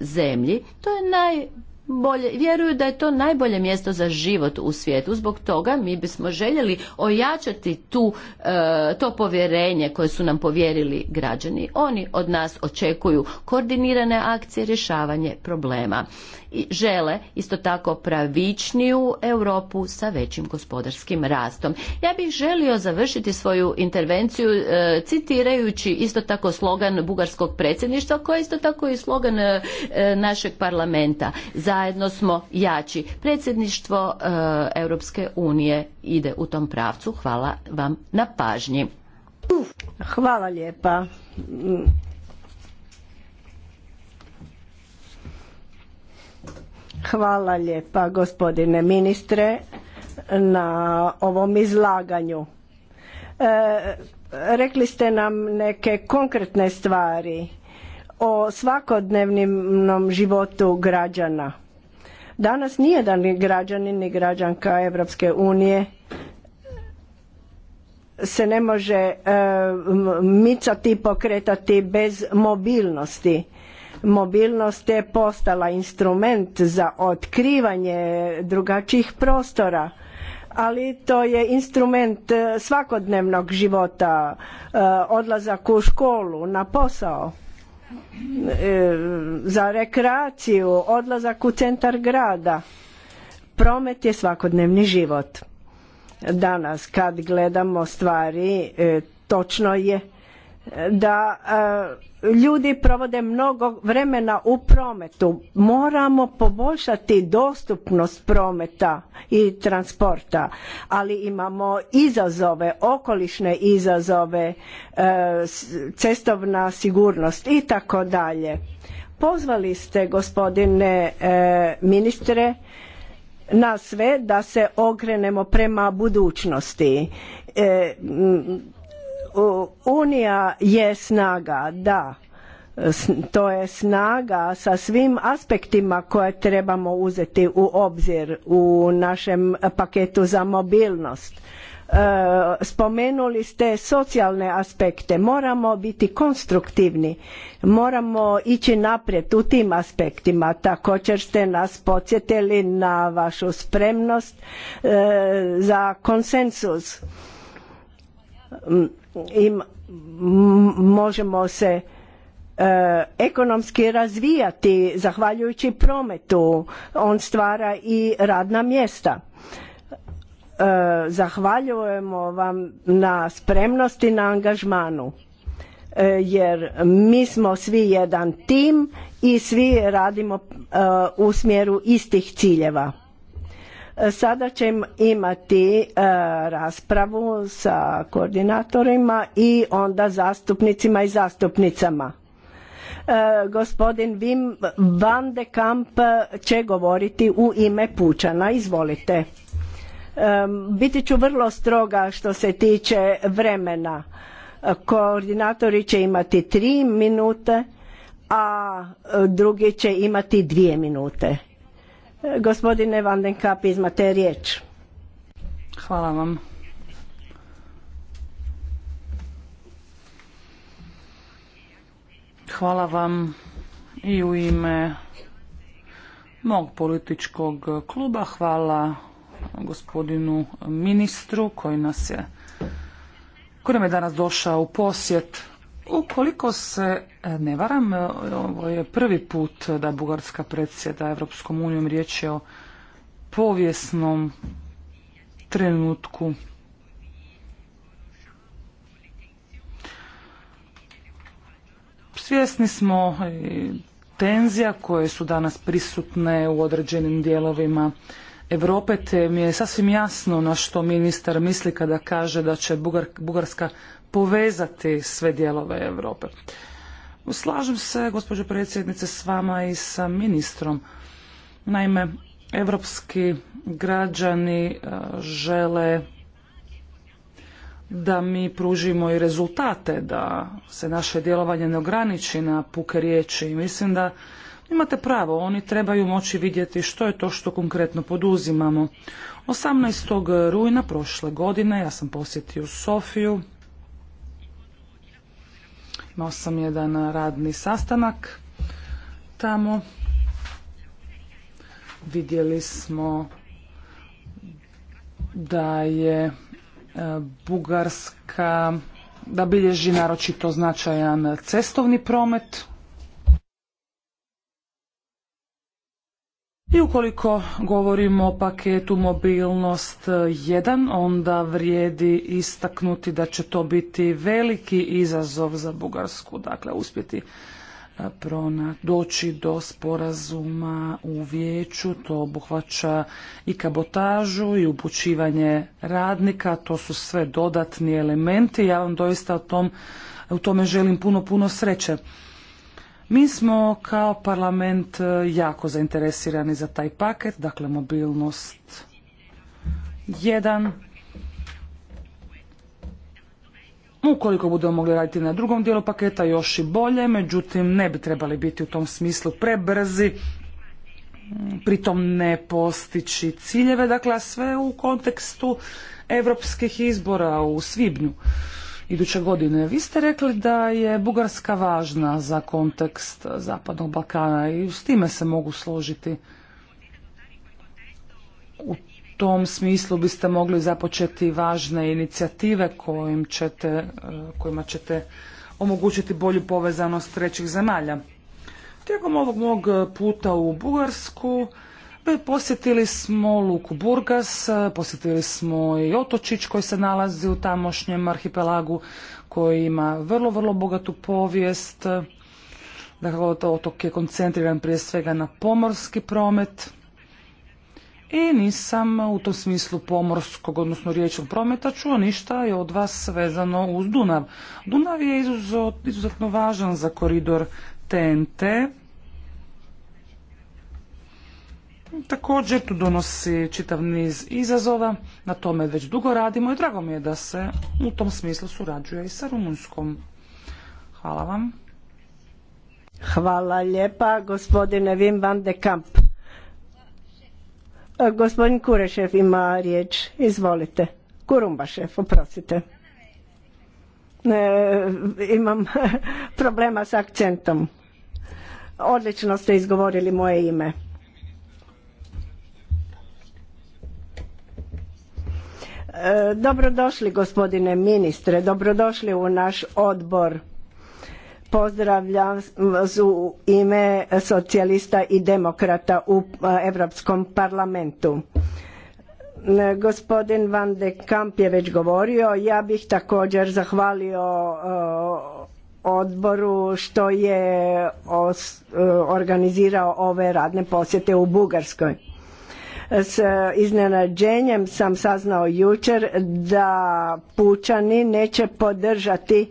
zemlji. To je naj bolje, vjeruju da je to najbolje mjesto za život u svijetu. Zbog toga mi bismo željeli ojačati tu, e, to povjerenje koje su nam povjerili građani. Oni od nas očekuju koordinirane akcije, rješavanje problema i žele isto tako pravičniju Europu sa većim gospodarskim rastom. Ja bih želio završiti svoju intervenciju e, citirajući isto tako slogan bugarskog predsjedništva koji je isto tako i slogan e, našeg parlamenta. Zajedno smo jači. Predsjedništvo e, Europske unije ide u tom pravcu. Hvala vam na pažnji.
Hvala lijepa. Hvala lijepa gospodine ministre na ovom izlaganju. E, rekli ste nam neke konkretne stvari o svakodnevnom životu građana. Danas nijedan građanin ni građanka Europske unije se ne može e, micati i pokretati bez mobilnosti Mobilnost je postala instrument za otkrivanje drugačijih prostora, ali to je instrument eh, svakodnevnog života, eh, odlazak u školu, na posao, eh, za rekreaciju, odlazak u centar grada. Promet je svakodnevni život. Danas kad gledamo stvari, točno je da e, ljudi provode mnogo vremena u prometu. Moramo poboljšati dostupnost prometa i transporta, ali imamo izazove, okolišne izazove, e, cestovna sigurnost i tako dalje. Pozvali ste gospodine e, ministre na sve da se okrenemo prema budućnosti. E, Unija je snaga, da, to je snaga sa svim aspektima koje trebamo uzeti u obzir u našem paketu za mobilnost. E, spomenuli ste socijalne aspekte, moramo biti konstruktivni, moramo ići naprijed u tim aspektima. Također ste nas podsjetili na vašu spremnost e, za konsensus i možemo se e, ekonomski razvijati zahvaljujući prometu on stvara i radna mjesta e, zahvaljujemo vam na spremnosti na angažmanu e, jer mi smo svi jedan tim i svi radimo u smjeru istih ciljeva Sada ćemo imati e, raspravu sa koordinatorima i onda zastupnicima i zastupnicama. E, gospodin Wim van de Kamp će govoriti u ime Pučana. Izvolite. E, biti ću vrlo stroga što se tiče vremena. Koordinatori će imati tri minute, a drugi će imati dvije minute. Gospodine Van den Kap, izmate riječ. Hvala vam.
Hvala vam i u ime mog političkog kluba. Hvala gospodinu ministru koji nas je, koji nam je danas došao u posjet. Ukoliko se e, ne varam, e, ovo je prvi put da Bugarska predsjeda Evropskom unijom riječ je o povijesnom trenutku. Svjesni smo tenzija koje su danas prisutne u određenim dijelovima Europe, te mi je sasvim jasno na što ministar misli kada kaže da će Bugarska povezati sve dijelove Europe. Slažem se, gospođo predsjednice, s vama i sa ministrom. Naime, evropski građani e, žele da mi pružimo i rezultate, da se naše djelovanje ne ograniči na puke riječi. Mislim da imate pravo, oni trebaju moći vidjeti što je to što konkretno poduzimamo. 18. rujna prošle godine ja sam posjetio Sofiju, Imao sam jedan radni sastanak tamo. Vidjeli smo da je e, Bugarska da bilježi naročito značajan cestovni promet. I ukoliko govorimo o paketu mobilnost 1, onda vrijedi istaknuti da će to biti veliki izazov za Bugarsku, dakle uspjeti e, prona doći do sporazuma u vijeću, to obuhvaća i kabotažu i upućivanje radnika, to su sve dodatni elementi. Ja vam doista o u tome želim puno, puno sreće. Mi smo kao parlament e, jako zainteresirani za taj paket, dakle mobilnost jedan, Ukoliko budemo mogli raditi na drugom dijelu paketa još i bolje, međutim ne bi trebali biti u tom smislu prebrzi, pritom ne postići ciljeve, dakle sve u kontekstu europskih izbora u Svibnju iduće godine. Vi ste rekli da je Bugarska važna za kontekst Zapadnog Balkana i s time se mogu složiti. U tom smislu biste mogli započeti važne inicijative ćete, e, kojima ćete omogućiti bolju povezanost trećih zemalja. Tijekom ovog mog puta u Bugarsku Posjetili smo Luku Burgas, posjetili smo i Otočić koji se nalazi u tamošnjem arhipelagu koji ima vrlo, vrlo bogatu povijest. Dakle, otok je koncentriran prije svega na pomorski promet. I nisam u tom smislu pomorskog, odnosno riječnog prometa, čuo ništa je od vas vezano uz Dunav. Dunav je izuzetno važan za koridor TNT također tu donosi čitav niz izazova, na tome već dugo radimo i drago mi je da se u tom smislu surađuje i sa Rumunjskom. Hvala vam. Hvala lijepa gospodine Wim van de Kamp.
E, gospodin Kurešev ima riječ. Izvolite. Kurumbašev, oprostite. E, imam problema s akcentom. Odlično ste izgovorili moje ime. E, dobrodošli gospodine ministre, dobrodošli u naš odbor. Pozdravljam u ime socijalista i demokrata u Europskom parlamentu. E, gospodin Van de Kamp je već govorio, ja bih također zahvalio e, odboru što je organizirao ove radne posjete u Bugarskoj s iznenađenjem sam saznao jučer da pučani neće podržati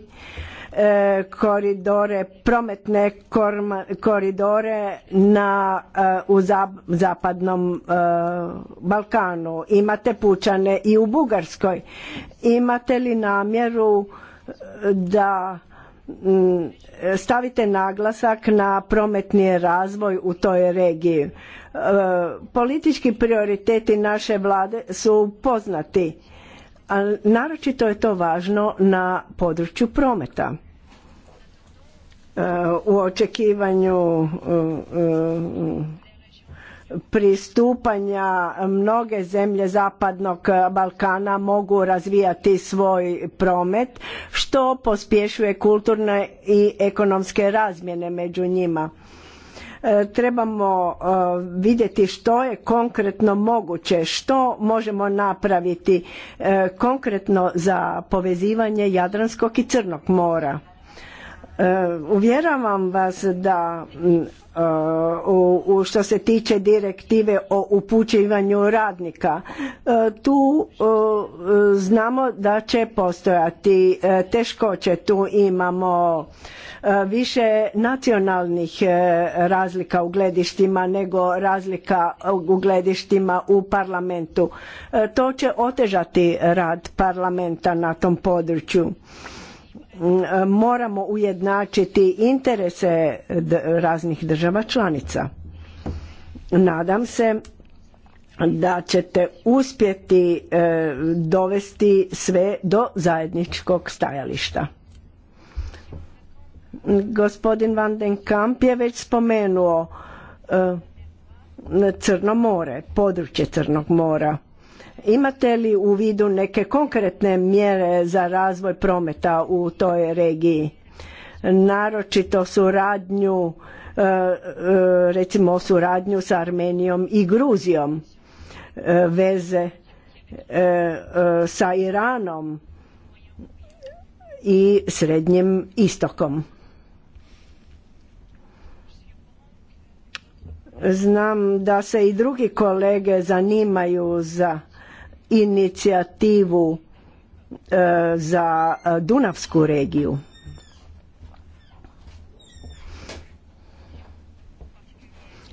e, koridore, prometne koridore e, u zapadnom e, Balkanu. Imate pučane i u Bugarskoj. Imate li namjeru da mm, stavite naglasak na prometni razvoj u toj regiji? Politički prioriteti naše vlade su poznati, a naročito je to važno na području prometa. E, u očekivanju e, e, pristupanja mnoge zemlje zapadnog Balkana mogu razvijati svoj promet što pospješuje kulturne i ekonomske razmjene među njima E, trebamo e, vidjeti što je konkretno moguće, što možemo napraviti e, konkretno za povezivanje Jadranskog i Crnog mora. Uvjeravam vas da u što se tiče direktive o upućivanju radnika tu znamo da će postojati teškoće tu imamo E, više nacionalnih e, razlika u gledištima nego razlika u gledištima u parlamentu. E, to će otežati rad parlamenta na tom području. Moramo ujednačiti interese raznih država članica. Nadam se da ćete uspjeti dovesti sve do zajedničkog stajališta. Gospodin Van den Kamp je već spomenuo e, Crno more, područje Crnog mora. Imate li u vidu neke konkretne mjere za razvoj prometa u toj regiji? Naročito suradnju, e, e, recimo suradnju sa Armenijom i Gruzijom, veze sa Iranom i Srednjim istokom. Znam da se i drugi kolege zanimaju za inicijativu e, za e, Dunavsku regiju.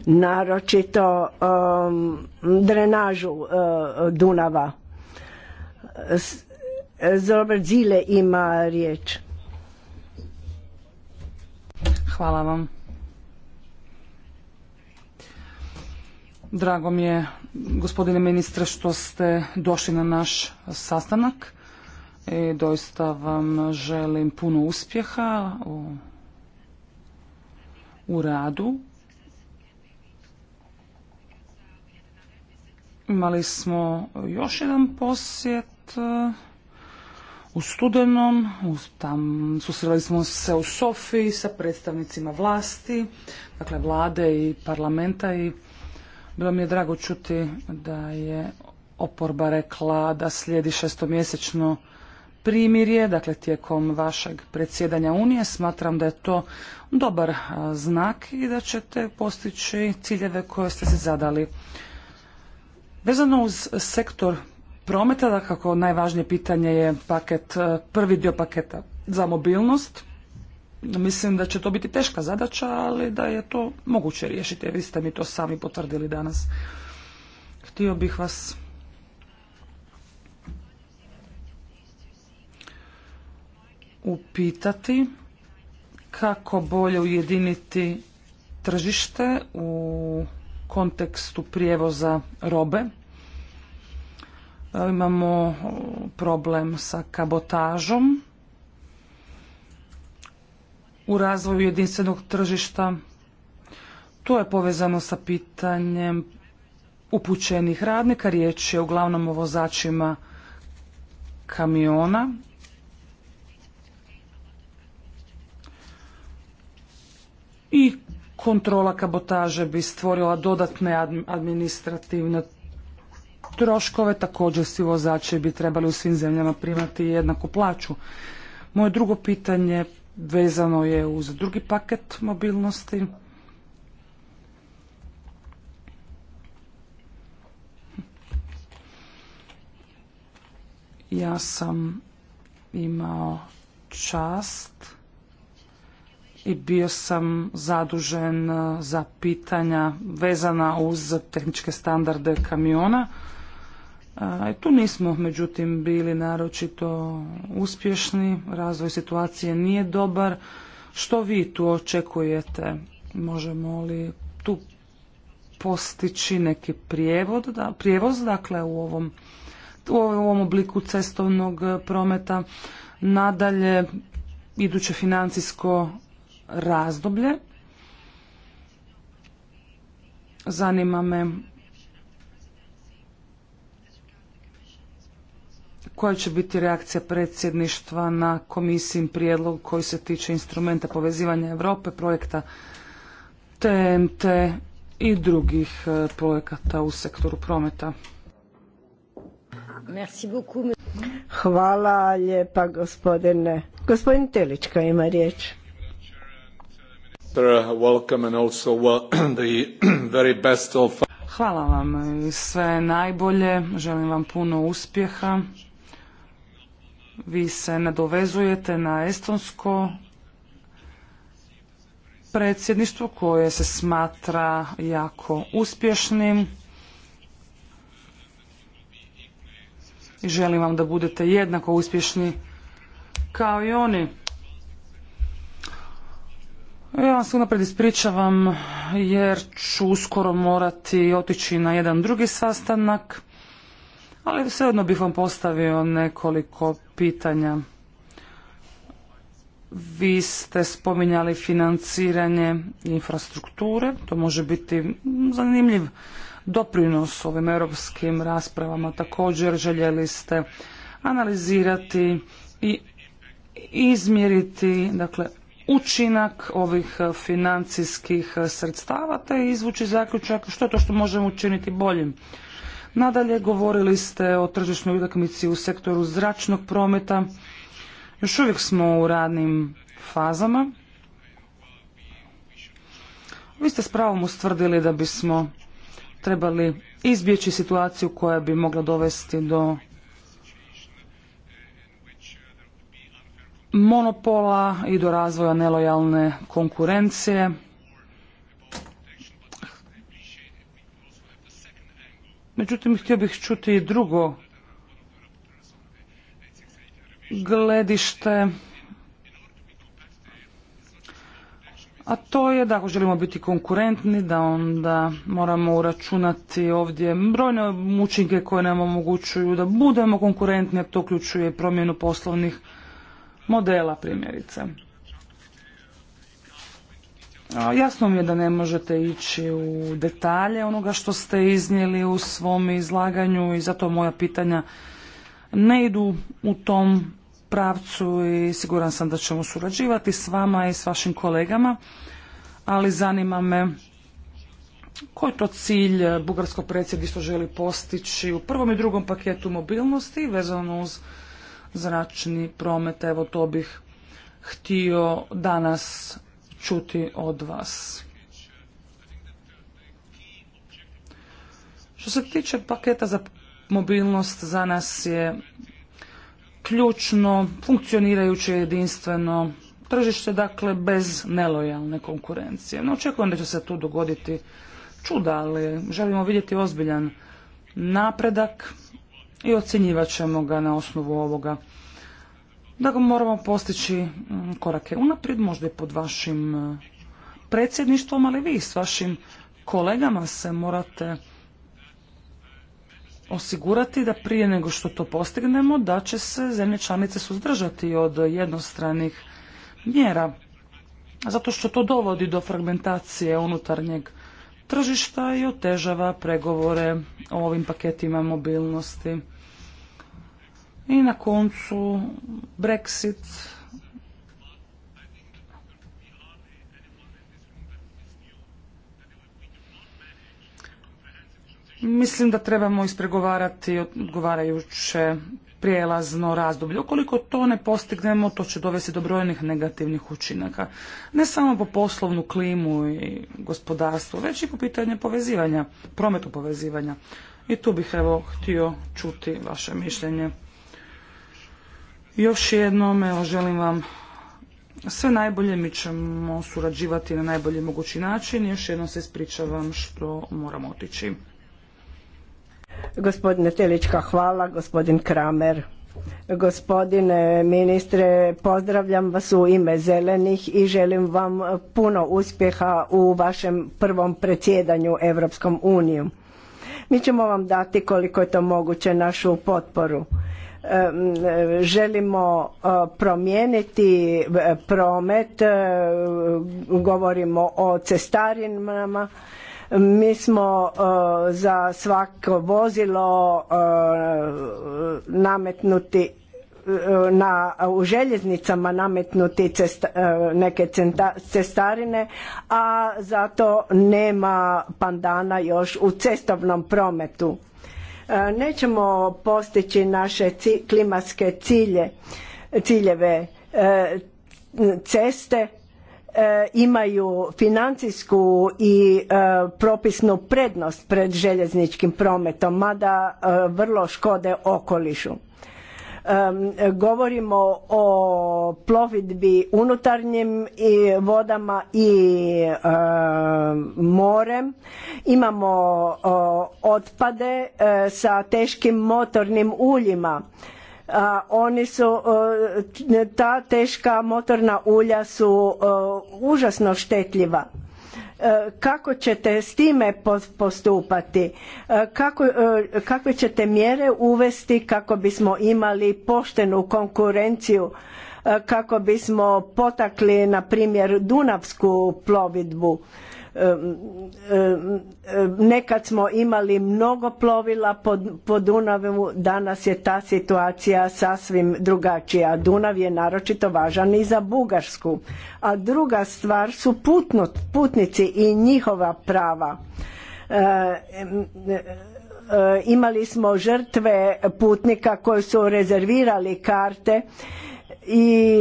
Naročito um, drenažu e, Dunava. Robert Zile ima riječ.
Hvala vam. Drago mi je, gospodine ministre, što ste došli na naš sastanak. I doista vam želim puno uspjeha u, u radu. Imali smo još jedan posjet e, u studenom, tam susreli smo se u Sofiji sa predstavnicima vlasti, dakle vlade i parlamenta i bilo mi je drago čuti da je oporba rekla da slijedi šestomjesečno primirje, dakle tijekom vašeg predsjedanja Unije. Smatram da je to dobar znak i da ćete postići ciljeve koje ste se zadali. Vezano uz sektor prometa, dakle najvažnije pitanje je paket, prvi dio paketa za mobilnost. Mislim da će to biti teška zadaća, ali da je to moguće riješiti. Vi ste mi to sami potvrdili danas. Htio bih vas upitati kako bolje ujediniti tržište u kontekstu prijevoza robe. Imamo problem sa kabotažom u razvoju jedinstvenog tržišta. To je povezano sa pitanjem upućenih radnika. Riječ je uglavnom o vozačima kamiona. I kontrola kabotaže bi stvorila dodatne administrativne troškove. Također svi vozači bi trebali u svim zemljama primati jednaku plaću. Moje drugo pitanje vezano je uz drugi paket mobilnosti. Ja sam imao čast i bio sam zadužen za pitanja vezana uz tehničke standarde kamiona tu nismo, međutim, bili naročito uspješni, razvoj situacije nije dobar. Što vi tu očekujete? Možemo li tu postići neki da, prijevoz, dakle, u ovom, u ovom obliku cestovnog prometa? Nadalje, iduće financijsko razdoblje. Zanima me koja će biti reakcija predsjedništva na komisijin prijedlog koji se tiče instrumenta povezivanja Europe, projekta TNT i drugih e, projekata u sektoru prometa.
Hvala lijepa gospodine. Gospodin Telička ima riječ.
Hvala vam sve najbolje, želim vam puno uspjeha vi se nadovezujete na estonsko predsjedništvo koje se smatra jako uspješnim. I želim vam da budete jednako uspješni kao i oni. Ja vam se unaprijed ispričavam jer ću uskoro morati otići na jedan drugi sastanak ali svejedno bih vam postavio nekoliko pitanja. Vi ste spominjali financiranje infrastrukture, to može biti zanimljiv doprinos ovim europskim raspravama. Također željeli ste analizirati i izmjeriti dakle, učinak ovih financijskih sredstava te izvući zaključak što je to što možemo učiniti boljim. Nadalje, govorili ste o tržišnoj utakmici u sektoru zračnog prometa. Još uvijek smo u radnim fazama. Vi ste s pravom ustvrdili da bismo trebali izbjeći situaciju koja bi mogla dovesti do monopola i do razvoja nelojalne konkurencije. Međutim, htio bih čuti i drugo gledište, a to je da ako želimo biti konkurentni, da onda moramo uračunati ovdje brojne učinke koje nam omogućuju da budemo konkurentni, a to uključuje promjenu poslovnih modela primjerice. Jasno mi je da ne možete ići u detalje onoga što ste iznijeli u svom izlaganju i zato moja pitanja ne idu u tom pravcu i siguran sam da ćemo surađivati s vama i s vašim kolegama, ali zanima me koji to cilj bugarsko predsjedništvo želi postići u prvom i drugom paketu mobilnosti vezano uz zračni promet. Evo to bih htio danas čuti od vas. Što se tiče paketa za mobilnost, za nas je ključno funkcionirajuće jedinstveno tržište, dakle bez nelojalne konkurencije. No očekujem da će se tu dogoditi čuda, ali želimo vidjeti ozbiljan napredak i ocjenjivat ćemo ga na osnovu ovoga da ga moramo postići mm, korake unaprijed, možda i pod vašim e, predsjedništvom, ali vi s vašim kolegama se morate osigurati da prije nego što to postignemo da će se zemlje članice suzdržati od jednostranih mjera zato što to dovodi do fragmentacije unutarnjeg tržišta i otežava pregovore o ovim paketima mobilnosti. I na koncu Brexit. Mislim da trebamo ispregovarati odgovarajuće prijelazno razdoblje. Ukoliko to ne postignemo, to će dovesti do brojnih negativnih učinaka. Ne samo po poslovnu klimu i gospodarstvo, već i po pitanju povezivanja, prometu povezivanja. I tu bih evo htio čuti vaše mišljenje. Još jednom evo, želim vam sve najbolje, mi ćemo surađivati na najbolji mogući način. Još jednom se ispričavam što moramo otići. Gospodine Telička, hvala. Gospodin Kramer.
Gospodine ministre, pozdravljam vas u ime zelenih i želim vam puno uspjeha u vašem prvom predsjedanju Europskom unijom. Mi ćemo vam dati koliko je to moguće našu potporu želimo e, promijeniti e, promet, e, govorimo o cestarinama, mi smo za svako vozilo nametnuti na, u željeznicama nametnuti neke cestarine, a zato nema pandana još u cestovnom prometu E, nećemo postići naše klimatske cilje, ciljeve e, ceste e, imaju financijsku i propisnu prednost pred željezničkim prometom, mada vrlo škode okolišu Govorimo o plovidbi unutarnjim vodama i morem. Imamo otpade e, sa teškim motornim uljima. A oni su, ta teška motorna ulja su užasno štetljiva. E, kako ćete s time postupati e, kako, e, kakve ćete mjere uvesti kako bismo imali poštenu konkurenciju kako bismo potakli na primjer dunavsku plovidbu Nekad smo imali mnogo plovila po Dunavu, danas je ta situacija sasvim drugačija. Dunav je naročito važan i za Bugarsku. A druga stvar su putnici i njihova prava. Imali smo žrtve putnika koji su rezervirali karte i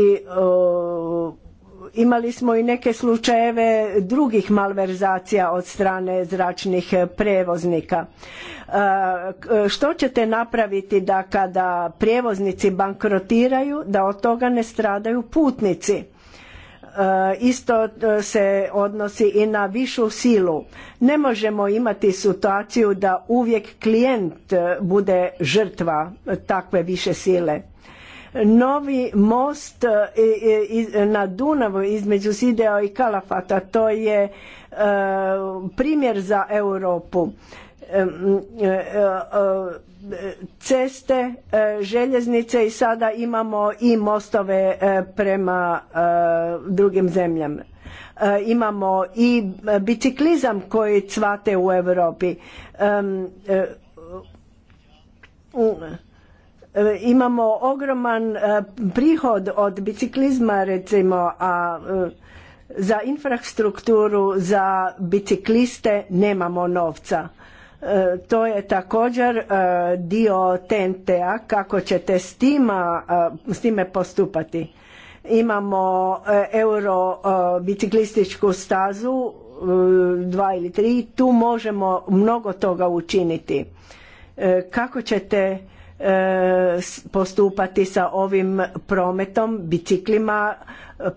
Imali smo i neke slučajeve drugih malverzacija od strane zračnih prevoznika. E, što ćete napraviti da kada prijevoznici bankrotiraju, da od toga ne stradaju putnici? E, isto e, se odnosi i na višu silu. Ne možemo imati situaciju da uvijek klijent bude žrtva takve više sile. Novi most e, e, na Dunavu između Sideo i Kalafata, to je e, primjer za Europu. Ceste, željeznice i sada imamo i mostove prema drugim zemljama. Imamo i biciklizam koji cvate u Europi. E, imamo ogroman e, prihod od biciklizma recimo a e, za infrastrukturu za bicikliste nemamo novca to je također dio TNT-a kako ćete s, tima, s time postupati imamo euro biciklističku stazu dva ili tri tu možemo mnogo toga učiniti kako ćete postupati sa ovim prometom, biciklima,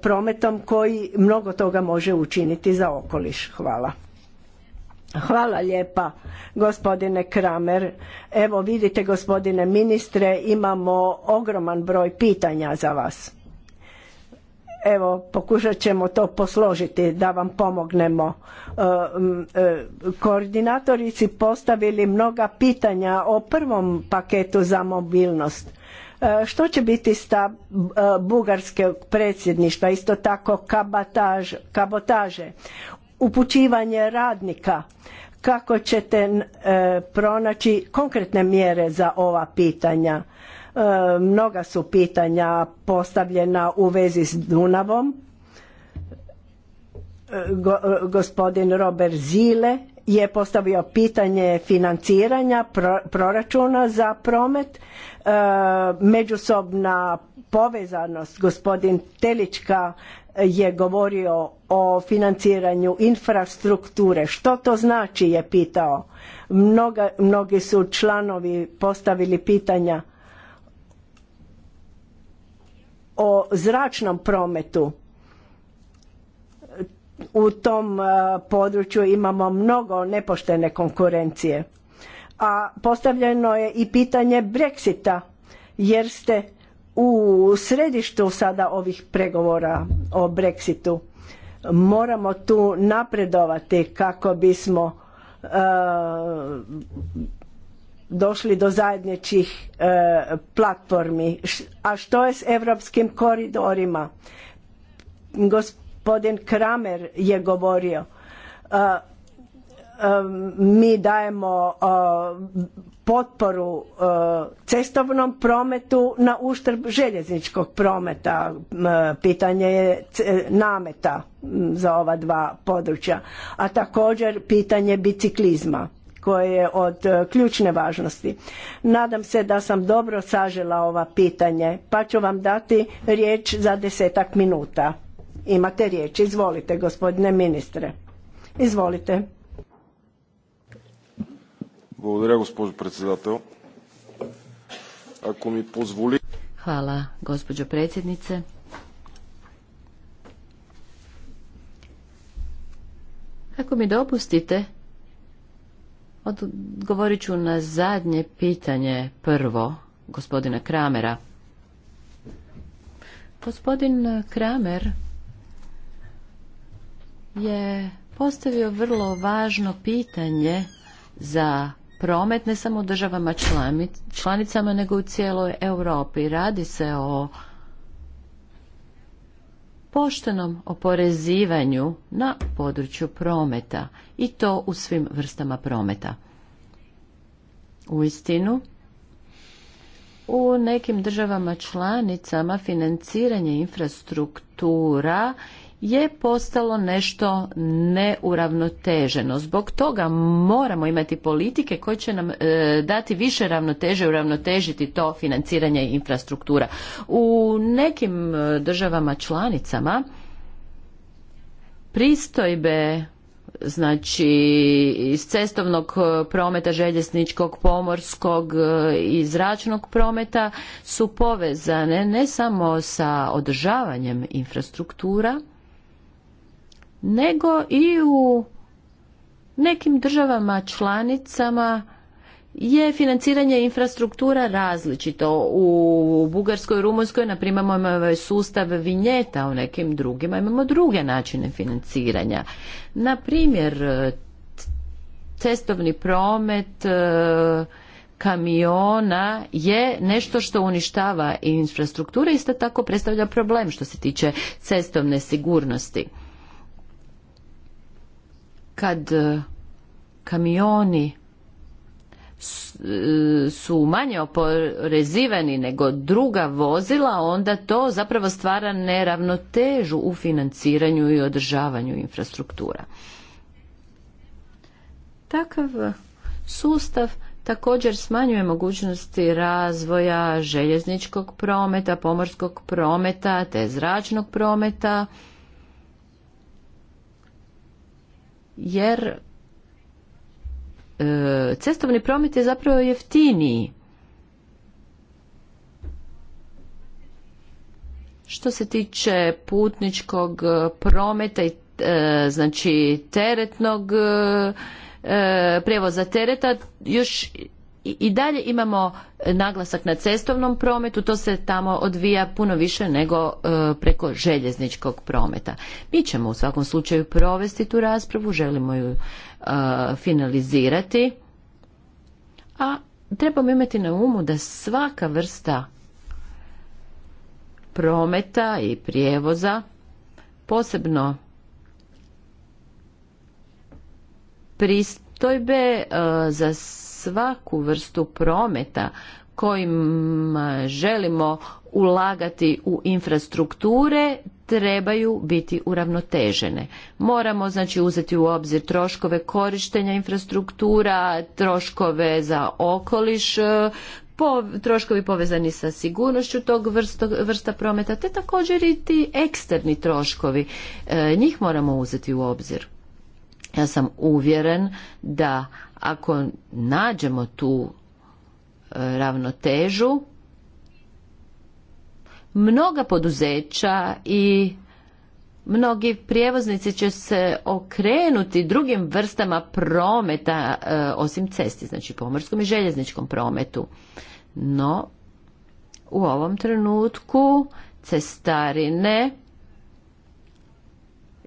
prometom koji mnogo toga može učiniti za okoliš. Hvala. Hvala lijepa gospodine Kramer. Evo vidite gospodine ministre imamo ogroman broj pitanja za vas. Evo, pokušat ćemo to posložiti da vam pomognemo. E, e, Koordinatorici postavili mnoga pitanja o prvom paketu za mobilnost. E, što će biti sta bugarskog predsjedništva, isto tako kabotaže, upućivanje radnika, kako ćete pronaći konkretne mjere za ova pitanja E, mnoga su pitanja postavljena u vezi s Dunavom. E, e, gospodin Robert Zile je postavio pitanje financiranja proračuna za promet, međusobna povezanost. Gospodin Telička je govorio o financiranju infrastrukture. Što to znači je pitao. mnogi su članovi postavili pitanja o zračnom prometu u tom e, području imamo mnogo nepoštene konkurencije. A postavljeno je i pitanje Brexita jer ste u središtu sada ovih pregovora o Brexitu. Moramo tu napredovati kako bismo e, došli do zajedničkih e, platformi. A što je s europskim koridorima? Gospodin Kramer je govorio. E, e, mi dajemo potporu cestovnom prometu na uštrb željezničkog prometa. Pitanje je nameta za ova dva područja. A također pitanje biciklizma koje je od e, ključne važnosti. Nadam se da sam dobro sažela ova pitanje, pa ću vam dati riječ za desetak minuta. Imate riječ, izvolite gospodine ministre. Izvolite.
Благодаря, госпожо председател.
Hvala,
gospođo predsjednice. Ako mi dopustite, Odgovorit ću na zadnje pitanje prvo, gospodina Kramera. Gospodin Kramer je postavio vrlo važno pitanje za promet ne samo u državama članicama nego u cijeloj Europi. Radi se o poštenom oporezivanju na području prometa i to u svim vrstama prometa. U istinu, u nekim državama članicama financiranje infrastruktura je postalo nešto neuravnoteženo. Zbog toga moramo imati politike koje će nam e, dati više ravnoteže, uravnotežiti to financiranje infrastruktura. U nekim e, državama članicama pristojbe znači iz cestovnog e, prometa, željezničkog, pomorskog i zračnog prometa su povezane ne samo sa održavanjem infrastruktura, nego i u nekim državama članicama je financiranje infrastruktura različito. U Bugarskoj i Rumunjskoj, na primjer, imamo ovaj sustav vinjeta, u nekim drugima imamo druge načine financiranja. Na primjer, cestovni promet e, kamiona je nešto što uništava infrastrukture, isto tako predstavlja problem što se tiče cestovne sigurnosti kad e, kamioni e, su manje oporezivani nego druga vozila, onda to zapravo stvara neravnotežu u financiranju i održavanju infrastruktura. Takav sustav također smanjuje mogućnosti razvoja željezničkog prometa, pomorskog prometa te zračnog prometa jer e, cestovni promet je zapravo jeftiniji. Što se tiče putničkog e, prometa i e, znači teretnog prijevoza tereta još i dalje imamo e, naglasak na cestovnom prometu, to se tamo odvija puno više nego e, preko željezničkog prometa. Mi ćemo u svakom slučaju provesti tu raspravu, želimo ju e, finalizirati, a trebamo imati na umu da svaka vrsta prometa i prijevoza, posebno pristojbe za svaku vrstu prometa kojim želimo ulagati u infrastrukture trebaju biti uravnotežene. Moramo znači uzeti u obzir troškove korištenja infrastruktura, troškove za okoliš, e, troškovi povezani sa sigurnošću tog vrsta, vrsta prometa, te također i ti eksterni troškovi. E, njih moramo uzeti u obzir. Ja sam uvjeren da ako nađemo tu e, ravnotežu, mnoga poduzeća i mnogi prijevoznici će se okrenuti drugim vrstama prometa e, osim cesti, znači pomorskom i željezničkom prometu. No, u ovom trenutku cestarine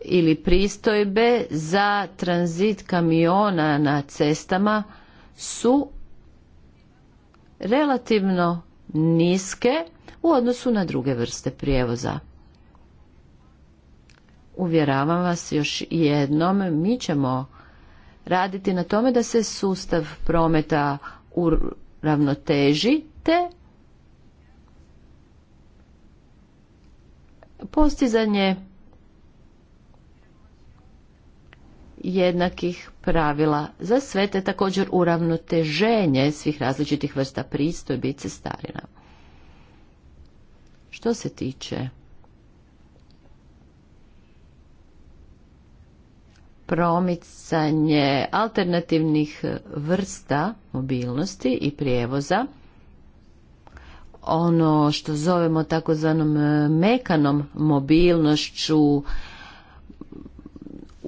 ili pristojbe za tranzit kamiona na cestama su relativno niske u odnosu na druge vrste prijevoza. Uvjeravam vas još jednom, mi ćemo raditi na tome da se sustav prometa uravnoteži te postizanje jednakih pravila za sve, te također uravnoteženje svih različitih vrsta pristojbi i cestarina. Što se tiče promicanje alternativnih vrsta mobilnosti i prijevoza, ono što zovemo takozvanom mekanom mobilnošću,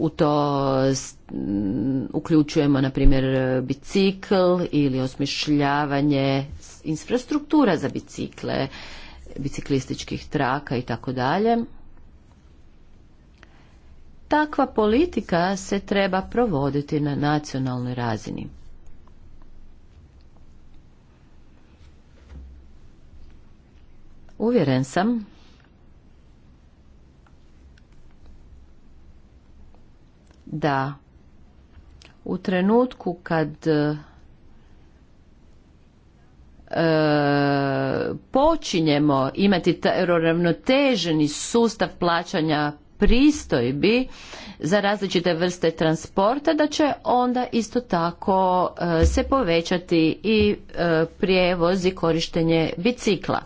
u to uključujemo na primjer bicikl ili osmišljavanje infrastruktura za bicikle, biciklističkih traka i tako dalje. Takva politika se treba provoditi na nacionalnoj razini. Uvjeren sam da u trenutku kad E, počinjemo imati ravnoteženi sustav plaćanja pristojbi za različite vrste transporta da će onda isto tako e, se povećati i e, prijevoz i korištenje bicikla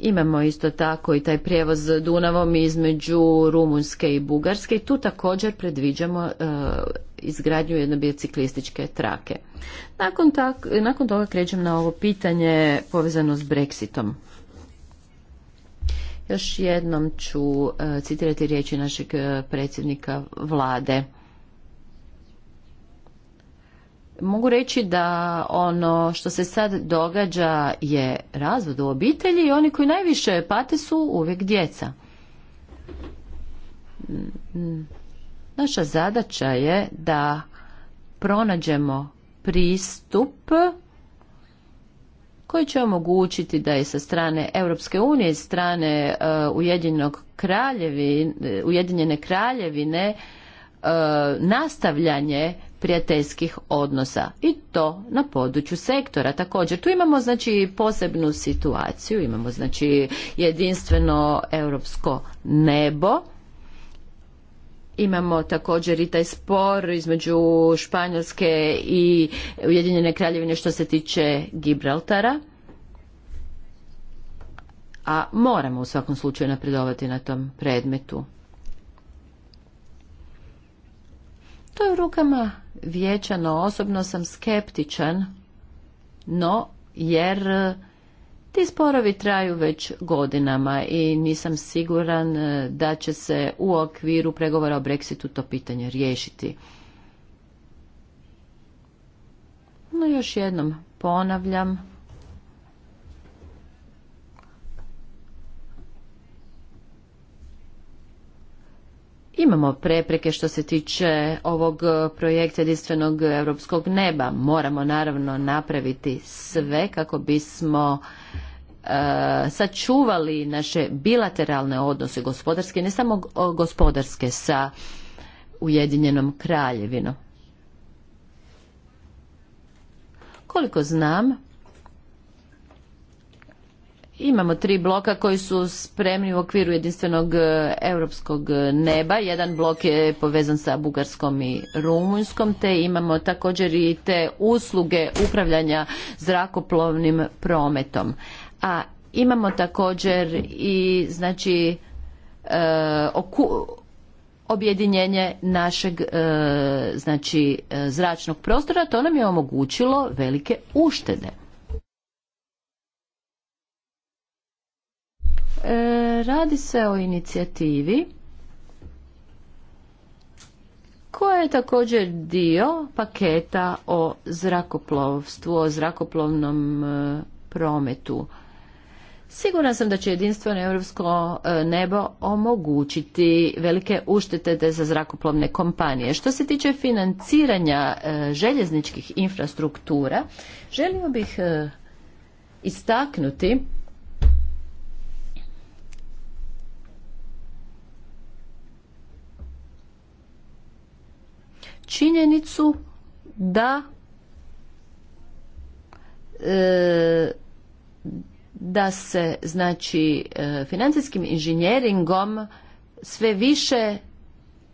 Imamo isto tako i taj prijevoz Dunavom između Rumunjske i Bugarske i tu također predviđamo e, izgradnju jedne biciklističke trake. Nakon, tak, nakon toga krećem na ovo pitanje povezano s Brexitom. Još jednom ću e, citirati riječi našeg e, predsjednika vlade. Mogu reći da ono što se sad događa je razvod u obitelji i oni koji najviše pate su uvijek djeca. Naša zadaća je da pronađemo pristup koji će omogućiti da je sa strane Europske unije i strane e, Ujedinjenog Ujedinjene kraljevine e, nastavljanje prijateljskih odnosa i to na području sektora također. Tu imamo znači posebnu situaciju, imamo znači jedinstveno europsko nebo, Imamo također i taj spor između Španjolske i Ujedinjene kraljevine što se tiče Gibraltara. A moramo u svakom slučaju napredovati na tom predmetu. To je u rukama vijeća, osobno sam skeptičan, no jer e, ti sporovi traju već godinama i nisam siguran e, da će se u okviru pregovora o Brexitu to pitanje riješiti. No još jednom ponavljam, Imamo prepreke što se tiče ovog projekta jedinstvenog europskog neba. Moramo naravno napraviti sve kako bismo e, sačuvali naše bilateralne odnose gospodarske, ne samo gospodarske sa Ujedinjenom kraljevinom. Koliko znam, Imamo tri bloka koji su spremni u okviru jedinstvenog e, europskog e, neba. Jedan blok je povezan sa Bugarskom i Rumunjskom, te imamo također i te usluge upravljanja zrakoplovnim prometom. A imamo također i znači e, objedinjenje našeg znači zračnog prostora, to nam je omogućilo velike uštede. E, radi se o inicijativi koja je također dio paketa o zrakoplovstvu, o zrakoplovnom e, prometu. Sigurna sam da će jedinstveno europsko e, nebo omogućiti velike uštete za zrakoplovne kompanije. Što se tiče financiranja željezničkih infrastruktura, želio bih istaknuti činjenicu da e, da se znači e, financijskim inženjeringom sve više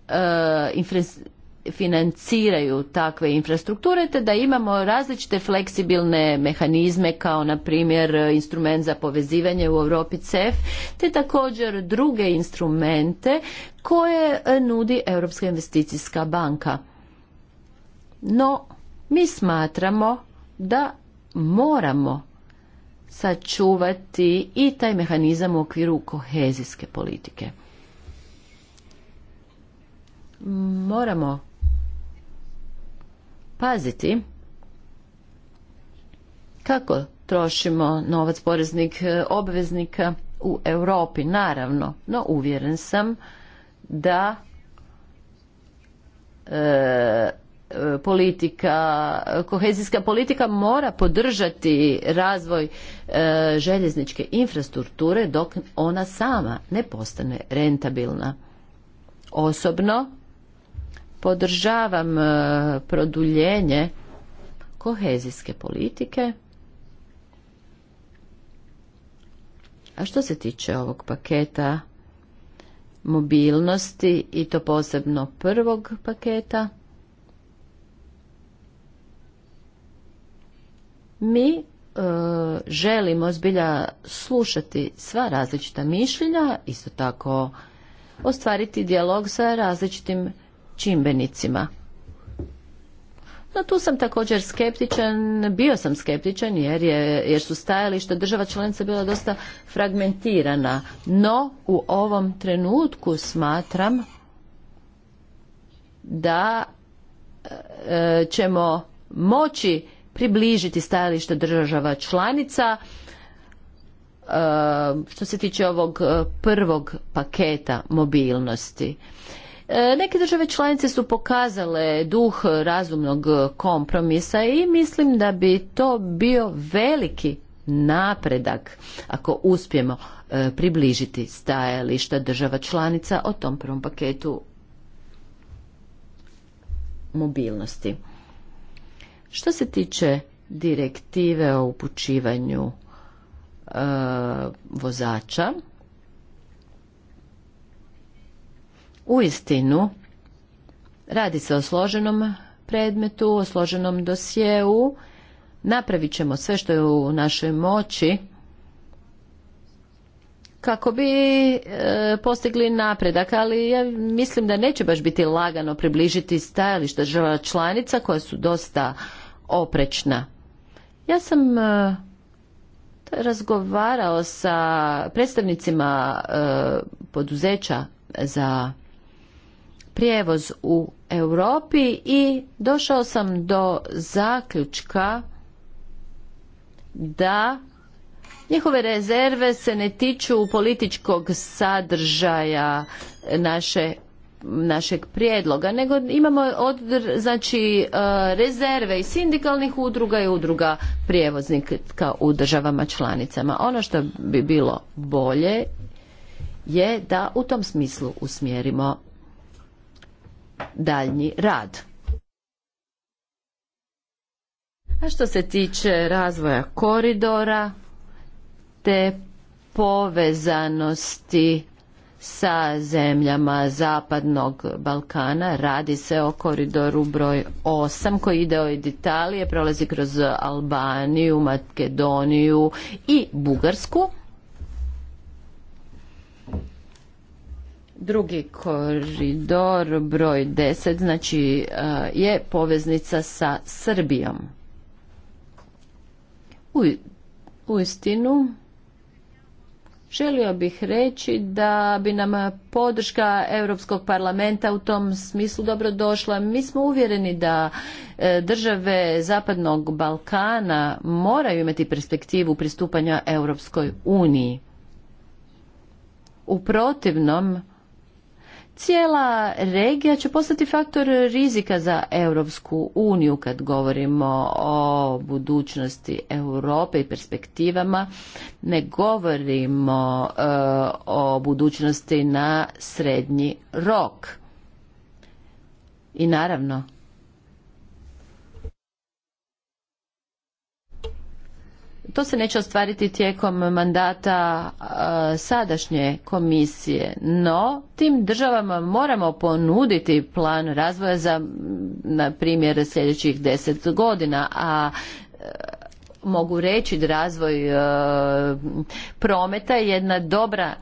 e, financiraju takve infrastrukture te da imamo različite fleksibilne mehanizme kao na primjer instrument za povezivanje u Europi CEF te također druge instrumente koje nudi Europska investicijska banka. No, mi smatramo da moramo sačuvati i taj mehanizam u okviru kohezijske politike. Moramo paziti kako trošimo novac poreznih e, obveznika u Europi, naravno, no uvjeren sam da e, politika, kohezijska politika mora podržati razvoj e, željezničke infrastrukture dok ona sama ne postane rentabilna. Osobno podržavam e, produljenje kohezijske politike. A što se tiče ovog paketa mobilnosti i to posebno prvog paketa, Mi e, želimo zbilja slušati sva različita mišljenja, isto tako ostvariti dijalog sa različitim čimbenicima. No tu sam također skeptičan, bio sam skeptičan jer, je, jer su stajališta država članica bila dosta fragmentirana, no u ovom trenutku smatram da e, ćemo moći približiti stajalište država članica e, što se tiče ovog e, prvog paketa mobilnosti. E, neke države članice su pokazale duh razumnog kompromisa i mislim da bi to bio veliki napredak ako uspijemo približiti stajališta država članica o tom prvom paketu mobilnosti. Što se tiče direktive o upućivanju e, vozača, u istinu radi se o složenom predmetu, o složenom dosjeu. Napravit ćemo sve što je u našoj moći kako bi e, postigli napredak, ali ja mislim da neće baš biti lagano približiti stajališta država članica koja su dosta oprečna. Ja sam e, razgovarao sa predstavnicima e, poduzeća za prijevoz u Europi i došao sam do zaključka da njihove rezerve se ne tiču političkog sadržaja naše našeg prijedloga, nego imamo od, znači, e, rezerve i sindikalnih udruga i udruga prijevoznika u državama članicama. Ono što bi bilo bolje je da u tom smislu usmjerimo daljnji rad. A što se tiče razvoja koridora te povezanosti sa zemljama Zapadnog Balkana. Radi se o koridoru broj 8 koji ide od Italije, prolazi kroz Albaniju, Makedoniju i Bugarsku. Drugi koridor broj 10 znači je poveznica sa Srbijom. U, u istinu Želio bih reći da bi nam podrška Europskog parlamenta u tom smislu dobro došla. Mi smo uvjereni da e, države Zapadnog Balkana moraju imati perspektivu pristupanja Europskoj uniji. U protivnom Cijela regija će postati faktor rizika za Europsku uniju kad govorimo o budućnosti Europe i perspektivama. Ne govorimo e, o budućnosti na srednji rok. I naravno, to se neće ostvariti tijekom mandata sadašnje komisije, no tim državama moramo ponuditi plan razvoja za, na primjer, sljedećih deset godina, a e, mogu reći da razvoj e, prometa je jedna dobra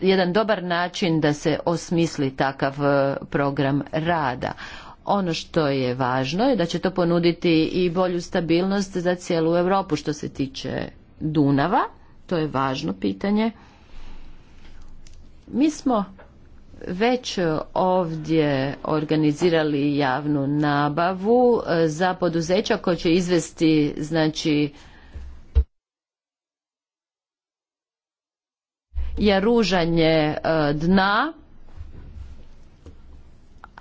jedan dobar način da se osmisli takav e, program rada ono što je važno je da će to ponuditi i bolju stabilnost za cijelu Europu što se tiče Dunava, to je važno pitanje. Mi smo već ovdje organizirali javnu nabavu e, za poduzeća koja će izvesti znači jaružanje e, dna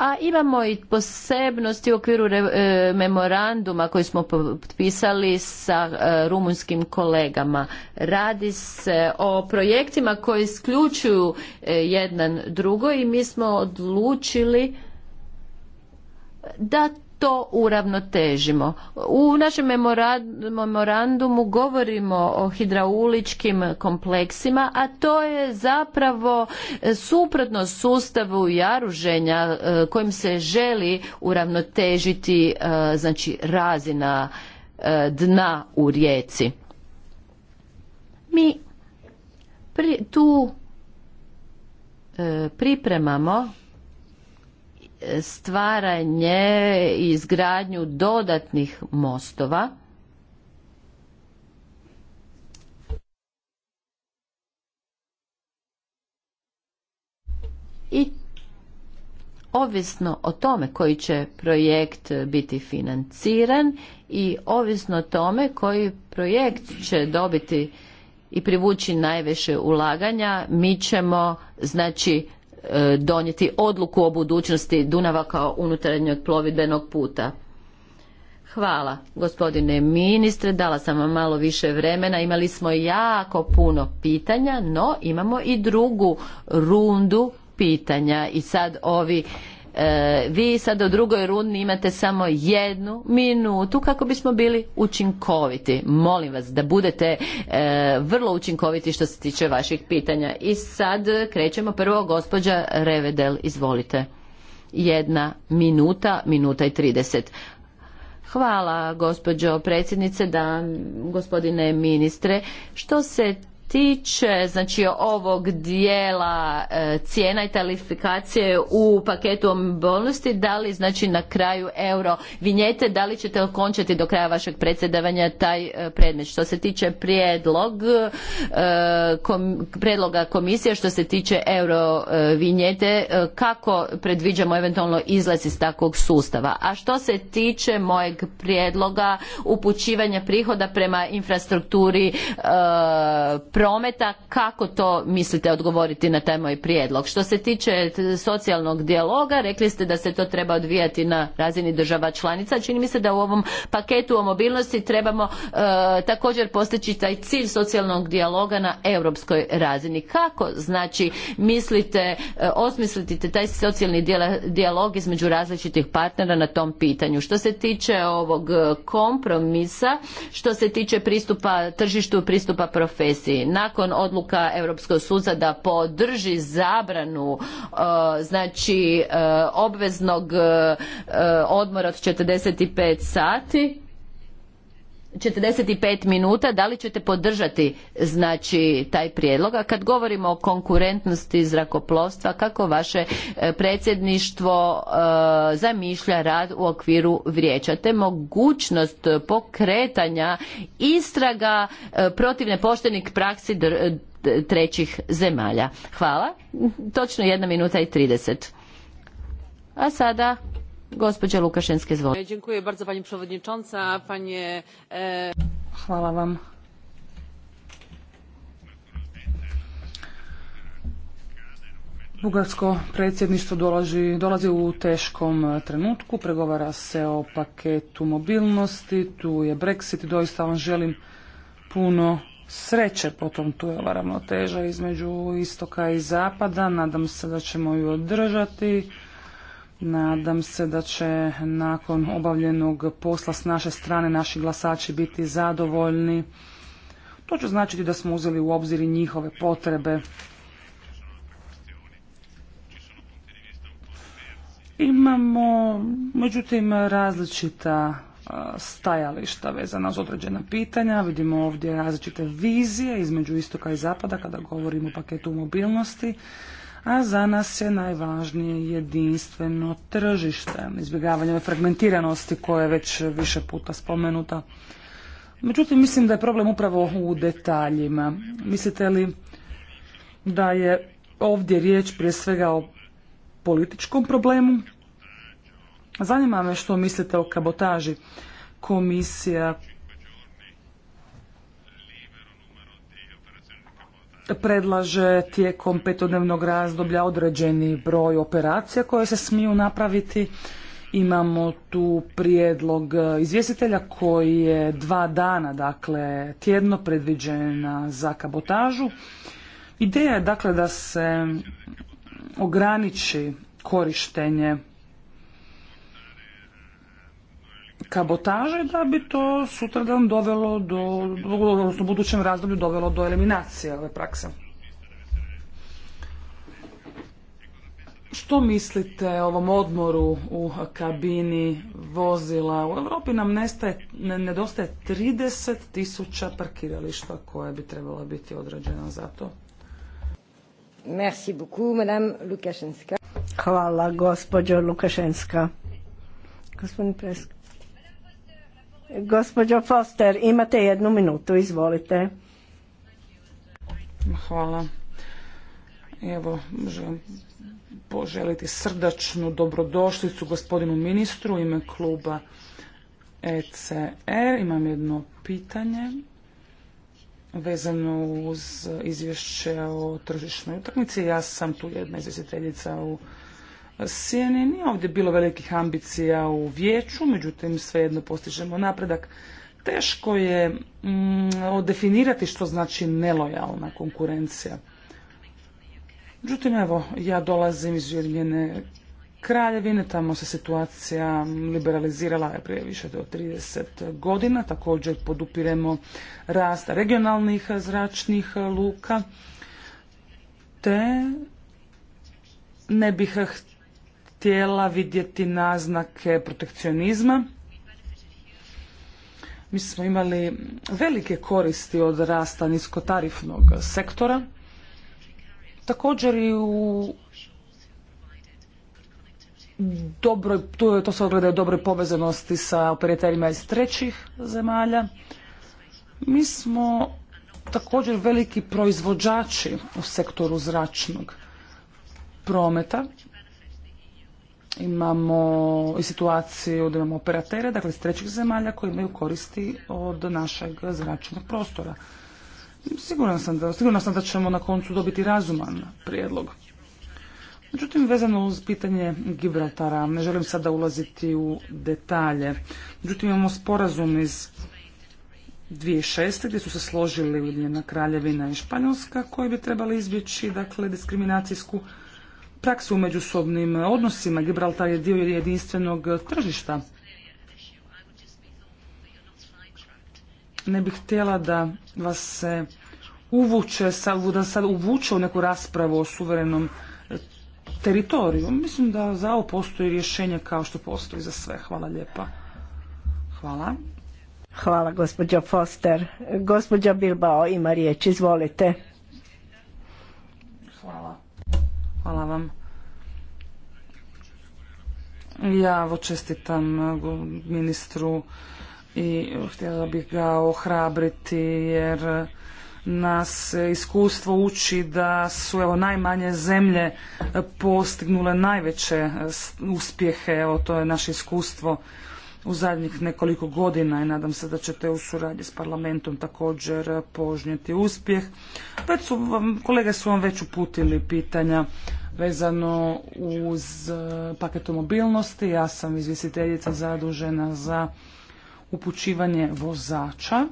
a imamo i posebnosti u okviru e, memoranduma koji smo potpisali sa rumunskim e, rumunjskim kolegama. Radi se o projektima koji isključuju e, jedan drugo i mi smo odlučili da to uravnotežimo. U našem memorandumu govorimo o hidrauličkim kompleksima, a to je zapravo e, suprotno sustavu jaruženja e, kojim se želi uravnotežiti e, znači razina dna u rijeci. Mi tu pripremamo stvaranje i izgradnju dodatnih mostova i ovisno o tome koji će projekt biti financiran i ovisno o tome koji projekt će dobiti i privući najveše ulaganja mi ćemo znači E, donijeti odluku o budućnosti Dunava kao unutarnjeg plovidbenog puta. Hvala gospodine ministre, dala sam vam malo više vremena, imali smo jako puno pitanja, no imamo i drugu rundu pitanja i sad ovi E, vi sad u drugoj rundi imate samo jednu minutu kako bismo bili učinkoviti. Molim vas da budete e, vrlo učinkoviti što se tiče vaših pitanja. I sad krećemo prvo gospođa Revedel, izvolite. Jedna minuta, minuta i trideset. Hvala gospođo predsjednice, da, gospodine ministre. Što se tiče znači ovog dijela e, cijena i talifikacije u paketu bolnosti, da li znači na kraju euro vinjete, da li ćete okončati do kraja vašeg predsjedavanja taj e, predmet. Što se tiče prijedlog, e, predloga komisije što se tiče euro vinjete, kako predviđamo eventualno izlaz iz takvog sustava. A što se tiče mojeg prijedloga upućivanja prihoda prema infrastrukturi prometa, kako to mislite odgovoriti na taj moj prijedlog? Što se tiče socijalnog dijaloga, rekli ste da se to treba odvijati na razini država članica. Čini mi se da u ovom paketu o mobilnosti trebamo e, također postići taj cilj socijalnog dijaloga na europskoj razini. Kako znači mislite, e, osmisliti taj socijalni dijalog između različitih partnera na tom pitanju? Što se tiče ovog e, kompromisa, što se tiče pristupa tržištu, pristupa profesiji nakon odluka Europskog suda da podrži zabranu e, znači e, obveznog e, odmora od 45 sati 45 minuta, da li ćete podržati znači taj prijedlog? A kad govorimo o konkurentnosti zrakoplovstva, kako vaše e, predsjedništvo e, zamišlja rad u okviru vijeća te mogućnost pokretanja istraga e, protiv nepoštenih praksi trećih zemalja. Hvala. Točno jedna minuta i 30. A sada Gospođa e, e,
Bugarsko predsjedništvo dolazi, u teškom e, trenutku, pregovara se o paketu mobilnosti, tu je Brexit, doista vam želim puno sreće, potom tu je ova ravnoteža između istoka i zapada, nadam se da ćemo ju održati. Nadam se da će nakon obavljenog posla s naše strane naši glasači biti zadovoljni. To će značiti da smo uzeli u obzir i njihove potrebe. Imamo, međutim, različita stajališta vezana uz određena pitanja. Vidimo ovdje različite vizije između istoka i zapada kada govorimo o paketu mobilnosti a za nas je najvažnije jedinstveno tržište, izbjegavanje fragmentiranosti koje je već više puta spomenuta. Međutim, mislim da je problem upravo u detaljima. Mislite li da je ovdje riječ prije svega o političkom problemu? Zanima me što mislite o kabotaži. Komisija predlaže tijekom petodnevnog razdoblja određeni broj operacija koje se smiju napraviti. Imamo tu prijedlog izvjestitelja koji je dva dana, dakle tjedno predviđena za kabotažu. Ideja je dakle da se ograniči korištenje kabotaže da bi to sutradan dovelo do, odnosno u budućem razdoblju dovelo do eliminacije ove prakse. Što mislite o ovom odmoru u kabini vozila? U Europi nam nestaje, nedostaje 30 tisuća parkirališta koja bi trebala biti određena za to.
Merci beaucoup, Hvala, gospođo Lukašenska. Gospodin Presk. Gospođo Foster, imate jednu minutu, izvolite.
Hvala. Evo, želim poželiti srdačnu dobrodošlicu gospodinu ministru u ime kluba ECR. Imam jedno pitanje vezano uz izvješće o tržišnoj utakmici. Ja sam tu jedna izvjestiteljica u sjeni. Nije ovdje bilo velikih ambicija u vijeću, međutim svejedno postižemo napredak. Teško je mm, definirati što znači nelojalna konkurencija. Međutim, evo, ja dolazim iz Ujedinjene kraljevine, tamo se situacija liberalizirala prije više od 30 godina. Također podupiremo rast regionalnih zračnih luka, te ne bih htjela vidjeti naznake protekcionizma. Mi smo imali velike koristi od rasta niskotarifnog sektora. Također i u dobroj, to, to se ogleda u dobroj povezanosti sa operaterima iz trećih zemalja. Mi smo također veliki proizvođači u sektoru zračnog prometa imamo i situaciju da imamo operatere, dakle iz trećih zemalja koji imaju koristi od našeg zračnog prostora. Siguran sam da, ćemo na koncu dobiti razuman prijedlog. Međutim, vezano uz pitanje Gibraltara, ne želim sada ulaziti u detalje. Međutim, imamo sporazum iz 2006. gdje su se složili Ujedinjena Kraljevina i Španjolska koji bi trebali izbjeći dakle, diskriminacijsku praksu u međusobnim odnosima. Gibraltar je dio jedinstvenog tržišta. Ne bih htjela da vas se uvuče, da sad uvuče u neku raspravu o suverenom e, teritoriju. Mislim da za ovo postoji rješenje kao što postoji za sve. Hvala lijepa. Hvala.
Hvala gospođo Foster. Gospođa Bilbao ima riječ, izvolite.
Hvala. Hvala vam. Ja ovo čestitam e, ministru i htjela bih ga ohrabriti jer nas iskustvo uči da su evo najmanje zemlje postignule najveće e, uspjehe, evo to je naše iskustvo u zadnjih nekoliko godina i nadam se da ćete u suradnji s parlamentom također požnjeti uspjeh. Već pa su vam, kolege su vam već uputili pitanja vezano uz e, paket mobilnosti. Ja sam izvjestiteljica zadužena za upućivanje vozača.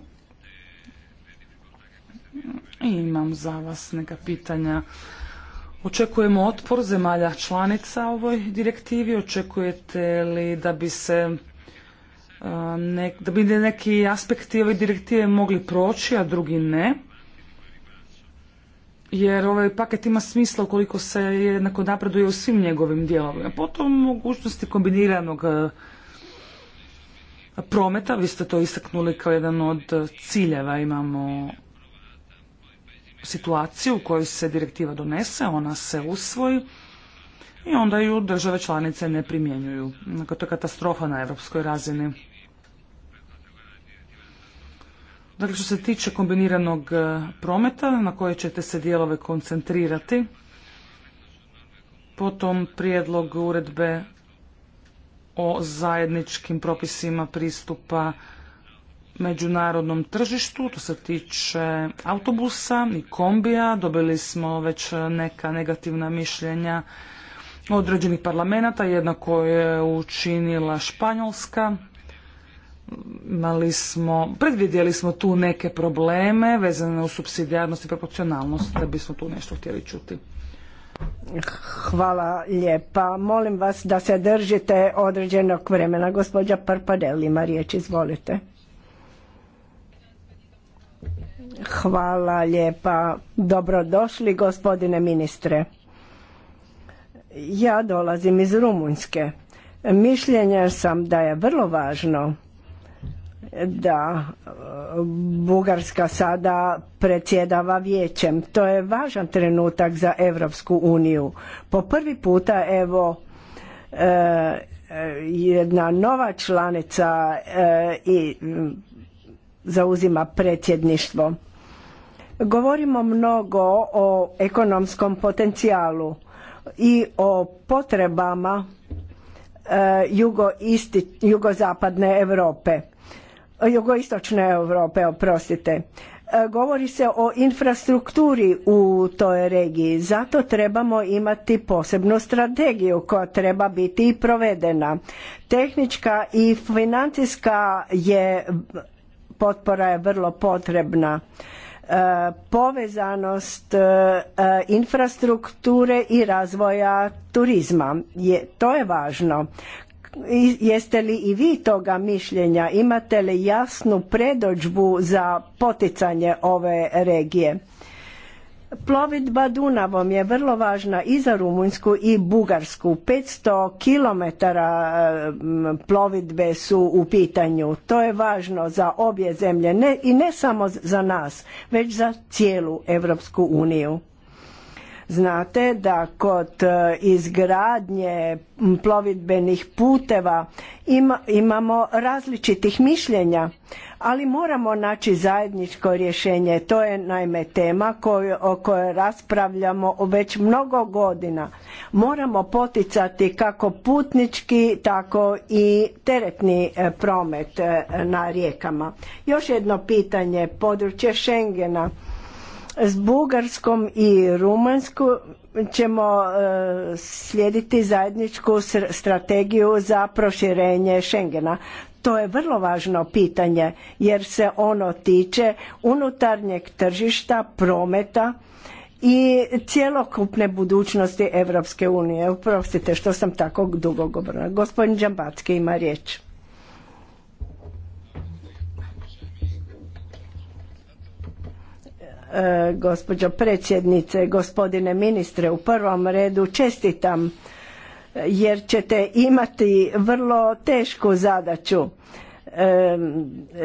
I imam za vas neka pitanja. Očekujemo otpor zemalja članica ovoj direktivi. Očekujete li da bi se da bi neki aspekti ove direktive mogli proći, a drugi ne. Jer ovaj paket ima smisla ukoliko se jednako napreduje u svim njegovim dijelovima. Potom mogućnosti kombiniranog e, prometa, vi ste to istaknuli kao jedan od ciljeva, imamo situaciju u kojoj se direktiva donese, ona se usvoji i onda ju države članice ne primjenjuju. Dakle, to je katastrofa na europskoj razini. Dakle, što se tiče kombiniranog e, prometa na koje ćete se dijelove koncentrirati, potom prijedlog uredbe o zajedničkim propisima pristupa međunarodnom tržištu, to se tiče autobusa i kombija, dobili smo već neka negativna mišljenja određenih parlamenta, jednako je učinila Španjolska imali smo, predvidjeli smo tu neke probleme vezane u subsidijarnost i proporcionalnost, da bismo tu nešto htjeli čuti.
Hvala lijepa. Molim vas da se držite određenog vremena. Gospođa Parpadel ima riječ, izvolite. Hvala lijepa. Dobrodošli gospodine ministre. Ja dolazim iz Rumunjske. Mišljenja sam da je vrlo važno da Bugarska sada predsjedava vijećem. To je važan trenutak za Europsku uniju. Po prvi puta evo e, jedna nova članica e, i zauzima predsjedništvo. Govorimo mnogo o ekonomskom potencijalu i o potrebama e, jugozapadne Europe jugoistočne Europe, oprostite. E, govori se o infrastrukturi u toj regiji, zato trebamo imati posebnu strategiju koja treba biti i provedena. Tehnička i financijska je potpora je vrlo potrebna. E, povezanost e, infrastrukture i razvoja turizma. Je, to je važno. Jeste li i vi toga mišljenja? Imate li jasnu predođbu za poticanje ove regije? Plovidba Dunavom je vrlo važna i za Rumunjsku i Bugarsku. 500 km plovidbe su u pitanju. To je važno za obje zemlje ne, i ne samo za nas, već za cijelu Europsku uniju. Znate da kod e, izgradnje plovidbenih puteva imamo različitih mišljenja, ali moramo naći zajedničko rješenje. To je naime tema koju, o kojoj raspravljamo već mnogo godina. Moramo poticati kako putnički, tako i teretni e, promet e, na rijekama. Još jedno pitanje, područje Schengena s Bugarskom i Rumunjskom ćemo e, slijediti zajedničku strategiju za proširenje Schengena. To je vrlo važno pitanje jer se ono tiče unutarnjeg tržišta, prometa i cjelokupne budućnosti Europske unije. Oprostite što sam tako dugo govorila. Gospodin Đambacki ima riječ. E, gospođo predsjednice, gospodine ministre. U prvom redu čestitam e, jer ćete imati vrlo tešku zadaću. E,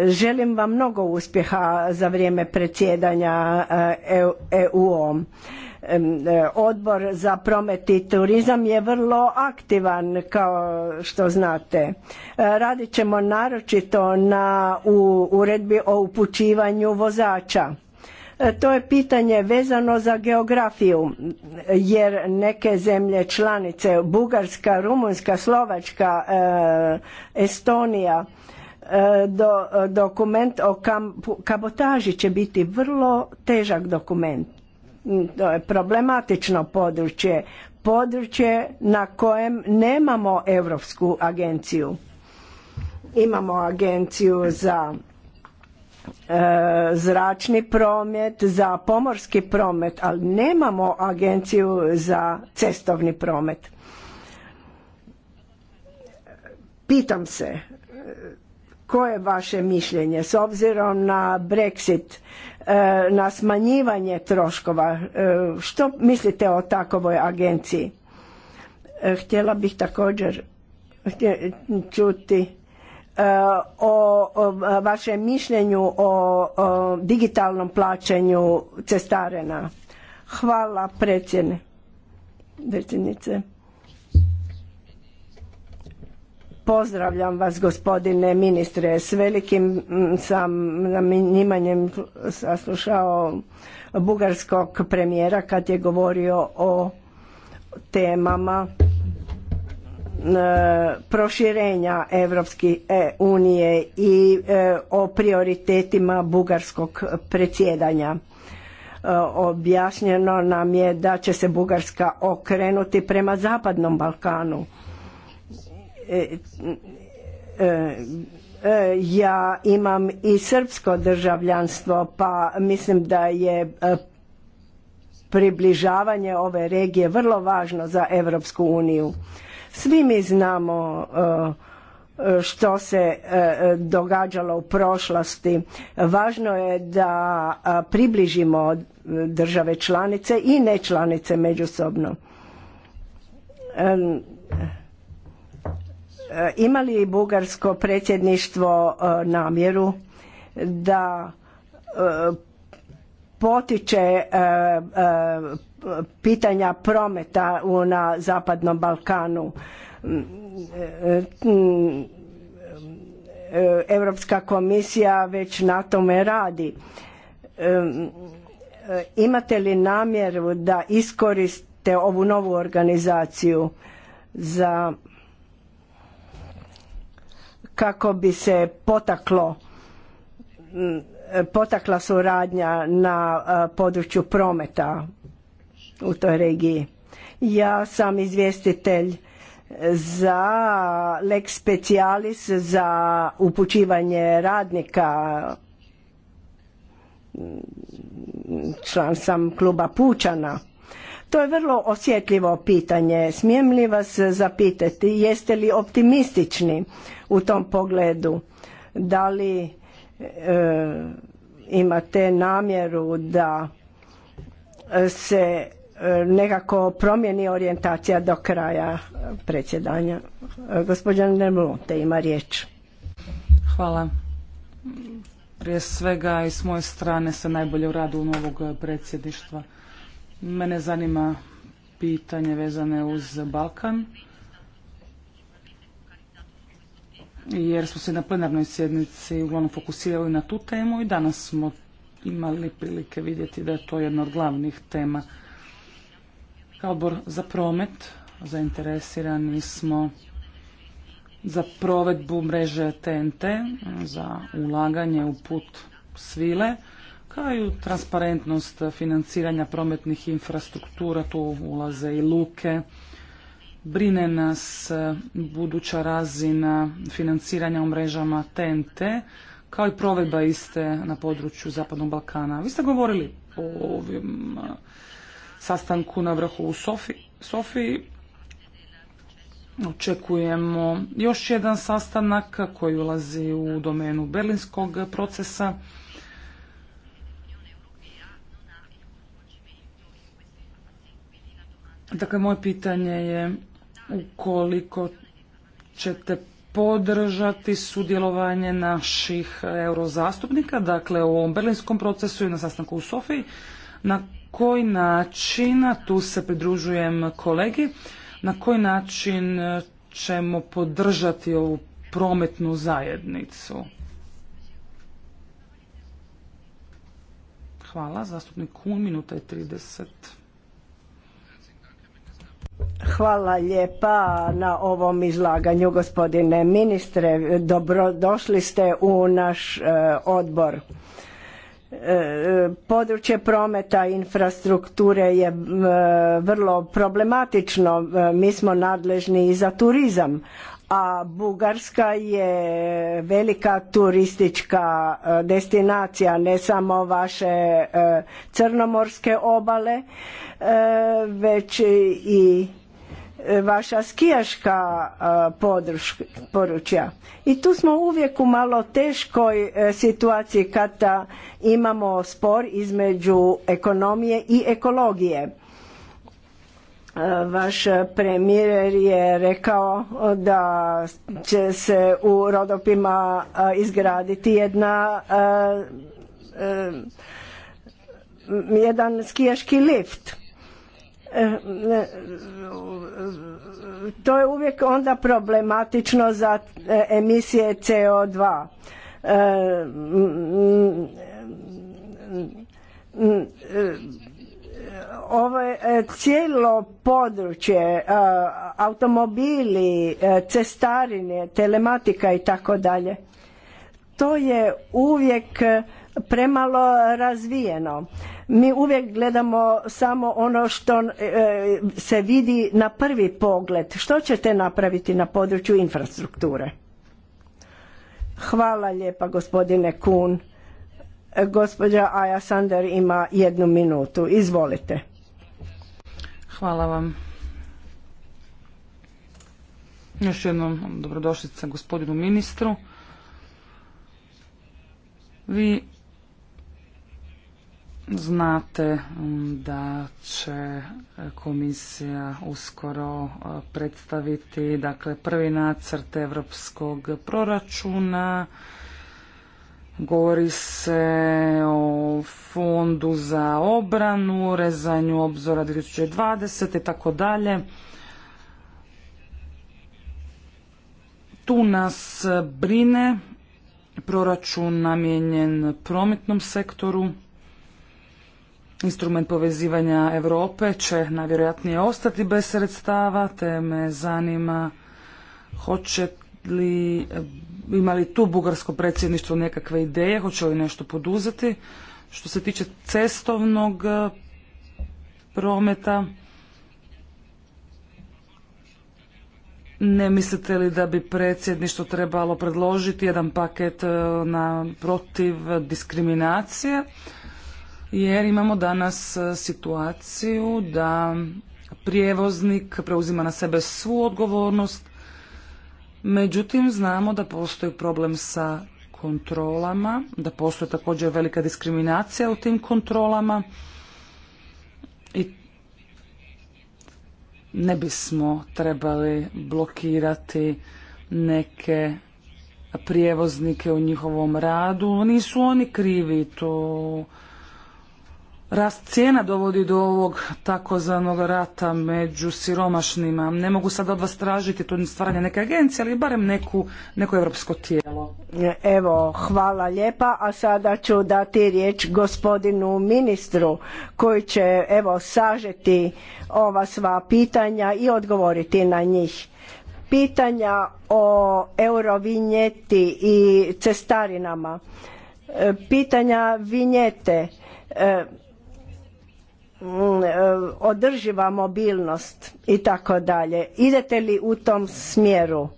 želim vam mnogo uspjeha za vrijeme predsjedanja eu Odbor za promet i turizam je vrlo aktivan kao što znate. Radit ćemo naročito na u uredbi o upućivanju vozača E, to je pitanje vezano za geografiju, jer neke zemlje članice, Bugarska, Rumunjska, Slovačka, e, Estonija, e, do, dokument o kabotaži će biti vrlo težak dokument. Mm, to je problematično područje, područje na kojem nemamo Europsku agenciju. Imamo agenciju za E, zračni promet, za pomorski promet, ali nemamo agenciju za cestovni promet. Pitam se, e, koje je vaše mišljenje s obzirom na Brexit, e, na smanjivanje troškova, što mislite o takovoj agenciji? Htjela bih također čuti o vašem mišljenju o digitalnom plaćanju cestarena. Hvala predsjednice. Pozdravljam vas gospodine ministre. S velikim sam zanimanjem saslušao bugarskog premijera kad je govorio o temama proširenja Evropske unije i e, o prioritetima bugarskog predsjedanja. E, objašnjeno nam je da će se Bugarska okrenuti prema Zapadnom Balkanu. E, ja imam i srpsko državljanstvo pa mislim da je približavanje ove regije vrlo važno za Evropsku uniju svi mi znamo e, e, što se e, događalo u prošlosti. Važno je da približimo države članice i nečlanice međusobno. Ima li bugarsko predsjedništvo namjeru da potiče pitanja prometa na Zapadnom Balkanu. Mm, e, e, Europska komisija već na tome radi. E, imate li namjeru da iskoriste ovu novu organizaciju za kako bi se potaklo mm, potakla suradnja na području prometa u toj regiji. Ja sam izvjestitelj za lex specialis za upućivanje radnika član sam kluba Pučana. To je vrlo osjetljivo pitanje. Smijem li vas zapitati jeste li optimistični u tom pogledu? Da li e, imate namjeru da se nekako promjeni orijentacija do kraja predsjedanja.
Gospodin te ima riječ. Hvala. Prije svega i s moje strane se najbolje u radu novog predsjedništva. Mene zanima pitanje vezane uz Balkan. Jer smo se na plenarnoj sjednici uglavnom fokusirali na tu temu i danas smo imali prilike vidjeti da je to jedna od glavnih tema odbor za promet zainteresirani smo za provedbu mreže TNT, za ulaganje u put svile, kao i u transparentnost financiranja prometnih infrastruktura, tu ulaze i luke. Brine nas e, buduća razina financiranja u mrežama TNT, kao i provedba iste na području Zapadnog Balkana. Vi ste govorili o ovim e, sastanku na vrhu u Sofiji. Očekujemo još jedan sastanak koji ulazi u domenu berlinskog procesa. Dakle, moje pitanje je ukoliko ćete podržati sudjelovanje naših eurozastupnika, dakle u ovom berlinskom procesu i na sastanku u Sofiji, na koji način, tu se pridružujem kolegi, na koji način ćemo podržati ovu prometnu zajednicu. Hvala. Zastupnik Kun, minuta je 30. Hvala lijepa na ovom
izlaganju gospodine ministre. Dobrodošli ste u naš e, odbor područje prometa infrastrukture je vrlo problematično mi smo nadležni i za turizam a Bugarska je velika turistička e, destinacija ne samo vaše e, crnomorske obale e, već i vaša skijaška područja. I tu smo uvijek u malo teškoj e, situaciji kada imamo spor između ekonomije i ekologije. E, vaš premijer je rekao da će se u Rodopima izgraditi jedna e, jedan skijaški lift to je uvijek onda problematično za e, emisije CO2 e, ovo je e, cijelo područje automobili cestarine telematika i tako dalje to je uvijek premalo razvijeno mi uvijek gledamo samo ono što e, se vidi na prvi pogled. Što ćete napraviti na području infrastrukture? Hvala lijepa gospodine Kun. E, gospođa Aja Sander ima jednu minutu. Izvolite.
Hvala vam. Još jednom gospodinu ministru. Vi Znate mm, da će komisija uskoro e, predstaviti dakle, prvi nacrt europskog proračuna. Govori se o fondu za obranu, rezanju obzora 2020 i tako dalje. Tu nas brine proračun namijenjen prometnom sektoru. Instrument povezivanja Europe će najvjerojatnije ostati bez sredstava, te me zanima hoće li, ima li tu bugarsko predsjedništvo nekakve ideje, hoće li nešto poduzeti. Što se tiče cestovnog e, prometa, ne mislite li da bi predsjedništvo trebalo predložiti jedan paket e, na protiv diskriminacije? jer imamo danas e, situaciju da prijevoznik preuzima na sebe svu odgovornost, međutim znamo da postoji problem sa kontrolama, da postoji također velika diskriminacija u tim kontrolama i ne bismo trebali blokirati neke prijevoznike u njihovom radu. Nisu oni krivi, to Rast cijena dovodi do ovog takozvanog rata među siromašnima. Ne mogu sad od vas tražiti tu stvaranje neke agencije, ali barem neku, neko europsko tijelo.
Evo, hvala lijepa, a sada ću dati riječ gospodinu ministru koji će evo sažeti ova sva pitanja i odgovoriti na njih. Pitanja o eurovinjeti i cestarinama, e, pitanja vinjete, e, Mm, e, održiva mobilnost i tako dalje. Idete li u tom smjeru?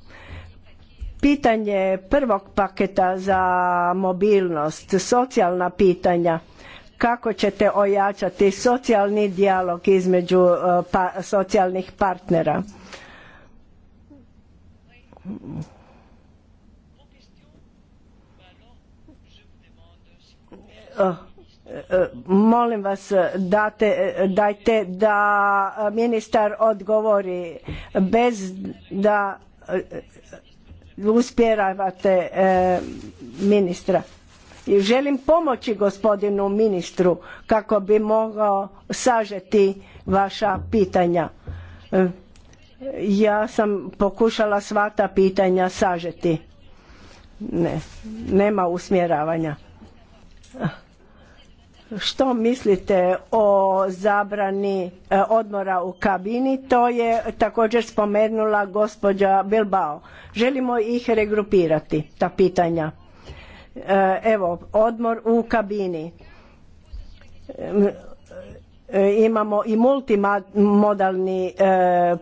Pitanje prvog paketa za mobilnost, socijalna pitanja, kako ćete ojačati socijalni dijalog između e, pa, socijalnih partnera? Oh molim vas date, dajte da ministar odgovori bez da
eh,
uspjeravate eh, ministra. Želim pomoći gospodinu ministru kako bi mogao sažeti vaša pitanja. Eh, ja sam pokušala sva ta pitanja sažeti. Ne, nema usmjeravanja. Što mislite o zabrani e, odmora u kabini? To je također spomenula gospođa Bilbao. Želimo ih regrupirati, ta pitanja. E, evo, odmor u kabini. E, imamo i multimodalni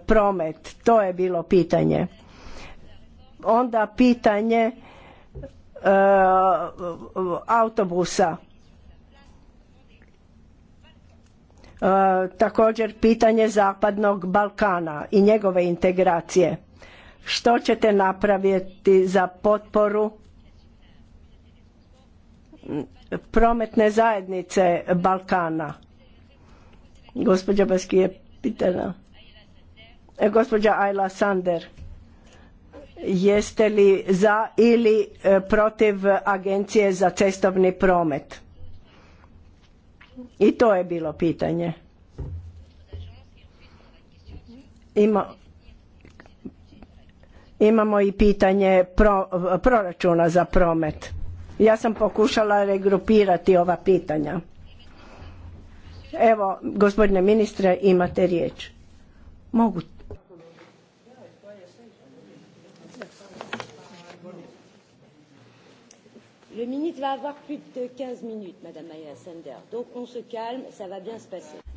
promet, to je bilo pitanje. Onda pitanje autobusa E, također pitanje zapadnog Balkana i njegove integracije. Što ćete napraviti za potporu prometne zajednice Balkana? Gospođa Baski e, Sander, jeste li za ili e, protiv Agencije za cestovni promet? I to je bilo pitanje. imamo i pitanje proračuna za promet. Ja sam pokušala regrupirati ova pitanja. Evo, gospodine ministre, imate riječ. Mogu Le ministre va
15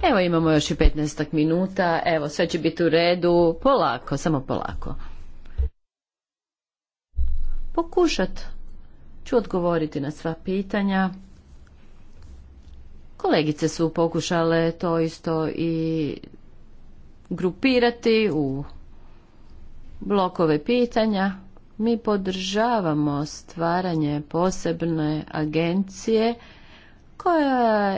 Evo imamo još i 15 minuta, evo sve će biti u redu, polako, samo polako. Pokušat ću odgovoriti na sva pitanja. Kolegice su pokušale to isto i grupirati u blokove pitanja. Mi podržavamo stvaranje posebne agencije koja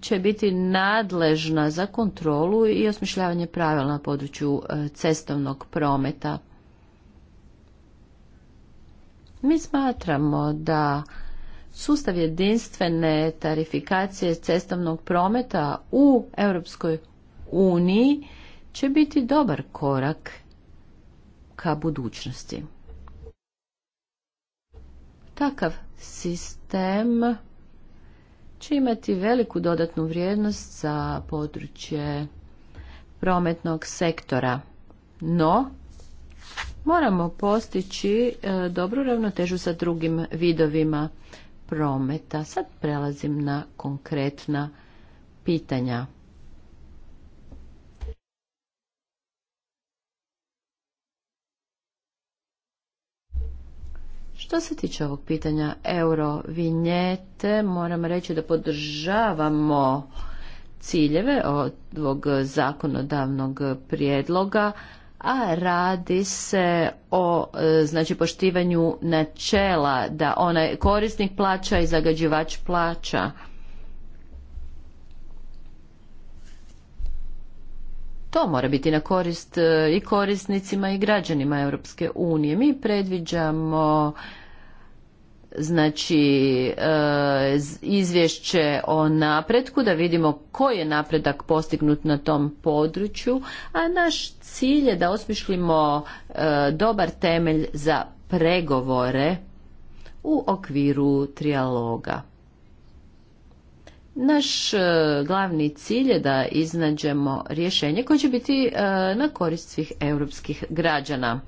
će biti nadležna za kontrolu i osmišljavanje pravila na području e, cestovnog prometa. Mi smatramo da sustav jedinstvene tarifikacije cestovnog prometa u Europskoj uniji će biti dobar korak ka budućnosti. Takav sistem će imati veliku dodatnu vrijednost za područje prometnog sektora, no moramo postići e, dobru ravnotežu sa drugim vidovima prometa. Sad prelazim na konkretna pitanja. Što se tiče ovog pitanja euro vinjete, moram reći da podržavamo ciljeve ovog zakonodavnog prijedloga, a radi se o e, znači poštivanju načela da onaj korisnik plaća i zagađivač plaća. To mora biti na korist e, i korisnicima i građanima Europske unije. Mi predviđamo znači e, izvješće o napretku da vidimo koji je napredak postignut na tom području a naš cilj je da osmišlimo e, dobar temelj za pregovore u okviru trijaloga naš e, glavni cilj je da iznađemo rješenje koje će biti na korist svih europskih građana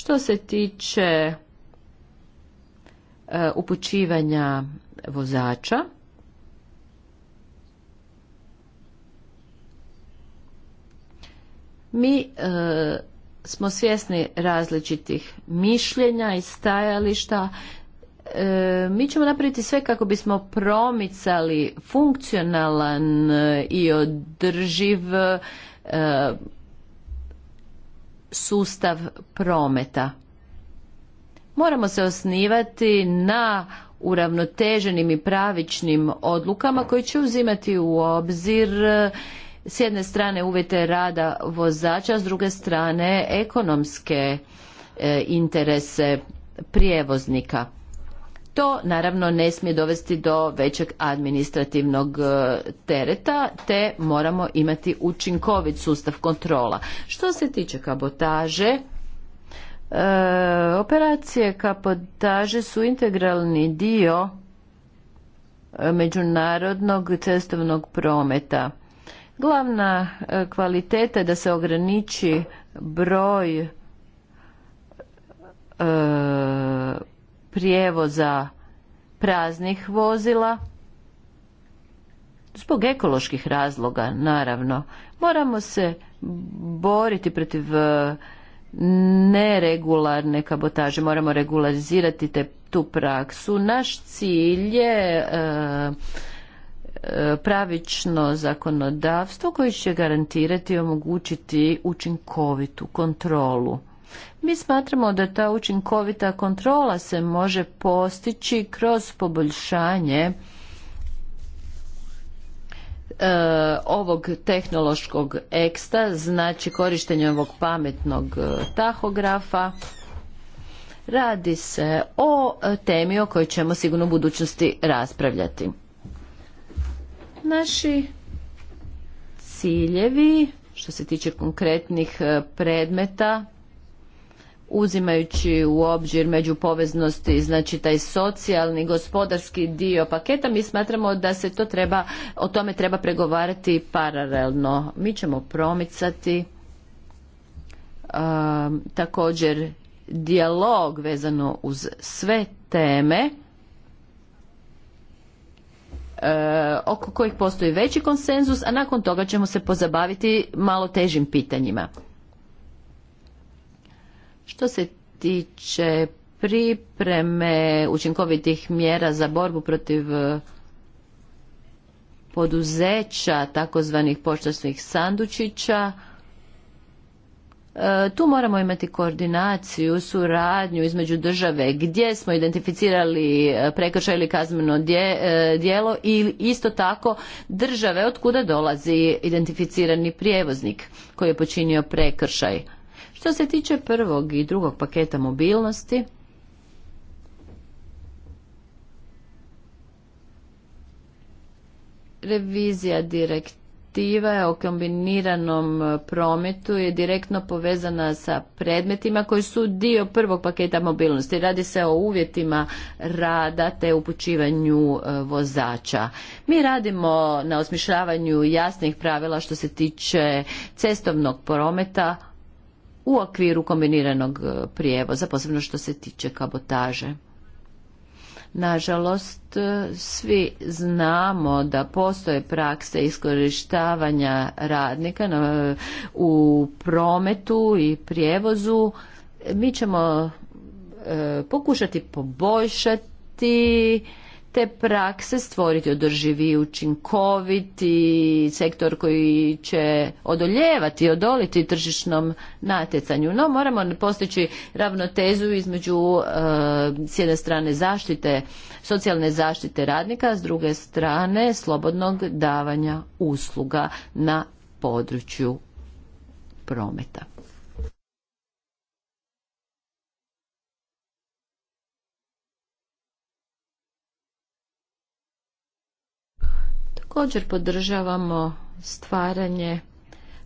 što se tiče e, upućivanja vozača, mi e, smo svjesni različitih mišljenja i stajališta e, mi ćemo napraviti sve kako bismo promicali funkcionalan i održiv sustav prometa. Moramo se osnivati na uravnoteženim i pravičnim odlukama koji će uzimati u obzir e, s jedne strane uvjete rada vozača, s druge strane ekonomske e, interese prijevoznika. To naravno ne smije dovesti do većeg administrativnog e, tereta, te moramo imati učinkovit sustav kontrola. Što se tiče kabotaže, e, operacije kabotaže su integralni dio e, međunarodnog cestovnog prometa. Glavna kvaliteta je da se ograniči broj prijevoza praznih vozila zbog ekoloških razloga naravno moramo se boriti protiv e, neregularne kabotaže moramo regularizirati tu praksu naš cilj je e, e, pravično zakonodavstvo koje će garantirati i omogućiti učinkovitu kontrolu mi smatramo da ta učinkovita kontrola se može postići kroz poboljšanje e, ovog tehnološkog eksta, znači korištenje ovog pametnog e, tahografa. Radi se o temi o kojoj ćemo sigurno u budućnosti raspravljati. Naši ciljevi što se tiče konkretnih e, predmeta uzimajući u obzir poveznosti, znači taj socijalni gospodarski dio paketa mi smatramo da se to treba o tome treba pregovarati paralelno mi ćemo promicati um, također dijalog vezano uz sve teme uh, oko kojih postoji veći konsenzus a nakon toga ćemo se pozabaviti malo težim pitanjima što se tiče pripreme učinkovitih mjera za borbu protiv e, poduzeća takozvanih poštosnih sandučića, e, tu moramo imati koordinaciju, suradnju između države gdje smo identificirali e, prekršaj ili kazneno djelo i isto tako države od kuda dolazi identificirani prijevoznik koji je počinio prekršaj. Što se tiče prvog i drugog paketa mobilnosti, revizija direktiva o kombiniranom prometu je direktno povezana sa predmetima koji su dio prvog paketa mobilnosti. Radi se o uvjetima rada te upućivanju e, vozača. Mi radimo na osmišljavanju jasnih pravila što se tiče cestovnog prometa u okviru kombiniranog e, prijevoza, posebno što se tiče kabotaže. Nažalost, e, svi znamo da postoje prakse iskorištavanja radnika u prometu i prijevozu. Mi ćemo e, pokušati poboljšati te prakse stvoriti održivi i učinkoviti sektor koji će odoljevati i odoliti tržišnom natjecanju. No moramo postići ravnotezu između e, s jedne strane zaštite, socijalne zaštite radnika, s druge strane slobodnog davanja usluga na području prometa. Također podržavamo stvaranje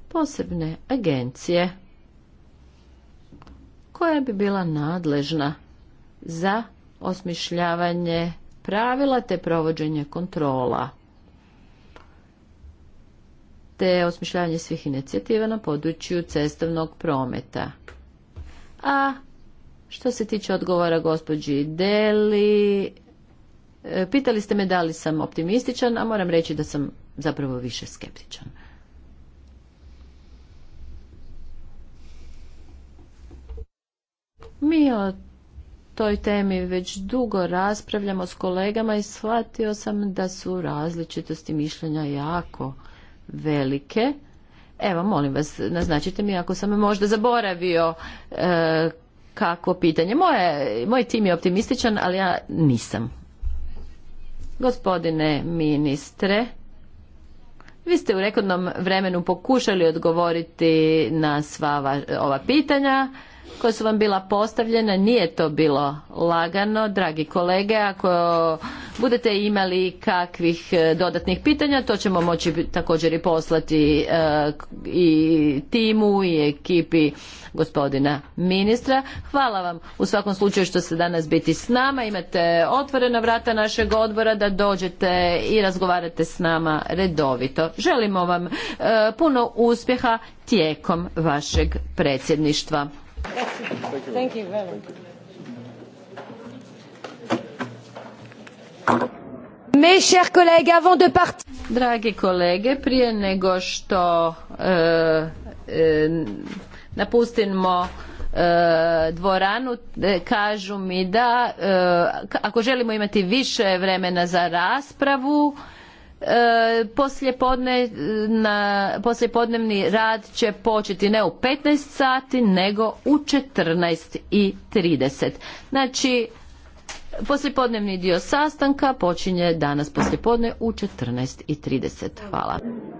posebne agencije koja bi bila nadležna za osmišljavanje pravila te provođenje kontrola te osmišljavanje svih inicijativa na području cestovnog prometa. A što se tiče odgovora gospođi Deli, E, pitali ste me da li sam optimističan, a moram reći da sam zapravo više skeptičan. Mi o toj temi već dugo raspravljamo s kolegama i shvatio sam da su različitosti mišljenja jako velike. Evo, molim vas, naznačite mi ako sam možda zaboravio e, kako pitanje. moj tim je optimističan, ali ja nisam. Gospodine ministre, vi ste u rekodnom vremenu pokušali odgovoriti na sva ova pitanja koja su vam bila postavljena, nije to bilo lagano, dragi kolege, ako budete imali kakvih e, dodatnih pitanja, to ćemo moći također i poslati e, i timu i ekipi gospodina ministra. Hvala vam u svakom slučaju što ste danas biti s nama, imate otvorena vrata našeg odbora da dođete i razgovarate s nama redovito. Želimo vam e, puno uspjeha tijekom vašeg predsjedništva.
Thank you. Thank very much.
Mes chers collègues, avant de partir... Dragi kolege, prije nego što e, e, napustimo e, dvoranu, kažu mi da ako želimo imati više vremena za raspravu, E, poslijepodne e, na poslijepodnevni rad će početi ne u 15 sati nego u 14 i 30. Znači poslijepodnevni dio sastanka počinje danas poslijepodne u 14 i 30. Hvala.